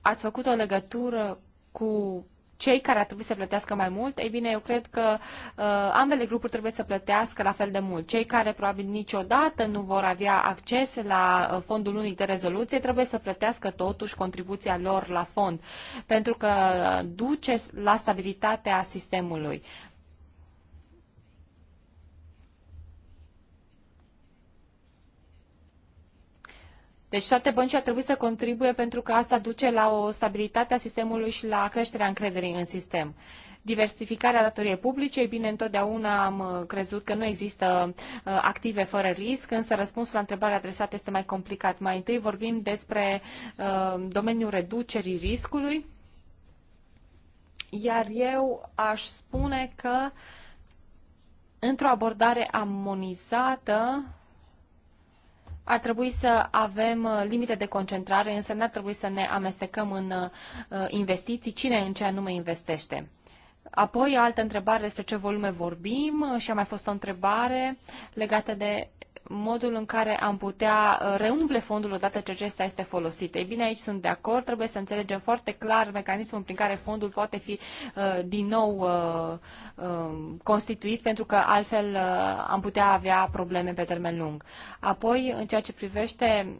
ați făcut o legătură cu cei care ar trebui să plătească mai mult, ei bine, eu cred că uh, ambele grupuri trebuie să plătească la fel de mult. Cei care probabil niciodată nu vor avea acces la uh, fondul unic de rezoluție trebuie să plătească totuși contribuția lor la fond, pentru că uh, duce la stabilitatea sistemului. Deci toate băncile ar trebui să contribuie pentru că asta duce la o stabilitate a sistemului și la creșterea încrederii în sistem. Diversificarea datoriei publice, bine, întotdeauna am uh, crezut că nu există uh, active fără risc, însă răspunsul la întrebarea adresată este mai complicat. Mai întâi vorbim despre uh, domeniul reducerii riscului, iar eu aș spune că într-o abordare amonizată, ar trebui să avem uh, limite de concentrare, însă nu ar trebui să ne amestecăm în uh, investiții, cine în ce anume investește. Apoi, o altă întrebare despre ce volume vorbim uh, și a mai fost o întrebare legată de modul în care am putea uh, reumple fondul odată ce acesta este folosit. Ei bine, aici sunt de acord, trebuie să înțelegem foarte clar mecanismul prin care fondul poate fi uh, din nou uh, um, constituit, pentru că altfel am putea avea probleme pe termen lung. Apoi, în ceea ce privește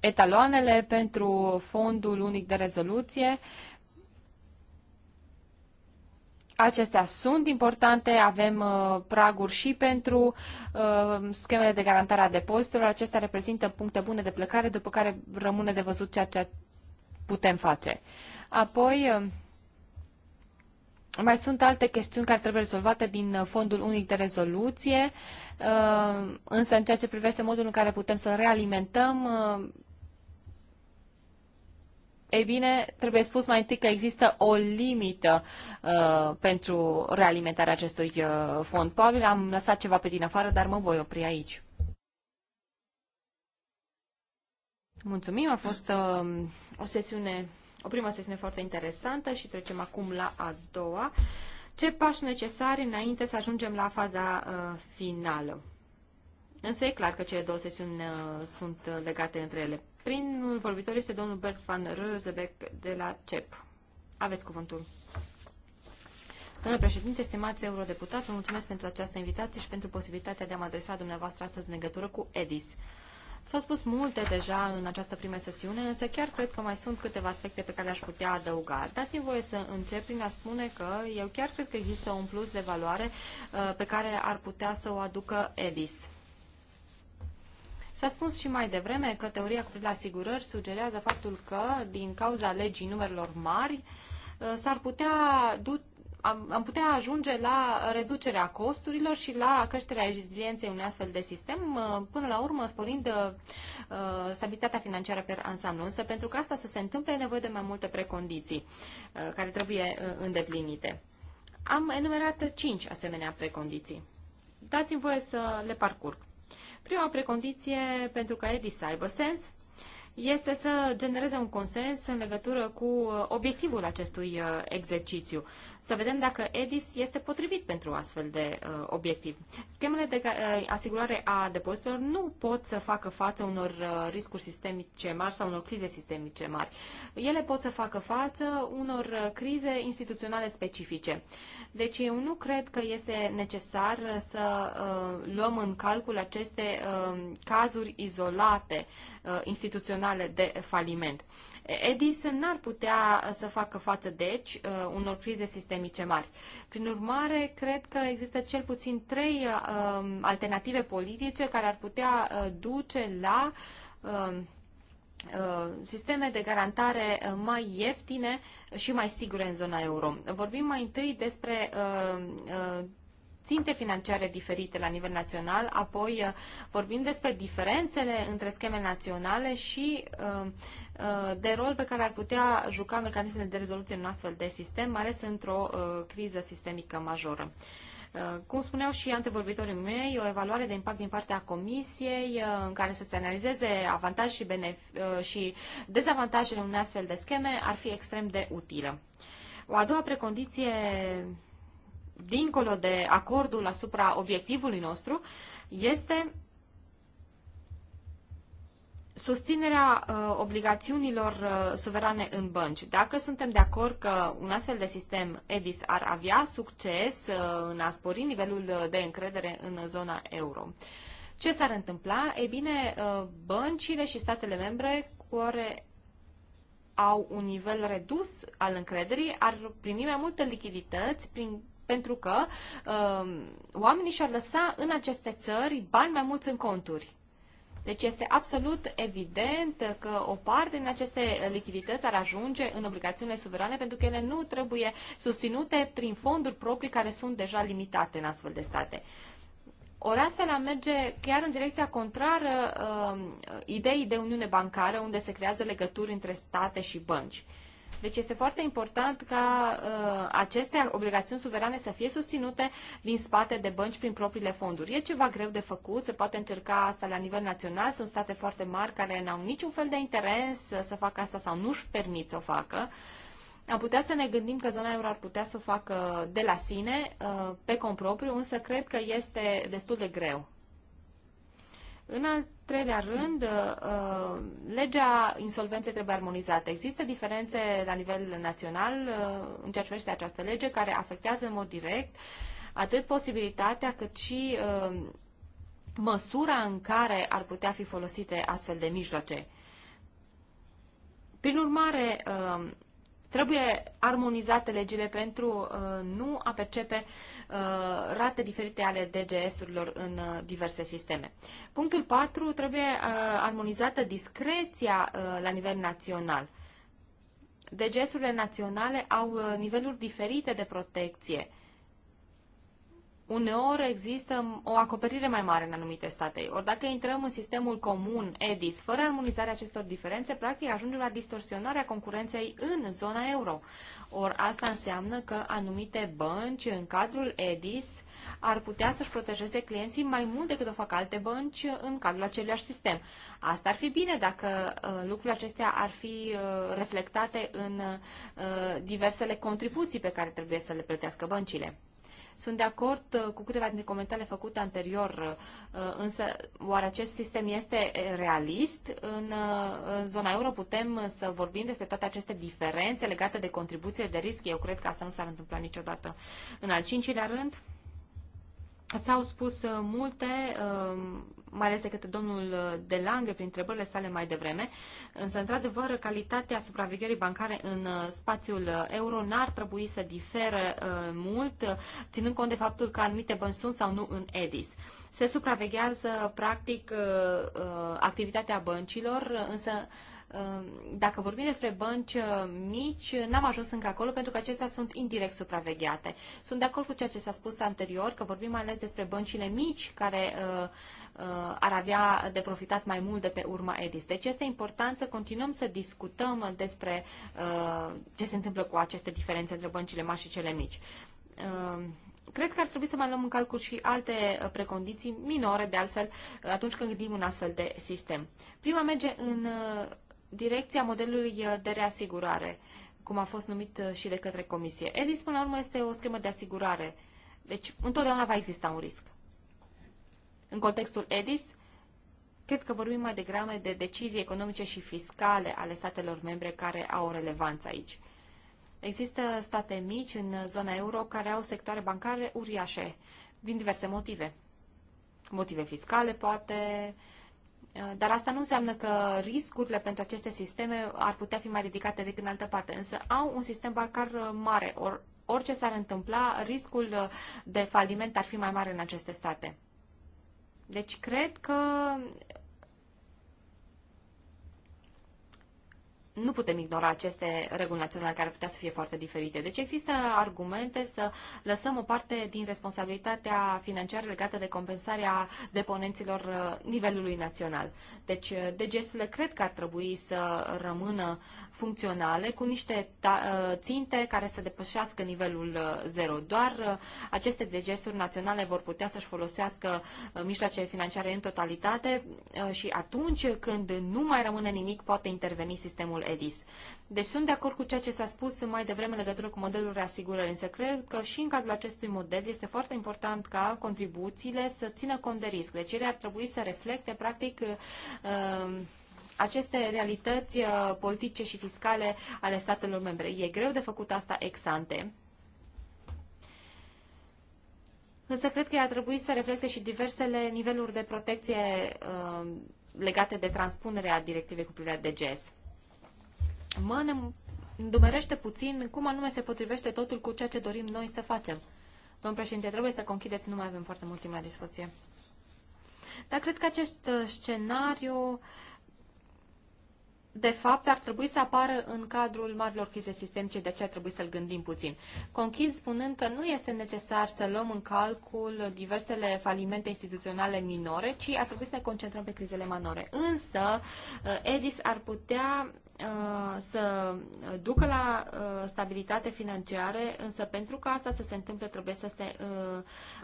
etaloanele pentru fondul unic de rezoluție, uh, Acestea sunt importante, avem uh, praguri și pentru uh, schemele de garantare a depozitelor. Acestea reprezintă puncte bune de plecare, după care rămâne de văzut ceea ce putem face. Apoi, uh, mai sunt alte chestiuni care trebuie rezolvate din uh, fondul unic de rezoluție, uh, însă în ceea ce privește modul în care putem să realimentăm, uh, ei bine, trebuie spus mai întâi că există o limită uh, pentru realimentarea acestui uh, fond. Probabil am lăsat ceva pe din afară, dar mă voi opri aici. Mulțumim, a fost uh, o sesiune, o prima sesiune foarte interesantă și trecem acum la a doua. Ce pași necesari înainte să ajungem la faza uh, finală? Însă e clar că cele două sesiuni uh, sunt uh, legate între ele. Primul vorbitor este domnul Bert van Rozebeck de la CEP. Aveți cuvântul. Domnule președinte, stimați eurodeputați, vă mulțumesc pentru această invitație și pentru posibilitatea de a mă adresa dumneavoastră astăzi în legătură cu EDIS. S-au spus multe deja în această prima sesiune, însă chiar cred că mai sunt câteva aspecte pe care le-aș putea adăuga. Dați-mi voie să încep prin a spune că eu chiar cred că există un plus de valoare uh, pe care ar putea să o aducă EDIS. S-a spus și mai devreme că teoria cu la asigurări sugerează faptul că, din cauza legii numerelor mari, uh, s-ar putea du- am putea ajunge la reducerea costurilor și la creșterea rezilienței unui astfel de sistem, uh, până la urmă sporind uh, stabilitatea financiară per ansamblu. Însă pentru că asta să se întâmple e nevoie de mai multe precondiții care trebuie îndeplinite. Am enumerat cinci asemenea precondiții. Dați-mi voie să le parcurg. Prima precondiție pentru ca EDI să aibă sens este să genereze un consens în legătură cu obiectivul acestui uh, exercițiu să vedem dacă EDIS este potrivit pentru astfel de uh, obiectiv. Schemele de uh, asigurare a depozitelor nu pot să facă față unor uh, riscuri sistemice mari sau unor crize sistemice mari. Ele pot să facă față unor uh, crize instituționale specifice. Deci eu nu cred că este necesar să uh, luăm în calcul aceste uh, cazuri izolate uh, instituționale de faliment. Uh, EDIS n-ar putea uh, să facă față, deci, uh, unor crize sistemice mari. Prin urmare, cred că există cel puțin trei uh, um, alternative politice care ar putea duce la um, sisteme de garantare mai ieftine și mai sigure în zona euro. Vorbim mai întâi despre ținte financiare diferite la nivel național, apoi uh, vorbim despre diferențele între scheme naționale și uh, uh, de rol pe care ar putea juca mecanismele de rezoluție în un astfel de sistem, mai ales într-o criză sistemică majoră. Cum spuneau și antevorbitorii mei, o evaluare de impact din partea comisiei în care să se analizeze avantaje și, și dezavantajele unei astfel de scheme ar fi extrem de utilă. O a doua precondiție dincolo de acordul asupra obiectivului nostru, este susținerea uh, obligațiunilor uh, suverane în bănci. Dacă suntem de acord că un astfel de sistem EDIS ar avea succes uh, în a spori nivelul de încredere în zona euro, ce s-ar întâmpla? E bine, uh, băncile și statele membre care au un nivel redus al încrederii ar primi mai multe lichidități prin pentru că uh, oamenii și-ar lăsa în aceste țări bani mai mulți în conturi. Deci este absolut evident că o parte din aceste lichidități ar ajunge în obligațiunile suverane pentru că ele nu trebuie susținute prin fonduri proprii care sunt deja limitate în astfel de state. Ori astfel merge chiar în direcția contrară uh, ideii de uniune bancară unde se creează legături între state și bănci. Uh, deci este foarte important ca uh, aceste obligațiuni suverane să fie susținute din spate de bănci prin propriile fonduri. E ceva greu de făcut, se poate încerca asta la nivel național, sunt state foarte mari care n-au niciun fel de interes să facă asta sau nu-și permit să o facă. Am putea să ne gândim că zona euro ar putea să o facă de la sine, uh, pe compropriu, însă cred că este destul de greu în al treilea rând, uh, legea insolvenței trebuie armonizată. Există diferențe la nivel național uh, în ceea ce privește această lege care afectează în mod direct atât posibilitatea cât și uh, măsura în care ar putea fi folosite astfel de mijloace. Prin urmare, Trebuie armonizate legile pentru uh, nu a percepe uh, rate diferite ale DGS-urilor în uh, diverse sisteme. Punctul 4. Trebuie uh, armonizată discreția uh, la nivel național. DGS-urile naționale au uh, niveluri diferite de protecție uneori există o acoperire mai mare în anumite state. Ori dacă intrăm în sistemul comun EDIS, fără armonizarea acestor diferențe, practic ajungem la distorsionarea concurenței în zona euro. Ori asta înseamnă că anumite bănci în cadrul EDIS ar putea să-și protejeze clienții mai mult decât o fac alte bănci în cadrul aceluiași sistem. Asta ar fi bine dacă uh, lucrurile acestea ar fi uh, reflectate în uh, diversele contribuții pe care trebuie să le plătească băncile. Sunt de acord uh, cu câteva dintre comentariile făcute anterior, uh, însă oare acest sistem este eh, realist? Uh, în zona euro putem să vorbim despre toate aceste diferențe legate de contribuție de risc? Eu cred că asta nu s-ar întâmpla niciodată. În al cincilea rând, S-au spus uh, multe, uh, mai ales decât domnul uh, De Lange prin întrebările sale mai devreme, însă, într-adevăr, calitatea supravegherii bancare în spațiul euro n-ar trebui să difere mult, ținând cont de faptul că anumite bănci sunt sau nu în EDIS. Se supraveghează, practic, activitatea băncilor, însă Ehm, dacă vorbim despre bănci eh, mici, n-am ajuns încă acolo pentru că acestea sunt indirect supravegheate. Sunt de acord cu ceea ce s-a spus anterior, că vorbim mai ales despre băncile mici care eh, eh, ar avea de profitat mai mult de pe urma EDIS. Deci este important să continuăm să discutăm despre ce se întâmplă cu aceste diferențe între băncile mari și cele mici ehm, cred că ar trebui să mai luăm în calcul și alte precondiții minore, de altfel, atunci când gândim un astfel de sistem. Prima merge în direcția modelului uh, de reasigurare, cum a fost numit uh, și de către comisie. EDIS, până la urmă, este o schemă de asigurare. Deci, întotdeauna va exista un risc. În contextul EDIS, cred că vorbim mai degrabă de decizii economice și fiscale ale statelor membre care au o relevanță aici. Există state mici în zona euro care au sectoare bancare uriașe, din diverse motive. Motive fiscale, poate, uh, Eh, dar asta nu înseamnă că riscurile pentru aceste sisteme ar putea fi mai ridicate decât în altă parte. Însă au un sistem bancar eh, mare. Or, orice s-ar întâmpla, riscul eh, de faliment ar fi mai mare în aceste state. Deci cred că nu putem ignora aceste reguli naționale care ar putea să fie foarte diferite. Deci există argumente să lăsăm o parte din responsabilitatea financiară legată de compensarea deponenților uh, nivelului național. Deci uh, degesurile cred că ar trebui să rămână funcționale cu niște uh, ținte care să depășească nivelul zero. Doar aceste degesuri naționale vor putea să-și folosească mijloacele financiare în totalitate și atunci când nu mai rămâne nimic poate interveni sistemul EDIS. Deci sunt de acord cu ceea ce s-a spus mai devreme în legătură cu modelul reasigurării, însă cred că și în cadrul acestui model este foarte important ca contribuțiile să țină cont de risc. Deci ele ar trebui să reflecte, practic, uh, aceste realități uh, politice și fiscale ale statelor membre. E greu de făcut asta ex ante. Însă cred că ar trebui să reflecte și diversele niveluri de protecție uh, legate de transpunerea directivei cu privire la GES mă ne puțin cum anume se potrivește totul cu ceea ce dorim noi să facem. Domn președinte, trebuie să conchideți, nu mai avem foarte mult timp la discuție. Dar cred că acest uh, scenariu, de fapt, ar trebui să apară în cadrul marilor crize sistemice, de aceea trebuie să-l gândim puțin. Conchid spunând că nu este necesar să luăm în calcul diversele falimente instituționale minore, ci ar trebui să ne concentrăm pe crizele minore. Însă, uh, EDIS ar putea Uh, să ducă la uh, stabilitate financiară, însă pentru ca asta să se întâmple trebuie să se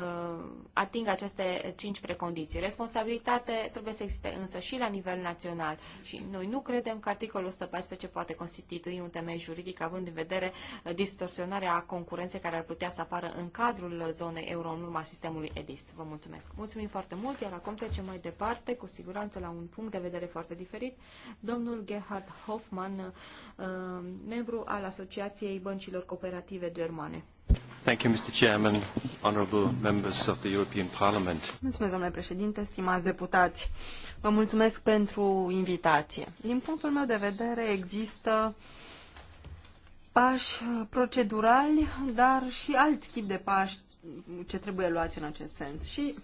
uh, atingă aceste cinci precondiții. Responsabilitate trebuie să existe însă și la nivel național și noi nu credem că articolul 114 poate constitui un temei juridic având în vedere distorsionarea concurenței care ar putea să apară în cadrul zonei euro în urma sistemului EDIS. Vă mulțumesc! Mulțumim foarte mult, iar acum trecem mai departe, cu siguranță la un punct de vedere foarte diferit. Domnul Gerhard Hoff Hoffmann, uh, membru al Asociației Băncilor Cooperative Germane. Thank you, Mr. Chairman, honorable members of the European Parliament. Mulțumesc, domnule președinte, stimați deputați. Vă mulțumesc pentru invitație. Din punctul meu de vedere, există pași procedurali, dar și alt tip de pași ce trebuie luați în acest sens. Și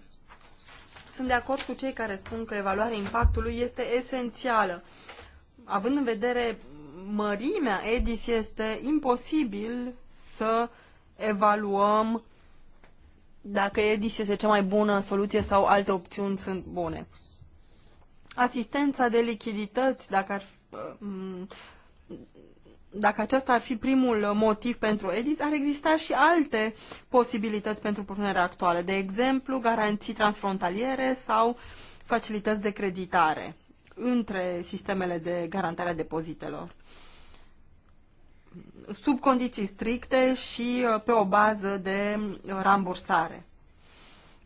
sunt de acord cu cei care spun că evaluarea impactului este esențială având în vedere mărimea EDIS, este imposibil să evaluăm dacă EDIS este cea mai bună soluție sau alte opțiuni sunt bune. Asistența de lichidități, dacă, ar, um, dacă acesta ar fi primul motiv pentru EDIS, ar exista și alte posibilități pentru propunerea actuală, de exemplu, garanții transfrontaliere sau facilități de creditare între sistemele de garantare a depozitelor sub condiții stricte și uh, pe o bază de uh, rambursare.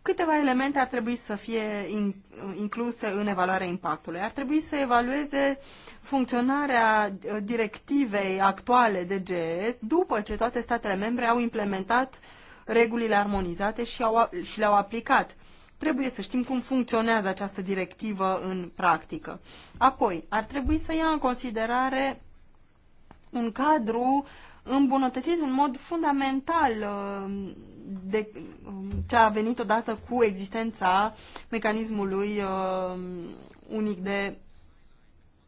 Câteva elemente ar trebui să fie uh, incluse în evaluarea impactului. Ar trebui să evalueze funcționarea directivei actuale de GS după ce toate statele membre au implementat regulile armonizate și, au, și le-au aplicat Trebuie să știm cum funcționează această directivă în practică. Apoi, ar trebui să ia în considerare un cadru îmbunătățit în mod fundamental uh, de um, ce a venit odată cu existența mecanismului uh, unic de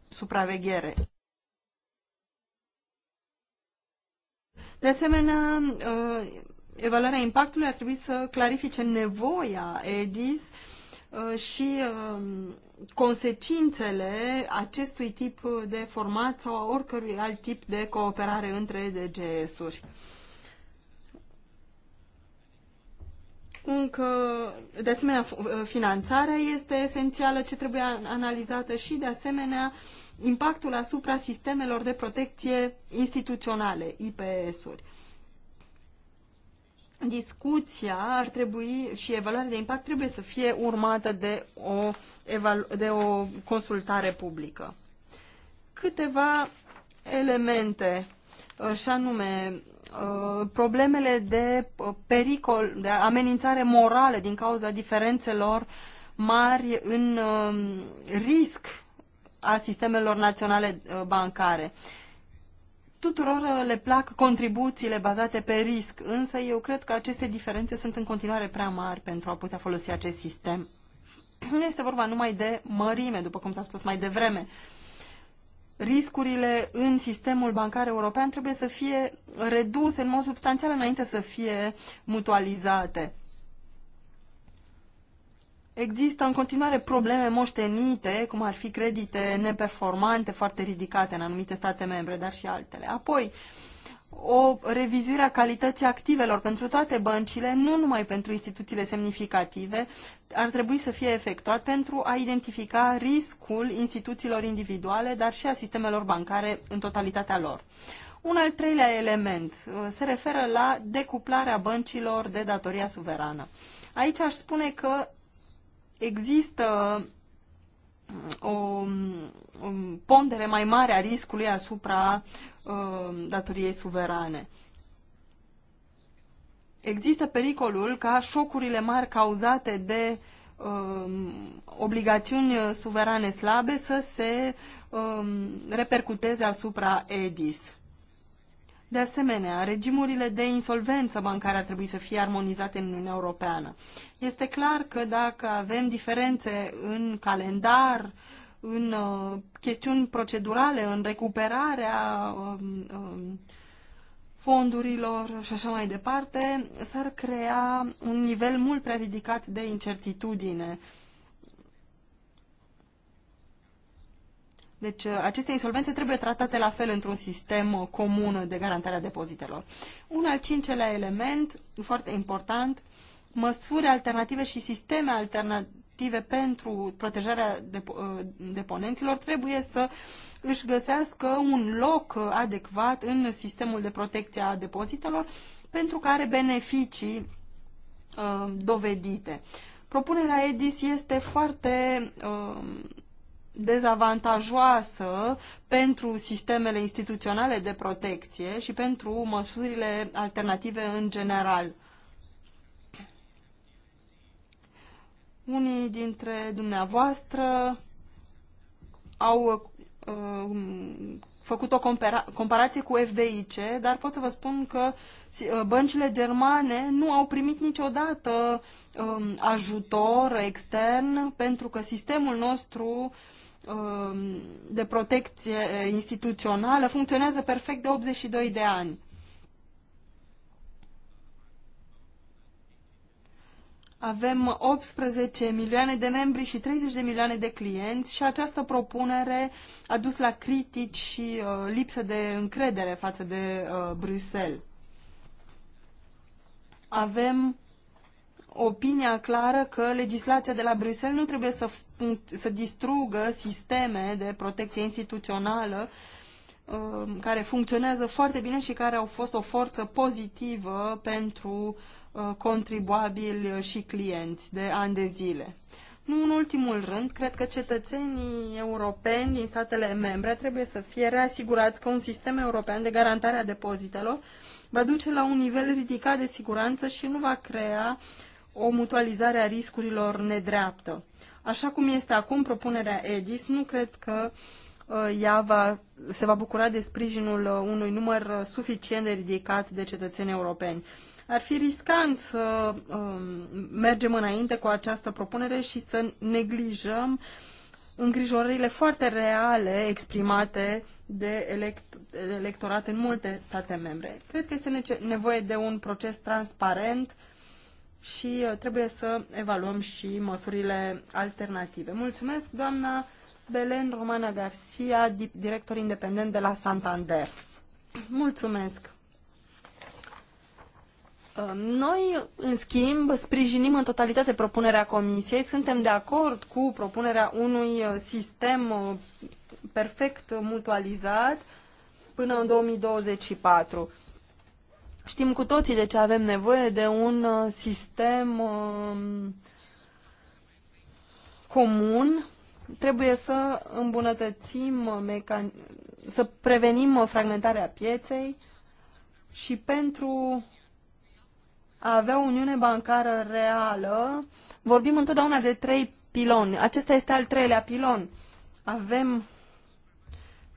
supraveghere. De asemenea, uh, evaluarea impactului ar trebui să clarifice nevoia EDIS uh, și um, consecințele acestui tip de format sau a oricărui alt tip de cooperare între DGS-uri. Încă, de asemenea, uh, finanțarea este esențială, ce trebuie analizată și, de asemenea, impactul asupra sistemelor de protecție instituționale, IPS-uri discuția ar trebui și evaluarea de impact trebuie să fie urmată de o, de o consultare publică. Câteva elemente uh, și anume uh, problemele de uh, pericol, de amenințare morală din cauza diferențelor mari în risc a sistemelor naționale bancare. Tuturor uh, le plac contribuțiile bazate pe risc, însă eu cred că aceste diferențe sunt în continuare prea mari pentru a putea folosi acest sistem. Nu este vorba numai de mărime, după cum s-a spus mai devreme. Riscurile în sistemul bancar european trebuie să fie reduse în mod substanțial înainte să fie mutualizate. Există în continuare probleme moștenite, cum ar fi credite neperformante foarte ridicate în anumite state membre, dar și altele. Apoi, o revizuire a calității activelor pentru toate băncile, nu numai pentru instituțiile semnificative, ar trebui să fie efectuat pentru a identifica riscul instituțiilor individuale, dar și a sistemelor bancare în totalitatea lor. Un al treilea element uh, se referă la decuplarea băncilor de datoria suverană. Aici aș spune că există um, o, o um, pondere mai mare a riscului asupra uh, datoriei suverane. Există pericolul ca șocurile mari cauzate de uh, obligațiuni suverane slabe să se uh, repercuteze asupra EDIS. De asemenea, regimurile de insolvență bancară ar trebui să fie armonizate în Uniunea Europeană. Este clar că dacă avem diferențe în calendar, în uh, chestiuni procedurale, în recuperarea um, um, fondurilor și așa mai departe, s-ar crea un nivel mult prea ridicat de incertitudine Deci uh, aceste insolvențe trebuie tratate la fel într-un sistem uh, comun de garantare a depozitelor. Un al cincelea element, foarte important, măsuri alternative și sisteme alternative pentru protejarea uh, deponenților trebuie să își găsească un loc adecvat în sistemul de protecție a depozitelor pentru care beneficii uh, dovedite. Propunerea EDIS este foarte uh, dezavantajoasă pentru sistemele instituționale de protecție și pentru măsurile alternative în general. Unii dintre dumneavoastră au uh, făcut o compara- comparație cu FDIC, dar pot să vă spun că uh, băncile germane nu au primit niciodată um, ajutor extern pentru că sistemul nostru uh, Um, de protecție instituțională funcționează perfect de 82 de ani. Avem 18 milioane de membri și 30 de milioane de clienți și această propunere a dus la critici și uh, lipsă de încredere față de uh, Bruxelles. Avem opinia clară că legislația de la Bruxelles nu trebuie să, să distrugă sisteme de protecție instituțională um, care funcționează foarte bine și care au fost o forță pozitivă pentru uh, contribuabili și clienți de ani de zile. Nu în ultimul rând, cred că cetățenii europeni din statele membre trebuie să fie reasigurați că un sistem european de garantare a depozitelor va duce la un nivel ridicat de siguranță și nu va crea uh, o mutualizare a riscurilor nedreaptă. Așa cum este acum propunerea EDIS, nu cred că uh, ea va, se va bucura de sprijinul uh, unui număr uh, suficient de ridicat de cetățeni europeni. Ar fi riscant să um, mergem înainte cu această propunere și să neglijăm îngrijorările foarte reale exprimate de elect electorat în multe state membre. Cred că este nevoie de un proces transparent, și uh, trebuie să evaluăm și măsurile alternative. Mulțumesc, doamna Belen Romana Garcia, director independent de la Santander. Mulțumesc! Uh, noi, în schimb, sprijinim în totalitate propunerea Comisiei, suntem de acord cu propunerea unui uh, sistem perfect mutualizat până în 2024. Știm cu toții de ce avem nevoie de un uh, sistem um, comun. Trebuie să îmbunătățim, uh, să prevenim uh, fragmentarea pieței și pentru a avea o uniune bancară reală, vorbim întotdeauna de trei piloni. Acesta este al treilea pilon. Avem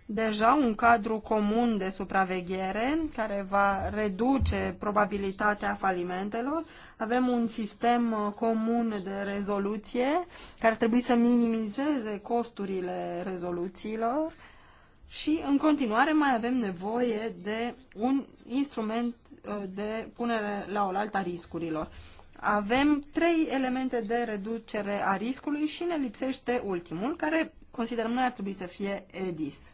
deja un cadru comun de supraveghere care va reduce probabilitatea falimentelor. Avem un sistem uh, comun de rezoluție care trebuie să minimizeze costurile rezoluțiilor și în continuare mai avem nevoie de un instrument uh, de punere la oaltă a riscurilor. Avem trei elemente de reducere a riscului și ne lipsește ultimul, care considerăm noi ar trebui să fie EDIS.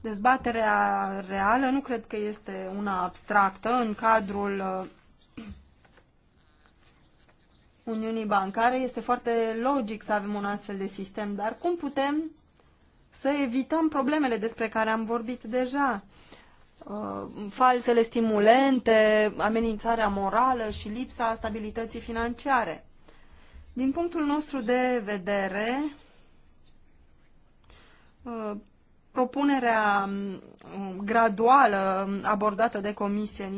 Dezbaterea reală nu cred că este una abstractă în cadrul uh, Uniunii Bancare. Este foarte logic să avem un astfel de sistem, dar cum putem să evităm problemele despre care am vorbit deja? Uh, falsele stimulente, amenințarea morală și lipsa stabilității financiare. Din punctul nostru de vedere, uh, propunerea mm, mm, graduală mm, abordată de comisie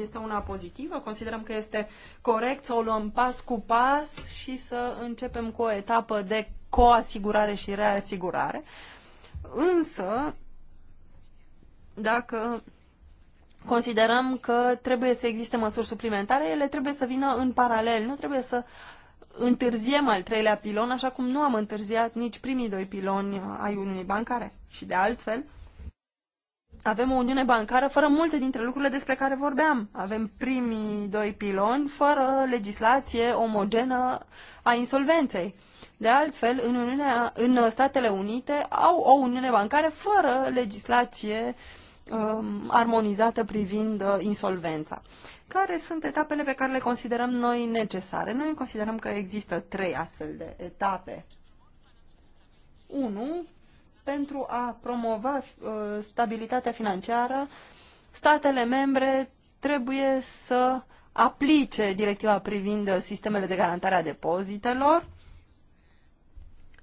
este una pozitivă? Considerăm că este corect să o luăm pas cu pas și să începem cu o etapă de coasigurare și reasigurare. Însă, dacă considerăm că trebuie să existe măsuri suplimentare, ele trebuie să vină în paralel, nu trebuie să întârziem al treilea pilon, așa cum nu am întârziat nici primii doi piloni ai Uniunii Bancare. Și de altfel, avem o Uniune Bancară fără multe dintre lucrurile despre care vorbeam. Avem primii doi piloni fără legislație omogenă a insolvenței. De altfel, în, Uniunea, în Statele Unite au o Uniune Bancară fără legislație um, armonizată privind uh, insolvența. Care sunt etapele pe care le considerăm noi necesare? Noi considerăm că există trei astfel de etape. 1. Pentru a promova uh, stabilitatea financiară, statele membre trebuie să aplice directiva privind sistemele de garantare a depozitelor.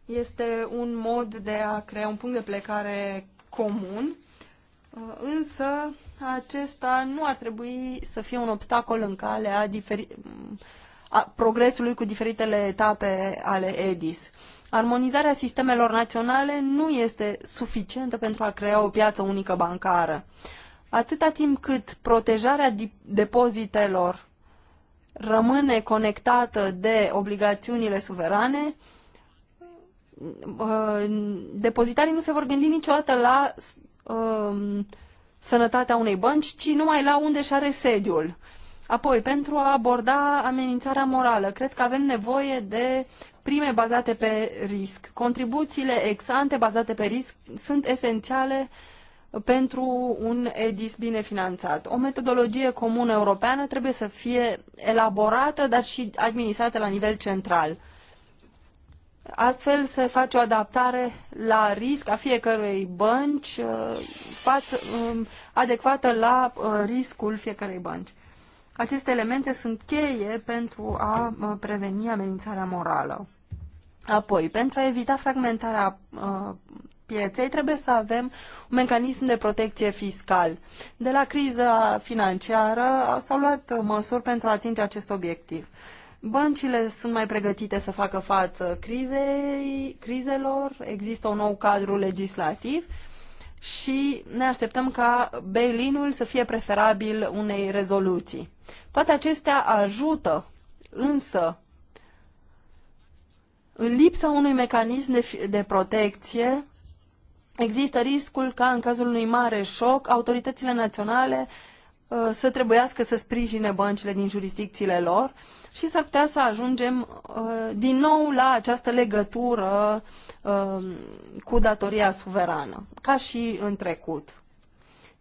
Este un mod de a crea un punct de plecare comun, uh, însă acesta nu ar trebui să fie un obstacol în calea diferi... a progresului cu diferitele etape ale EDIS. Armonizarea sistemelor naționale nu este suficientă pentru a crea o piață unică bancară. Atâta timp cât protejarea depozitelor rămâne conectată de obligațiunile suverane, uh, depozitarii nu se vor gândi niciodată la uh, sănătatea unei bănci, ci numai la unde și are sediul. Apoi, pentru a aborda amenințarea morală, cred că avem nevoie de prime bazate pe risc. Contribuțiile ex-ante bazate pe risc sunt esențiale pentru un EDIS bine finanțat. O metodologie comună europeană trebuie să fie elaborată, dar și administrată la nivel central. Astfel se face o adaptare la risc a fiecărei bănci uh, față, um, adecvată la uh, riscul fiecărei bănci. Aceste elemente sunt cheie pentru a uh, preveni amenințarea morală. Apoi, pentru a evita fragmentarea pieței, trebuie să avem un mecanism de protecție fiscal. De la criza financiară s-au luat măsuri pentru a atinge acest obiectiv. Băncile sunt mai pregătite să facă față crizei, crizelor, există un nou cadru legislativ și ne așteptăm ca bail-in-ul să fie preferabil unei rezoluții. Toate acestea ajută, însă, în lipsa unui mecanism de, de protecție, există riscul ca, în cazul unui mare șoc, autoritățile naționale uh, să trebuiască să sprijine băncile din jurisdicțiile lor și s-ar putea să ajungem uh, din nou la această legătură uh, cu datoria suverană, ca și în trecut.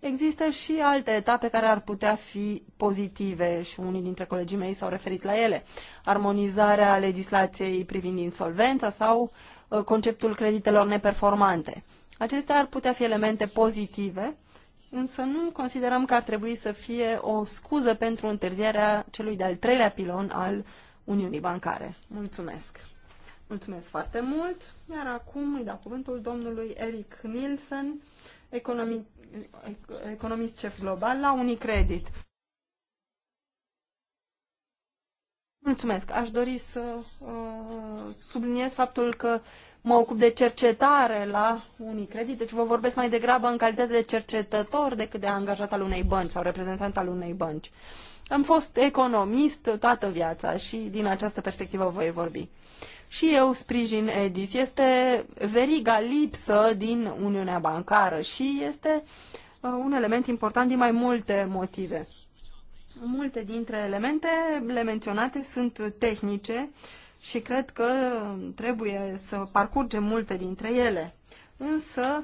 Există și alte etape care ar putea fi pozitive și unii dintre colegii mei s-au referit la ele. Armonizarea legislației privind insolvența sau uh, conceptul creditelor neperformante. Acestea ar putea fi elemente pozitive însă nu considerăm că ar trebui să fie o scuză pentru întârzierea celui de-al treilea pilon al Uniunii Bancare. Mulțumesc! Mulțumesc foarte mult! Iar acum îi dau cuvântul domnului Eric Nielsen, economi... economist chef global la Unicredit. Mulțumesc! Aș dori să uh, subliniez faptul că mă ocup de cercetare la Unicredit, deci vă vorbesc mai degrabă în calitate de cercetător decât de angajat al unei bănci sau reprezentant al unei bănci. Am fost economist toată viața și din această perspectivă voi vorbi. Și eu sprijin EDIS. Este veriga lipsă din Uniunea Bancară și este uh, un element important din mai multe motive. Multe dintre elemente le menționate sunt tehnice și cred că trebuie să parcurgem multe dintre ele. Însă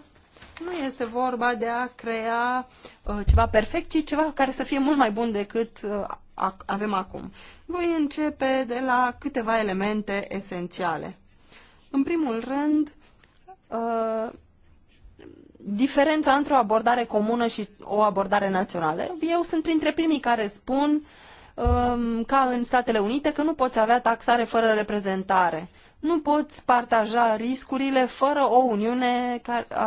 nu este vorba de a crea uh, ceva perfect, ci ceva care să fie mult mai bun decât uh, avem acum. Voi începe de la câteva elemente esențiale. În primul rând, uh, diferența între o abordare comună și o abordare națională. Eu sunt printre primii care spun uh, Um, ca în Statele Unite, că nu poți avea taxare fără reprezentare. Nu poți partaja riscurile fără o uniune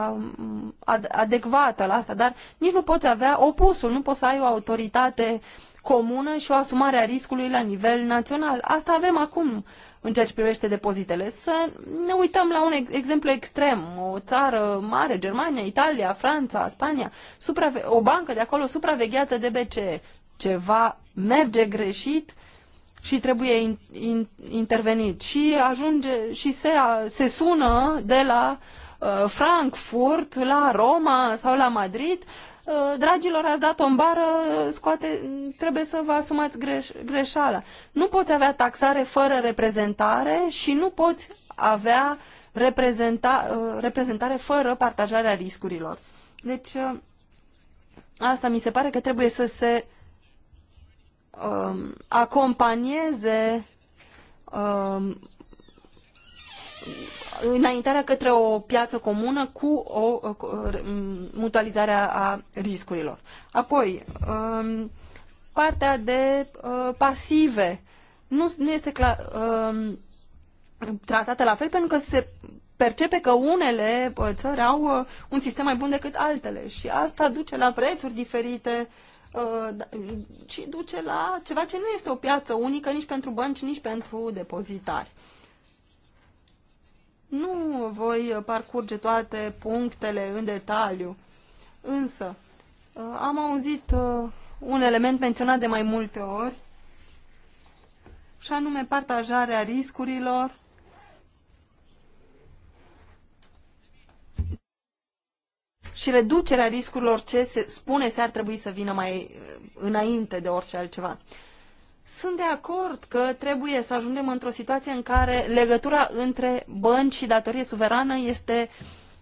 um, adecvată la asta, dar nici nu poți avea opusul, nu poți să ai o autoritate comună și o asumare a riscului la nivel național. Asta avem acum în ceea ce privește depozitele. Să ne uităm la un exemplu extrem, o țară mare, Germania, Italia, Franța, Spania, o bancă de acolo supravegheată de BCE ceva merge greșit și trebuie in, in, intervenit. Și ajunge și se, se sună de la uh, Frankfurt, la Roma sau la Madrid. Uh, dragilor, ați dat o bară, scoate, trebuie să vă asumați greș, greșeala. Nu poți avea taxare fără reprezentare și nu poți avea reprezenta, uh, reprezentare fără partajarea riscurilor. Deci, uh, asta mi se pare că trebuie să se um, acompanieze um, înaintarea către o piață comună cu o, mutualizare a riscurilor. Apoi, um, partea de uh, pasive nu, nu este clar, um, tratată la fel pentru că se percepe că unele uh, țări au uh, un sistem mai bun decât altele și asta duce la prețuri diferite uh, Uh, da, și duce la ceva ce nu este o piață unică nici pentru bănci, nici pentru depozitari. Nu voi parcurge toate punctele în detaliu, însă uh, am auzit uh, un element menționat de mai multe ori, și anume partajarea riscurilor și reducerea riscurilor ce se spune se ar trebui să vină mai uh, înainte de orice altceva. Sunt de acord că trebuie să ajungem într-o situație în care legătura între bănci și datorie suverană este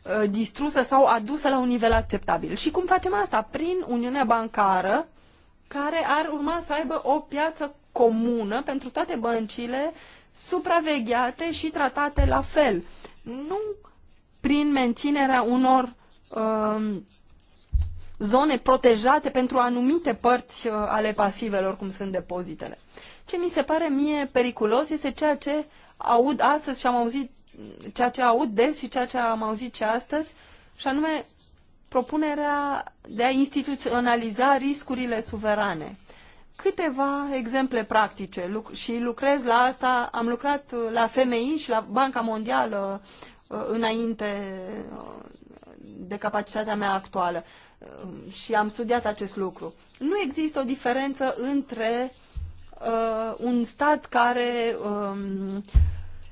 uh, distrusă sau adusă la un nivel acceptabil. Și cum facem asta? Prin Uniunea Bancară, care ar urma să aibă o piață comună pentru toate băncile, supravegheate și tratate la fel. Nu prin menținerea unor Um, zone protejate pentru anumite părți uh, ale pasivelor, cum sunt depozitele. Ce mi se pare mie periculos este ceea ce aud astăzi și am auzit ceea ce aud des și ceea ce am auzit și astăzi, și anume propunerea de a instituționaliza riscurile suverane. Câteva exemple practice Luc și lucrez la asta, am lucrat uh, la FMI și la Banca Mondială uh, înainte de capacitatea mea actuală ehm, și am studiat acest lucru. Nu există o diferență între uh, un stat care um,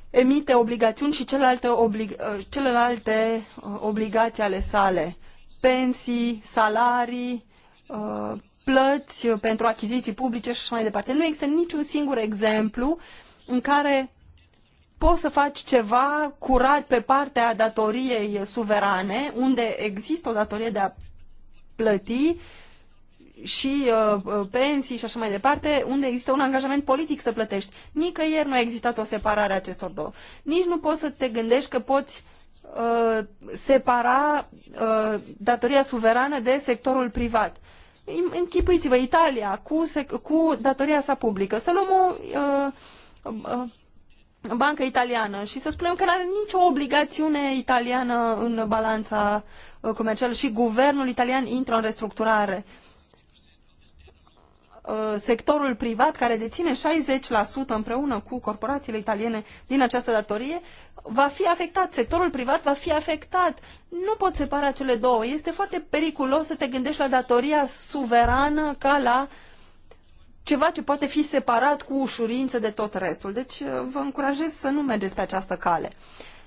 emite obligațiuni și celelalte, oblig- uh, celelalte uh, obligații ale sale, pensii, salarii, uh, plăți pentru achiziții publice și așa mai departe. Nu există niciun singur exemplu în care poți să faci ceva curat pe partea datoriei suverane, unde există o datorie de a plăti și uh, uh, pensii și așa mai departe, unde există un angajament politic să plătești. Nicăieri nu a existat o separare a acestor două. Nici nu poți să te gândești că poți uh, separa uh, datoria suverană de sectorul privat. Închipuiți-vă Italia cu, cu datoria sa publică. Să luăm o uh, uh bancă italiană și să spunem că nu are nicio obligațiune italiană în balanța uh, comercială și guvernul italian intră în restructurare. Uh, sectorul privat care deține 60% împreună cu corporațiile italiene din această datorie va fi afectat, sectorul privat va fi afectat. Nu pot separa cele două. Este foarte periculos să te gândești la datoria suverană ca la uh, ceva ce poate fi separat cu ușurință de tot restul. Deci uh, vă încurajez să nu mergeți pe această cale.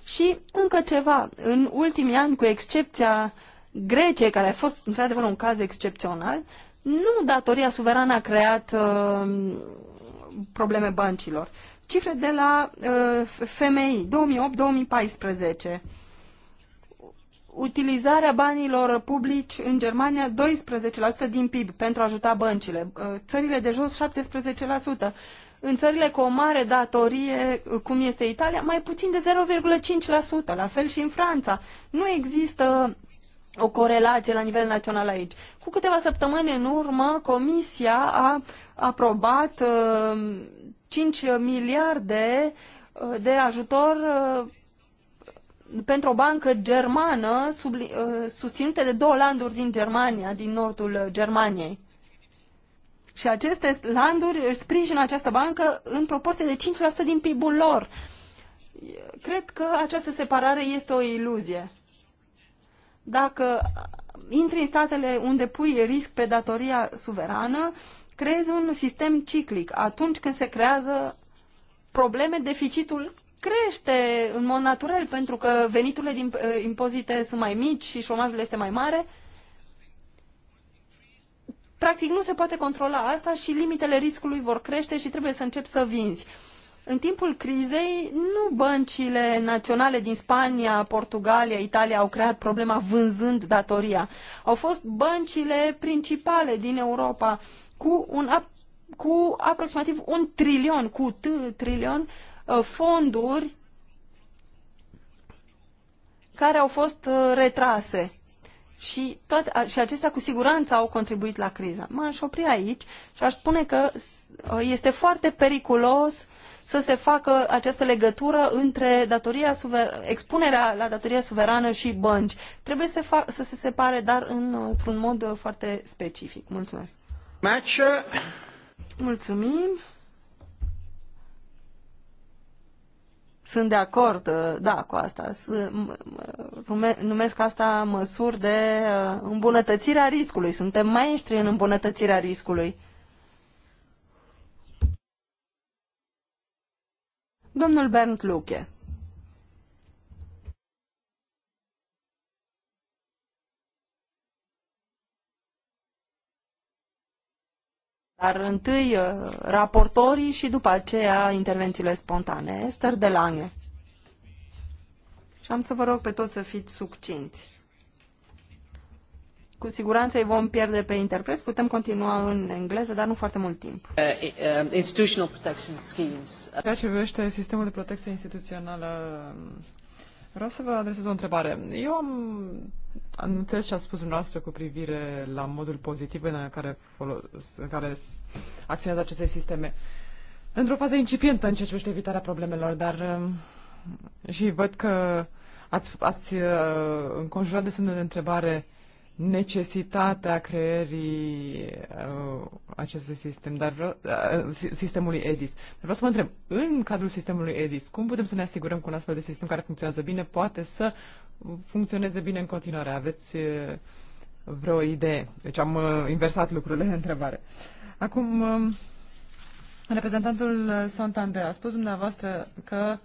Și încă ceva, în ultimii ani, cu excepția Greciei, care a fost într-adevăr un caz excepțional, nu datoria suverană a creat uh, probleme băncilor. Cifre de la uh, FMI 2008-2014 utilizarea banilor publici în Germania 12% din PIB pentru a ajuta băncile, uh, țările de jos 17%, în țările cu o mare datorie, uh, cum este Italia, mai puțin de 0,5%, la fel și în Franța. Nu există o corelație la nivel național aici. Cu câteva săptămâni în urmă, Comisia a aprobat 5 uh, miliarde de ajutor pentru o bancă germană sub, uh, susținută de două landuri din Germania, din nordul Germaniei. Și aceste landuri își sprijină această bancă în proporție de 5% din PIB-ul lor. Cred că această separare este o iluzie. Dacă intri în statele unde pui risc pe datoria suverană, creezi un sistem ciclic. Atunci când se creează probleme, deficitul crește în mod natural pentru că veniturile din eh, impozite sunt mai mici și șomajul este mai mare. Practic nu se poate controla asta și limitele riscului vor crește și trebuie să începi să vinzi. În timpul crizei, nu băncile naționale din Spania, Portugalia, Italia au creat problema vânzând datoria. Au fost băncile principale din Europa cu, un, cu aproximativ un trilion, cu t trilion Uh, fonduri care au fost uh, retrase. Și, toate, și acestea cu siguranță au contribuit la criză. M-aș opri aici și aș spune că uh, este foarte periculos să se facă această legătură între datoria suver- expunerea la datoria suverană și bănci. Trebuie să, fa- să se separe, dar într-un mod foarte specific. Mulțumesc. Match. Mulțumim. Sunt de acord, uh, da, cu asta. Numesc asta măsuri de uh, îmbunătățire a riscului. Suntem maestri în îmbunătățirea riscului. Domnul Bernd Luche. Dar întâi uh, raportorii și după aceea intervențiile spontane. Esther de Lange. Și am să vă rog pe toți să fiți succinți. Cu siguranță îi vom pierde pe interpreți, putem continua în engleză, dar nu foarte mult timp. Uh, uh, Ceea ce privește sistemul de protecție instituțională Vreau să vă adresez o întrebare. Eu am înțeles ce a spus dumneavoastră cu privire la modul pozitiv în care, folos, în care acționează aceste sisteme. Într-o fază incipientă în ceea ce privește evitarea problemelor, dar um, și văd că ați, ați uh, înconjurat de semne de întrebare necesitatea creierii uh, acestui sistem, dar vreau, uh, sistemului EDIS. Dar vreau să mă întreb, în cadrul sistemului EDIS, cum putem să ne asigurăm că un astfel de sistem care funcționează bine poate să funcționeze bine în continuare? Aveți uh, vreo idee? Deci am uh, inversat lucrurile în întrebare. Acum, uh, reprezentantul Santander a spus dumneavoastră că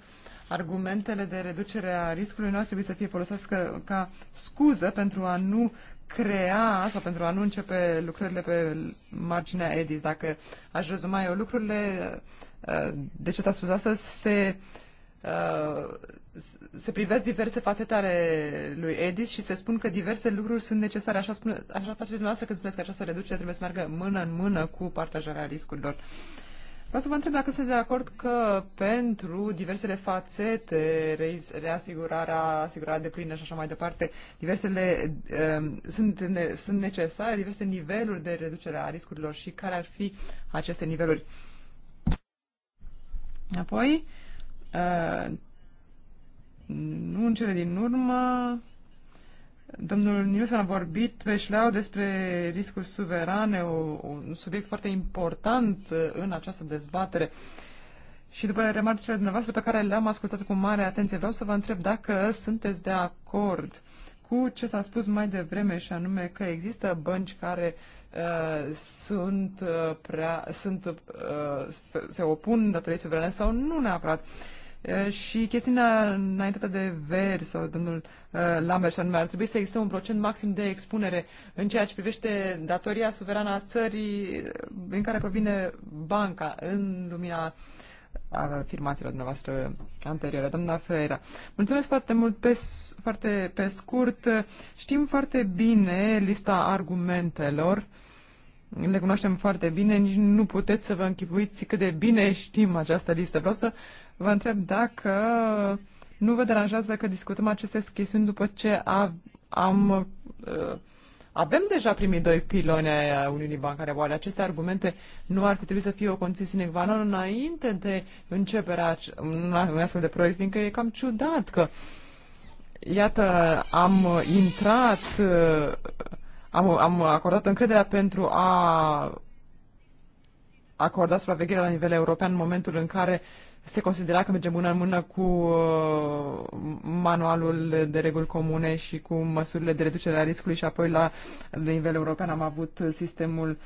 argumentele de reducere a riscului nu ar trebui să fie folosească ca scuză pentru a nu crea sau pentru a nu începe lucrările pe marginea EDIS. Dacă aș rezuma eu lucrurile, eh, de ce s-a spus asta, se, eh, se privesc diverse fațete ale lui EDIS și se spun că diverse lucruri sunt necesare. Așa, spune, așa face dumneavoastră când spuneți că această reducere trebuie să meargă mână în mână cu partajarea riscurilor. Vreau să vă întreb dacă sunteți de acord că pentru diversele fațete, reasigurarea, asigurarea de plină și așa mai departe, diversele um, sunt, ne, sunt necesare diverse niveluri de reducere a riscurilor și care ar fi aceste niveluri. Apoi, uh, nu în cele din urmă, Domnul Nilsson a vorbit pe șleau despre riscuri suverane, un subiect foarte important uh, în această dezbatere. Și după remarcile dumneavoastră pe care le-am ascultat cu mare atenție, vreau să vă întreb dacă sunteți de acord cu ce s-a spus mai devreme și anume că există bănci care uh, sunt uh, prea, sunt, uh, se, se opun datoriei suverane sau nu neapărat. Uh, și chestiunea înaintată de veri sau domnul Lambert anume, ar trebui să existe un procent maxim de expunere în ceea ce privește datoria suverană a țării din care provine banca în lumina afirmațiilor dumneavoastră anterioare. Doamna Ferreira, mulțumesc foarte mult, pe, foarte pe scurt. Știm foarte bine lista argumentelor le cunoaștem foarte bine, nici nu puteți să vă închipuiți cât de bine știm această listă. Vreau să Vă întreb dacă nu vă deranjează că discutăm aceste chestiuni după ce a, am, uh, avem deja primit doi piloni ai Uniunii Bancare. Oare aceste argumente nu ar fi trebuit să fie o condiție sine qua non înainte de începerea unui astfel de proiect, fiindcă e cam ciudat că, iată, am intrat, uh, am, am acordat încrederea pentru a acorda supravegherea la nivel european în momentul în care uh, se considera că merge mână în mână cu uh, manualul de reguli comune și cu măsurile de reducere a riscului și apoi la nivel european am avut sistemul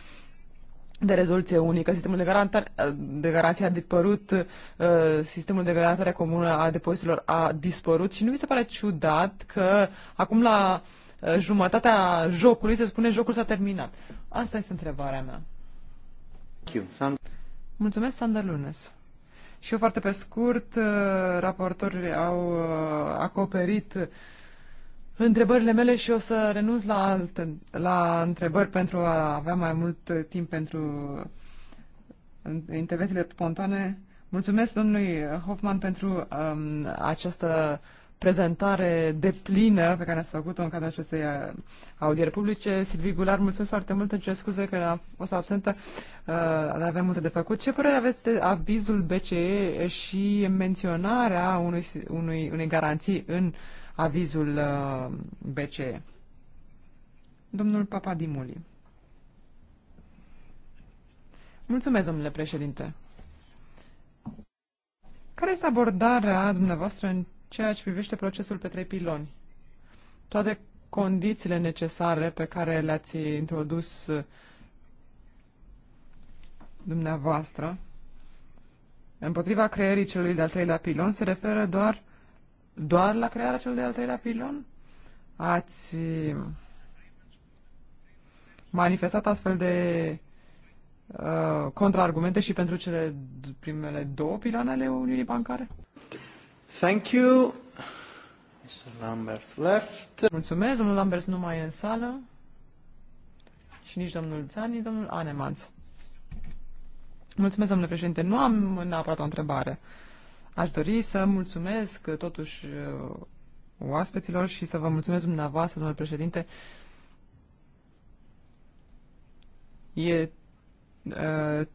de rezoluție unică, sistemul de, garantare, de garanție a dispărut, uh, sistemul de garantare comună a depozitelor a dispărut și nu mi se pare ciudat că acum la uh, jumătatea jocului se spune jocul s-a terminat. Asta este întrebarea mea. Mulțumesc, Sander Lunes. Și eu foarte pe scurt, uh, raportorii au uh, acoperit uh, întrebările mele și o să renunț la, alte, la întrebări pentru a avea mai mult timp pentru intervențiile spontane. Mulțumesc domnului Hoffman pentru um, această prezentare deplină pe care ați făcut-o în cadrul acestei uh, audiere publice. Silvii Gular, mulțumesc foarte mult, îmi cer scuze că am fost absentă, uh, avem multe de făcut. Ce părere aveți de avizul BCE și menționarea unui, unui, unei garanții în avizul uh, BCE? Domnul Papadimuli. Mulțumesc, domnule președinte. Care este abordarea dumneavoastră în ceea ce privește procesul pe trei piloni. Toate condițiile necesare pe care le-ați introdus uh, dumneavoastră împotriva creierii celui de-al treilea pilon se referă doar, doar la crearea celui de-al treilea pilon? Ați uh, manifestat astfel de uh, contraargumente și pentru cele primele două piloane ale Uniunii Bancare? Thank you. Mr. Lambert left. Mulțumesc, domnul Lambert nu mai e în sală. Și nici domnul Zani, domnul Anemans. Mulțumesc, domnule președinte. Nu am neapărat o întrebare. Aș dori să mulțumesc totuși uh, oaspeților și să vă mulțumesc dumneavoastră, domnule președinte. E uh,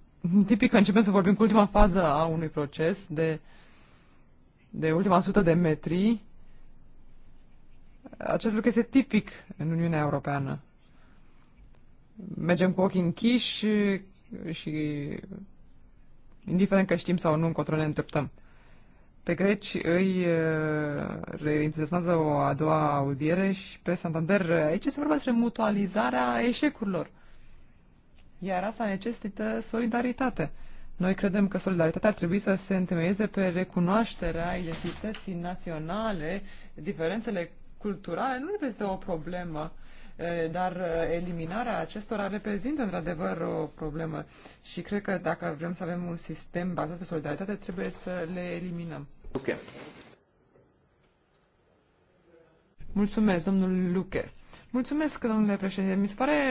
tipic că începem să vorbim cu ultima fază a unui proces de uh, de ultima sută de metri, acest lucru este tipic în Uniunea Europeană. Mergem cu ochii închiși și, indiferent că știm sau nu, încotro ne întreptăm. Pe greci îi uh, entuziasmează o a doua audiere și pe Santander aici se vorba despre mutualizarea eșecurilor. Iar asta necesită solidaritate. Noi credem că solidaritatea ar trebui să se întemeieze pe recunoașterea identității naționale, diferențele culturale nu reprezintă o problemă, dar eliminarea acestora reprezintă într-adevăr o problemă și cred că dacă vrem să avem un sistem bazat pe solidaritate, trebuie să le eliminăm. Okay. Mulțumesc, domnul Luche. Mulțumesc, domnule președinte. Mi se pare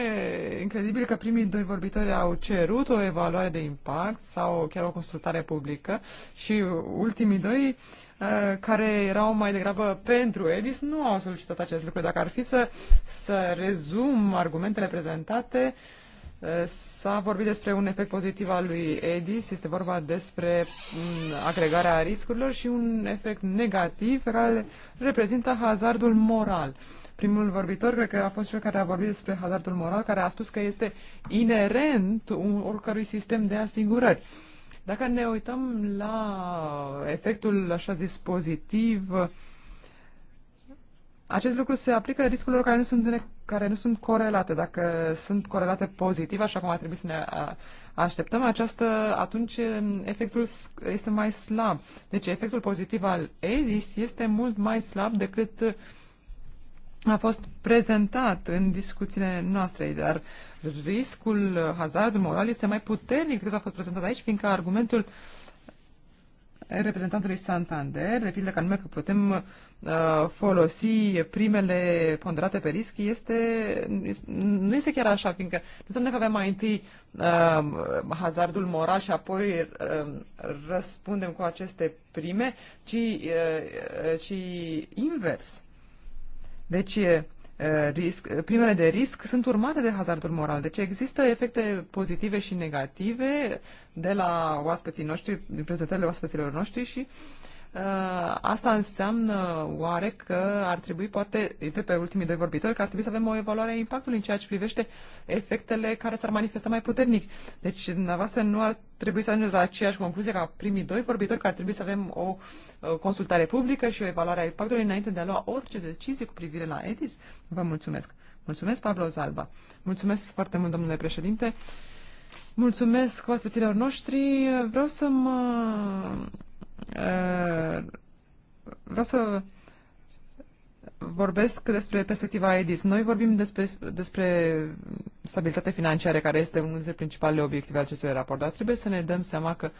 incredibil că primii doi vorbitori au cerut o evaluare de impact sau chiar o consultare publică și ultimii doi uh, care erau mai degrabă pentru EDIS nu au solicitat acest lucru. Dacă ar fi să, să rezum argumentele prezentate, uh, S-a vorbit despre un efect pozitiv al lui EDIS, este vorba despre mm, agregarea riscurilor și un efect negativ pe care reprezintă hazardul moral. Primul vorbitor, cred că a fost cel care a vorbit despre hazardul moral, care a spus că este inerent un oricărui sistem de asigurări. Dacă ne uităm la efectul, așa zis, pozitiv, acest lucru se aplică riscurilor care nu sunt, care nu sunt corelate. Dacă sunt corelate pozitiv, așa cum ar trebui să ne așteptăm, această, atunci efectul este mai slab. Deci efectul pozitiv al EDIS este mult mai slab decât a fost prezentat în discuțiile noastre, dar riscul, hazardului moral este mai puternic decât a fost prezentat aici, fiindcă argumentul reprezentantului Santander, de pildă că nume că putem uh, folosi primele ponderate pe risc, este, nu este chiar așa, fiindcă nu înseamnă că avem mai întâi uh, hazardul moral și apoi uh, răspundem cu aceste prime, ci, uh, ci invers. Deci e, risc, primele de risc sunt urmate de hazardul moral. Deci există efecte pozitive și negative de la oaspeții noștri, din prezentările oaspeților noștri și Uh, asta înseamnă oare că ar trebui, poate, de pe ultimii doi vorbitori, că ar trebui să avem o evaluare a impactului în ceea ce privește efectele care s-ar manifesta mai puternic. Deci, dumneavoastră, nu ar trebui să ajungeți la aceeași concluzie ca primii doi vorbitori, că ar trebui să avem o uh, consultare publică și o evaluare a impactului înainte de a lua orice decizie cu privire la EDIS? Vă mulțumesc! Mulțumesc, Pablo Zalba! Mulțumesc foarte mult, domnule președinte! Mulțumesc oaspeților noștri. Vreau să mă vreau să vorbesc despre perspectiva EDIS. Noi vorbim despre, despre stabilitate financiară, care este unul dintre principalele obiective ale acestui raport, dar trebuie să ne dăm seama că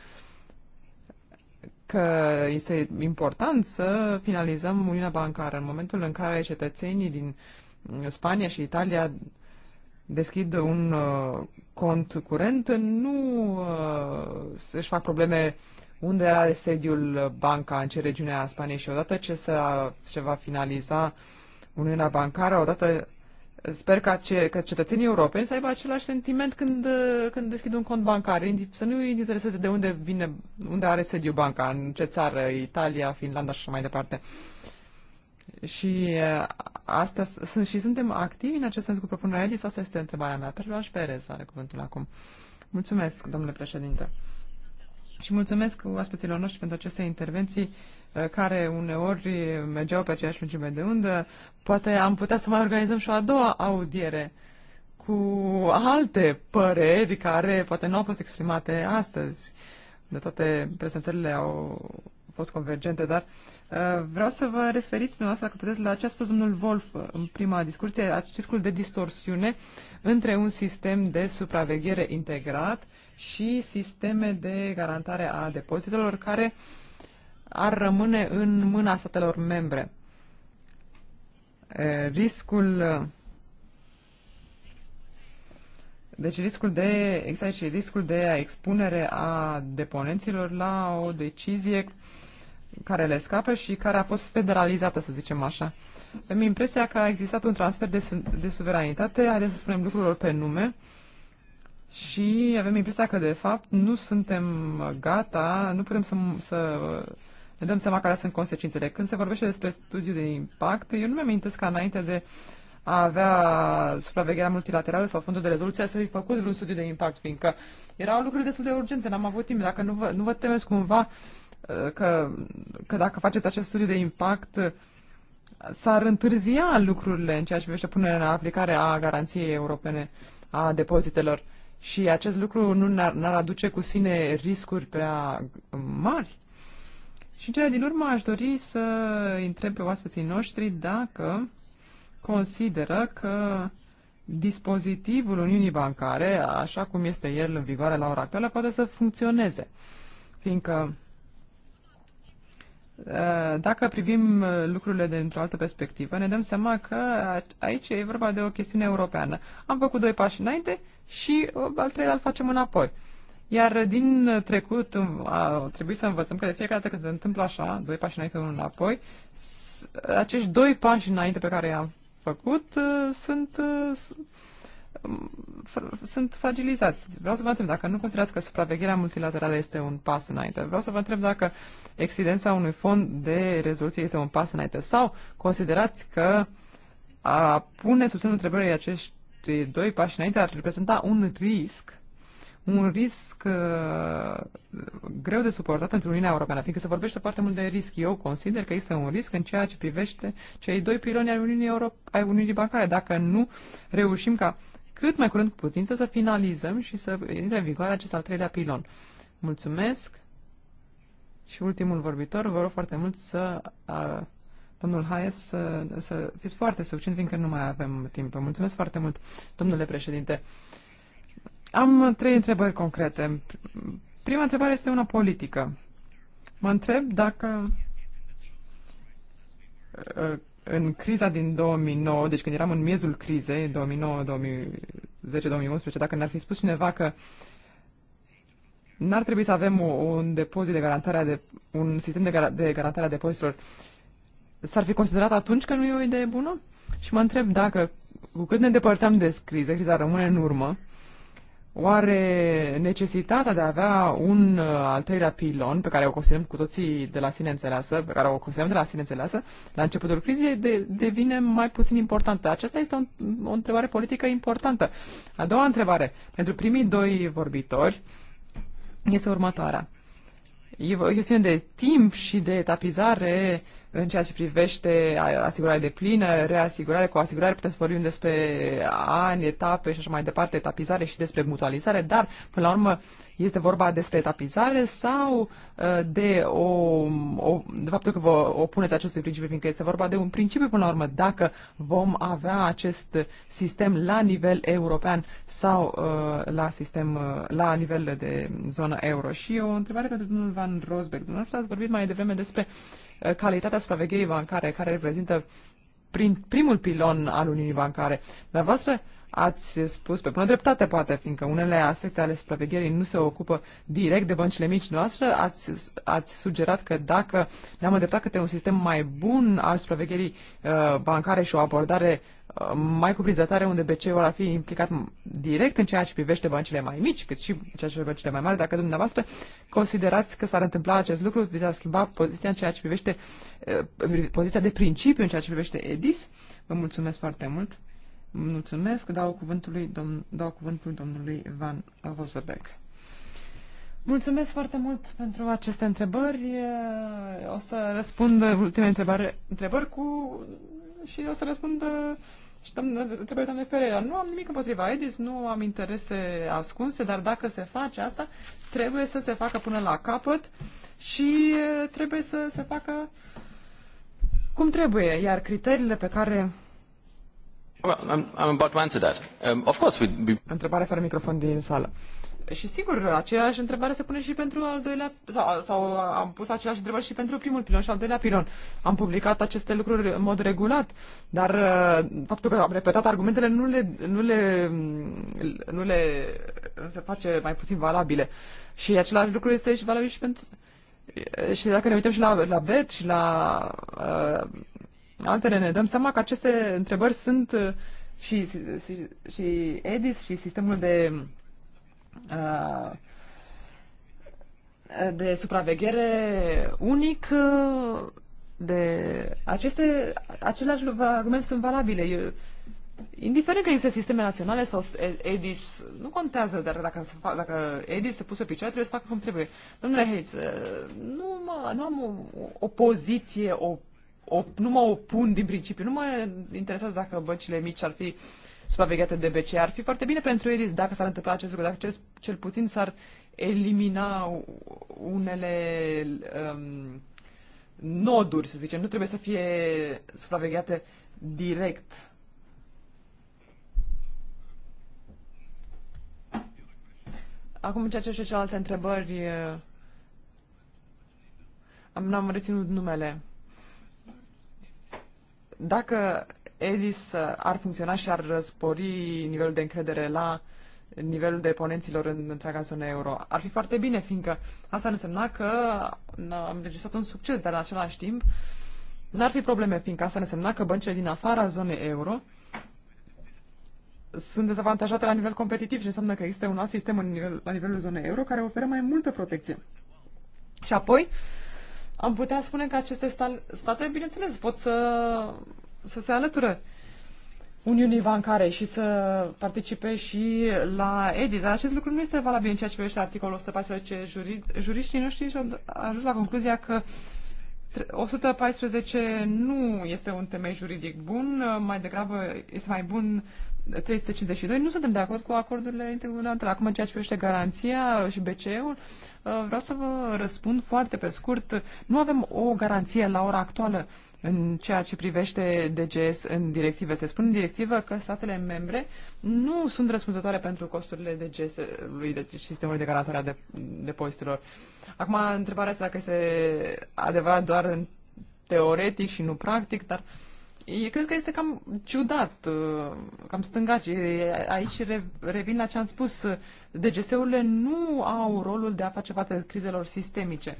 că este important să finalizăm Uniunea Bancară în momentul în care cetățenii din Spania și Italia deschid un uh, cont curent, nu uh, își fac probleme unde are sediul banca, în ce regiune a Spaniei și odată ce se, se va finaliza Uniunea Bancară, odată sper ca, ce, ca cetățenii europeni să aibă același sentiment când, când deschid un cont bancar, să nu îi intereseze de unde vine, unde are sediu banca, în ce țară, Italia, Finlanda și așa mai departe. Și eh, asta sunt și suntem activi în acest sens cu propunerea Edis, asta este întrebarea mea. Perluaș Perez are cuvântul acum. Mulțumesc, domnule președinte. Și mulțumesc oaspeților noștri pentru aceste intervenții uh, care uneori uh, mergeau pe aceeași lungime de undă. Poate am putea să mai organizăm și o a doua audiere cu alte păreri care poate nu au fost exprimate astăzi. De toate prezentările au fost convergente, dar uh, vreau să vă referiți dumneavoastră, dacă puteți, la ce a spus domnul Wolf în prima discuție, riscul de distorsiune între un sistem de supraveghere integrat și sisteme de garantare a depozitelor care ar rămâne în mâna statelor membre. Riscul deci riscul de, exact, și riscul de expunere a deponenților la o decizie care le scapă și care a fost federalizată, să zicem așa. Am impresia că a existat un transfer de, su- de suveranitate, haideți să spunem lucrurilor pe nume, uh, și avem impresia că, de fapt, nu suntem gata, nu putem să, să ne dăm seama care sunt consecințele. Când se vorbește despre studiu de impact, eu nu mi-am amintesc ca înainte de a avea supravegherea multilaterală sau fondul de rezoluție să fi făcut vreun studiu de impact, fiindcă erau lucruri destul de urgente, n-am avut timp. Dacă nu vă, nu vă temeți cumva uh, că, că dacă faceți acest studiu de impact, uh, s-ar întârzia lucrurile în ceea ce privește punerea în aplicare a garanției europene a depozitelor. Și acest lucru nu n-ar aduce cu sine riscuri prea mari. Și cele din urmă aș dori să întreb pe oaspeții noștri dacă consideră că dispozitivul Uniunii Bancare, așa cum este el în vigoare la ora actuală, poate să funcționeze. Fiindcă ă, dacă privim lucrurile dintr-o altă perspectivă, ne dăm seama că aici e vorba de o chestiune europeană. Am făcut doi pași înainte și uh, al treilea îl facem înapoi. Iar uh, din uh, trecut a trebuit să învățăm că de fiecare dată când se întâmplă așa, doi pași înainte, unul înapoi, acești doi pași înainte pe care i-am făcut sunt, sunt fragilizați. Vreau să vă întreb dacă nu considerați că supravegherea multilaterală este un pas înainte. Vreau să vă întreb dacă existența unui fond de rezoluție este un pas înainte sau considerați că a pune sub semnul întrebării acești acești doi pași înainte ar reprezenta un risc un risc uh, greu de suportat pentru Uniunea Europeană, fiindcă se vorbește foarte mult de risc. Eu consider că este un risc în ceea ce privește cei doi piloni ai Uniunii, Europe, ai Uniunii Bancare. Dacă nu reușim ca cât mai curând cu putință să finalizăm și să intre în vigoare acest al treilea pilon. Mulțumesc! Și ultimul vorbitor, vă rog foarte mult să uh, domnul Hayes, să, să fiți foarte succint, fiindcă nu mai avem timp. mulțumesc foarte mult, domnule președinte. Am trei întrebări concrete. Prima întrebare este una politică. Mă întreb dacă uh, în criza din 2009, deci când eram în miezul crizei, 2009, 2010, 2011, dacă ne-ar fi spus cineva că n-ar trebui să avem un depozit de garantare, de, un sistem de, de garantare a depozitelor s-ar fi considerat atunci că nu e o idee bună? Și mă întreb dacă, cu cât ne depărtăm de criză, criza rămâne în urmă, oare necesitatea de a avea un uh, al treilea pilon, pe care o considerăm cu toții de la sine înțeleasă, pe care o considerăm de la sine înțeleasă, la începutul crizei de, devine mai puțin importantă? Aceasta este o, o întrebare politică importantă. A doua întrebare, pentru primii doi vorbitori, este următoarea. E o chestiune de timp și de etapizare uh, în ceea ce privește asigurarea de plină, reasigurare, cu asigurare putem să vorbim despre ani, etape și așa mai departe, etapizare și despre mutualizare, dar până la urmă este vorba despre etapizare sau uh, de, o, o, de faptul că vă opuneți acestui principiu, fiindcă este vorba de un principiu până la urmă, dacă vom avea acest sistem la nivel european sau uh, la sistem uh, la nivel de zonă euro. Și o întrebare pentru domnul Van Rosberg. Dumneavoastră ați vorbit mai devreme despre uh, calitatea supravegheii bancare care reprezintă prin primul pilon al Uniunii Bancare. Dar voastră ați spus pe bună dreptate, poate, fiindcă unele aspecte ale supravegherii nu se ocupă direct de băncile mici noastre, ați, ați sugerat că dacă ne-am îndreptat către un sistem mai bun al supravegherii uh, bancare și o abordare uh, mai cuprinzătoare unde BCE-ul ar fi implicat direct în ceea ce privește băncile mai mici, cât și în ceea ce băncile mai mari, dacă dumneavoastră considerați că s-ar întâmpla acest lucru, vi s-ar schimba poziția în ceea ce privește uh, poziția de principiu în ceea ce privește EDIS. Vă mulțumesc foarte mult! Mulțumesc, dau cuvântul, lui dom- dau cuvântul domnului Van Rozebeck. Mulțumesc foarte mult pentru aceste întrebări. O să răspund ultimele întrebare, întrebări cu... și o să răspund și întrebări doamne Ferreira. Nu am nimic împotriva EDIS, nu am interese ascunse, dar dacă se face asta, trebuie să se facă până la capăt și trebuie să se facă cum trebuie. Iar criteriile pe care Întrebare fără microfon din sală. Și sigur, aceeași întrebare se pune și pentru al doilea, sau, sau am pus aceleași întrebări și pentru primul pilon și al doilea pilon. Am publicat aceste lucruri în mod regulat, dar uh, faptul că am repetat argumentele nu le, nu le, nu le se face mai puțin valabile. Și același lucru este și valabil și pentru... Și dacă ne uităm și la, la BET și la uh, altele ne dăm seama că aceste întrebări sunt uh, și, și, și EDIS și sistemul de uh, de supraveghere unic uh, de aceste aceleași argumente sunt valabile. Eu, indiferent că există sisteme naționale sau EDIS, nu contează, dar dacă, dacă EDIS se pus pe picioare, trebuie să facă cum trebuie. Domnule Hayes, nu, mă, nu am o, o poziție, o op, nu mă opun din principiu, nu mă interesează dacă băcile mici ar fi supravegheate de BCE. Ar fi foarte bine pentru ei dacă s-ar întâmpla acest lucru, dacă cel, cel puțin s-ar elimina unele um, noduri, să zicem. Nu trebuie să fie supravegheate direct. Acum, în ceea ce și celelalte întrebări, uh, am, n-am reținut numele dacă EDIS uh, ar funcționa și ar spori nivelul de încredere la nivelul deponenților în întreaga zonă euro. Ar fi foarte bine, fiindcă asta ar însemna că am registrat un succes, dar în același timp n-ar fi probleme, fiindcă asta ar însemna că băncile din afara zonei euro sunt dezavantajate la nivel competitiv și înseamnă că există un alt sistem în nivel, la nivelul zonei euro care oferă mai multă protecție. Și apoi, uh, am putea spune că aceste state, bineînțeles, pot să, să se alăture Uniunii Bancare și să participe și la EDIS. Dar acest lucru nu este valabil în ceea ce privește articolul 114. Juri, juriștii noștri și-au ajuns la concluzia că 114 nu este un temei juridic bun, mai degrabă este mai bun 352, nu suntem de acord cu acordurile intergubernamentale. Acum, în ceea ce privește garanția și BCE-ul, uh, vreau să vă răspund foarte pe scurt. Nu avem o garanție la ora actuală în ceea ce privește DGS în directivă. Se spune în directivă că statele membre nu sunt răspunzătoare pentru costurile DGS-ului, deci sistemului de garantare a depozitelor. Acum, întrebarea este dacă este adevărat doar în teoretic și nu practic, dar uh, E, cred că este cam ciudat, uh, cam stângaci. Aici revin la ce am spus. DGS-urile nu au rolul de a face față crizelor sistemice.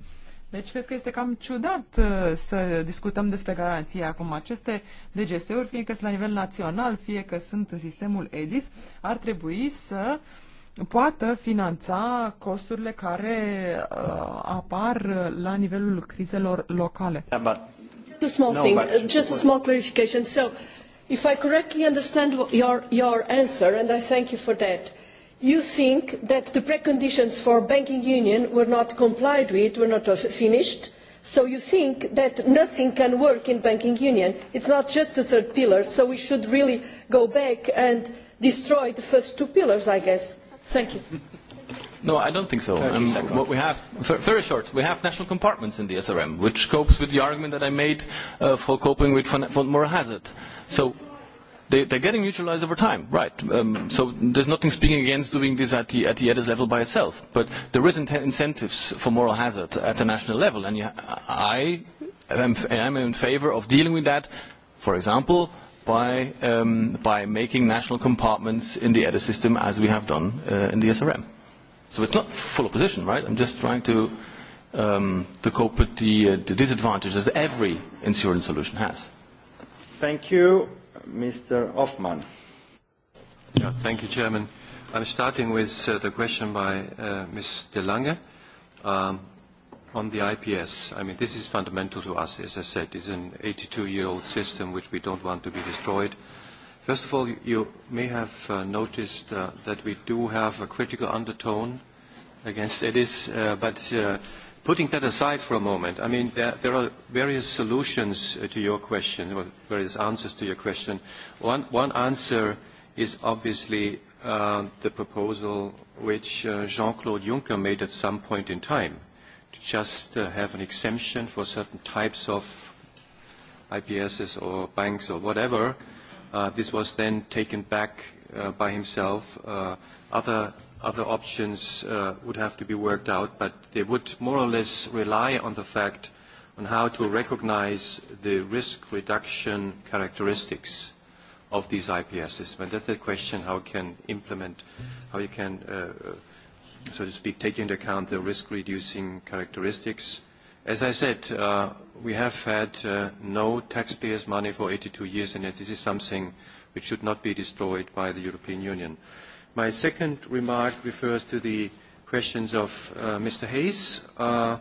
Deci cred că este cam ciudat uh, să discutăm despre garanție acum. Aceste DGS-uri, fie că sunt la nivel național, fie că sunt în sistemul EDIS, ar trebui să poată finanța costurile care uh, apar la nivelul crizelor locale. Yeah, da, but a small no, thing, uh, just a small clarification. So, if I correctly understand your, your answer, and I thank you for that, you think that the preconditions for banking union were not complied with, were not finished, so you think that nothing can work in banking union. It's not just the third pillar, so we should really go back and destroy the first two pillars, I guess. Thank you. No, I don't think so. Um, what we have, very short, we have national compartments in the SRM, which copes with the argument that I made uh, for coping with more moral hazard. So they, they're getting neutralized over time, right? Um, so there's nothing speaking against doing this at the, at the EDIS level by itself, but there is incentives for moral hazard at the national level, and I am I'm in favor of dealing with that, for example, by, um, by making national compartments in the EDIS system as we have done uh, in the SRM. So it's not full opposition, right? I'm just trying to, um, to cope with the, uh, the disadvantages that every insurance solution has. Thank you, Mr. Hoffman. Yeah, thank you, Chairman. I'm starting with uh, the question by uh, Ms. De Lange um, on the IPS. I mean, this is fundamental to us, as I said. It's an 82-year-old system which we don't want to be destroyed. First of all, you may have uh, noticed uh, that we do have a critical undertone against EDIS, uh, but uh, putting that aside for a moment, I mean, there, there are various solutions uh, to your question, or various answers to your question. One, one answer is obviously uh, the proposal which uh, Jean-Claude Juncker made at some point in time, to just uh, have an exemption for certain types of IPSs or banks or whatever, uh, Uh, this was then taken back uh, by himself. Uh, other, other options uh, would have to be worked out, but they would more or less rely on the fact on how to recognize the risk reduction characteristics of these IPS systems. And that's the question how can implement, how you can, uh, so to speak, take into account the risk reducing characteristics. As I said, uh, we have had uh, no taxpayers' money for 82 years, and this is something which should not be destroyed by the European Union. My second remark refers to the questions of uh, Mr. Hayes, uh,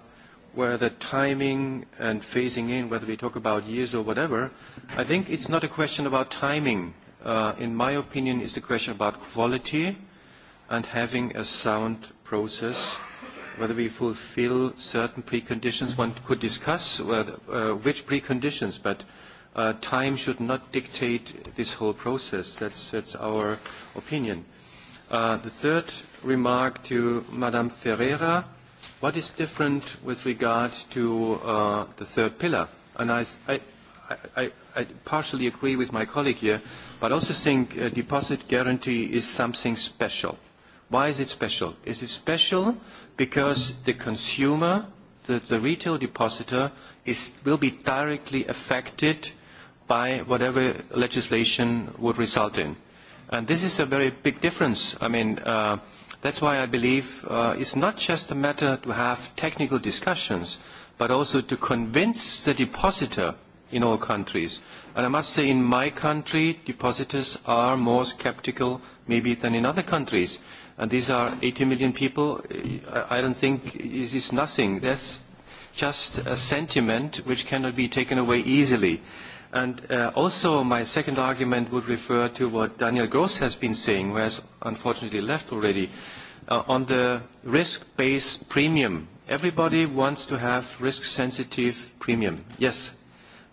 the timing and phasing in, whether we talk about years or whatever. I think it's not a question about timing. Uh, in my opinion, it's a question about quality and having a sound process whether we fulfill certain preconditions. One could discuss whether, uh, which preconditions, but uh, time should not dictate this whole process. That's, that's our opinion. Uh, the third remark to Madame Ferreira, what is different with regard to uh, the third pillar? And I, I, I, I partially agree with my colleague here, but also think a deposit guarantee is something special. Why is it special? Is it special because the consumer, the, retail depositor, will be directly affected by whatever legislation would result in. And this is a very big difference. I mean, uh, that's why I believe uh, it's not just a matter to have technical discussions, but also to convince the depositor in all countries. And I must say in my country, depositors are more skeptical maybe than in other countries and these are 80 million people, I, don't think it is nothing. There's just a sentiment which cannot be taken away easily. And uh, also my second argument would refer to what Daniel Gross has been saying, who has unfortunately left already, uh, on the risk-based premium. Everybody wants to have risk-sensitive premium. Yes?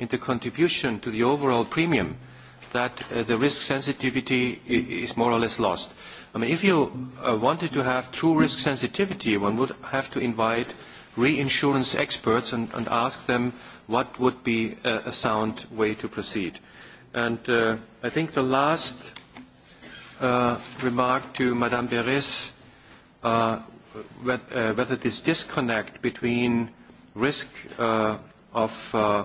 in the contribution to the overall premium that uh, the risk sensitivity is more or less lost. I mean, if you uh, wanted to have true risk sensitivity, one would have to invite reinsurance experts and, and ask them what would be a, a sound way to proceed. And uh, I think the last uh, remark to Madame Beres, uh, uh whether this disconnect between risk uh, of uh,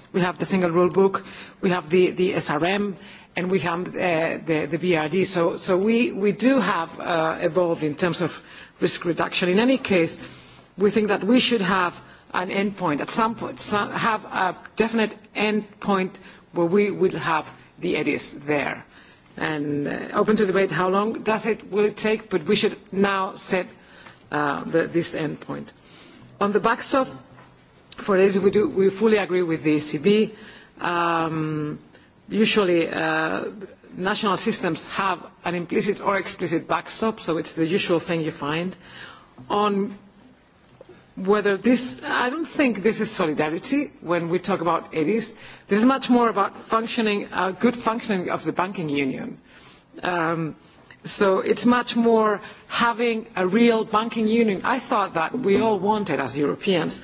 we have the single rule book, we have the, the SRM, and we have uh, the, the BRD. So, so we, we do have uh, evolved in terms of risk reduction. In any case, we think that we should have an endpoint at some point, some, have a definite endpoint where we will have the EDIS there. And uh, open to debate how long does it, will it take, but we should now set uh, the, this endpoint. On the backstop, For this, we, do, we fully agree with the ECB. Um, usually, uh, national systems have an implicit or explicit backstop, so it's the usual thing you find. On whether this, I don't think this is solidarity when we talk about is. This is much more about functioning, uh, good functioning of the banking union. Um, so it's much more having a real banking union. I thought that we all wanted as Europeans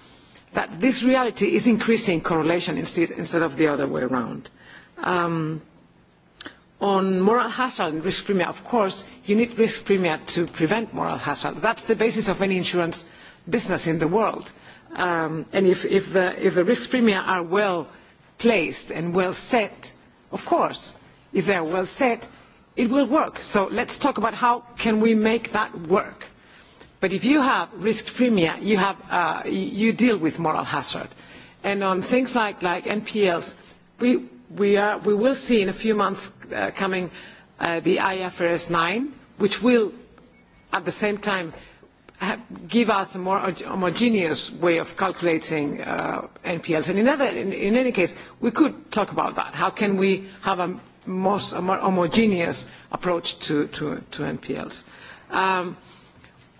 that this reality is increasing correlation instead, instead of the other way around. Um, on moral hazard and risk premium, of course, you need risk premium to prevent moral hazard. That's the basis of any insurance business in the world. Um, and if, if, the, if the risk premium are well placed and well set, of course, if they are well set, it will work. So let's talk about how can we make that work. But if you have risk premia, you, have, uh, you deal with moral hazard. And on things like, like NPLs, we, we, are, we will see in a few months uh, coming uh, the IFRS 9, which will at the same time give us a more homogeneous way of calculating uh, NPLs. And in, other, in, in, any case, we could talk about that. How can we have a, most, a more homogeneous approach to, to, to NPLs? Um,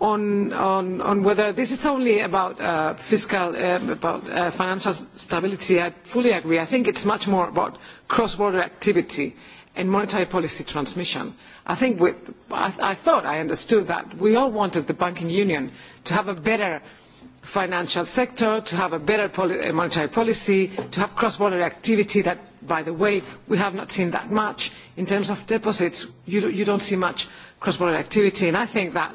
on, whether this is only about uh, fiscal, uh, about uh, financial stability, I fully agree. I think it's much more about cross-border activity and monetary policy transmission. I think I, thought I understood that we all wanted the banking union to have a better financial sector, to have a better monetary policy, to have cross-border activity that, by the way, we have not seen that much. In terms of deposits, you, you don't see much cross-border activity, and I think that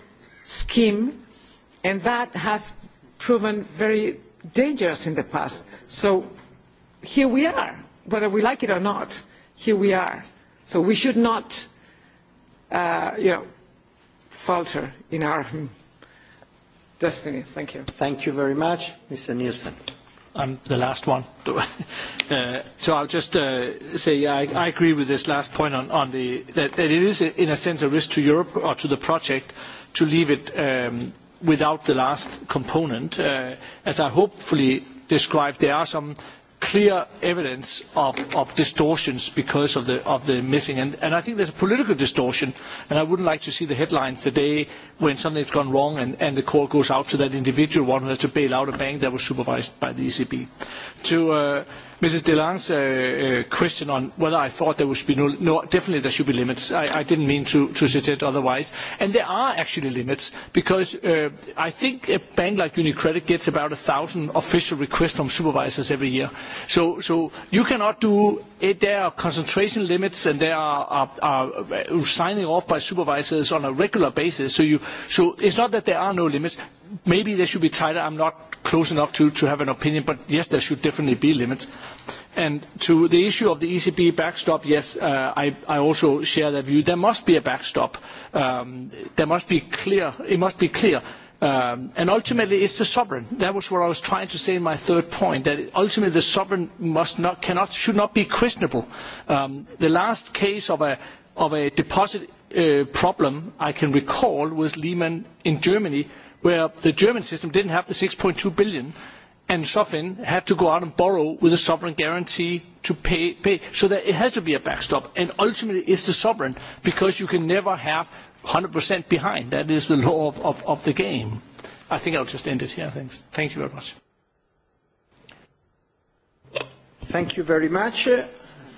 scheme and that has proven very dangerous in the past. So here we are, whether we like it or not, here we are. So we should not uh, you know, falter in our hmm, destiny. Thank you. Thank you very much, Mr. Nielsen. I'm the last one. uh, so I'll just uh, say I, I agree with this last point on, on the, that, that it is in a sense a risk to Europe or to the project uh, to leave it um, without the last component. Uh, as I hopefully described, there are some clear evidence of, of distortions because of the, of the missing. And, and, I think there's a political distortion, and I wouldn't like to see the headlines the day when something's gone wrong and, and the call goes out to that individual one who has to bail out a bank that was supervised by the ECB. To, uh, Mrs. DeLange's uh, uh, question on whether I thought there should be no, no definitely there should be limits. I, I didn't mean to, to suggest otherwise. And there are actually limits because uh, I think a bank like UniCredit gets about a thousand official requests from supervisors every year. So, so you cannot do it. Eh, there are concentration limits and there are, are, are uh, signing off by supervisors on a regular basis. So, you, so it's not that there are no limits maybe they should be tighter. I'm not close enough to, to have an opinion, but yes, there should definitely be limits. And to the issue of the ECB backstop, yes, uh, I, I also share that view. There must be a backstop. Um, there must be clear. It must be clear. Um, and ultimately, it's the sovereign. That was what I was trying to say in my third point. That ultimately, the sovereign must not, cannot, should not be questionable. Um, the last case of a of a deposit uh, problem I can recall was Lehman in Germany, where the German system didn't have the 6.2 billion and SOFIN had to go out and borrow with a sovereign guarantee to pay. pay. So that it has to be a backstop, and ultimately it's the sovereign, because you can never have 100% behind. That is the law of, of, of the game. I think I'll just end it here. Thanks. Thank you very much. Thank you very much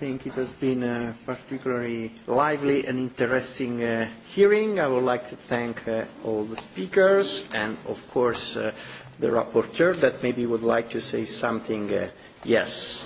think it has been a particularly lively and interesting uh, hearing. I would like to thank uh, all the speakers and, of course, uh, the rapporteur that maybe would like to say something. Uh, yes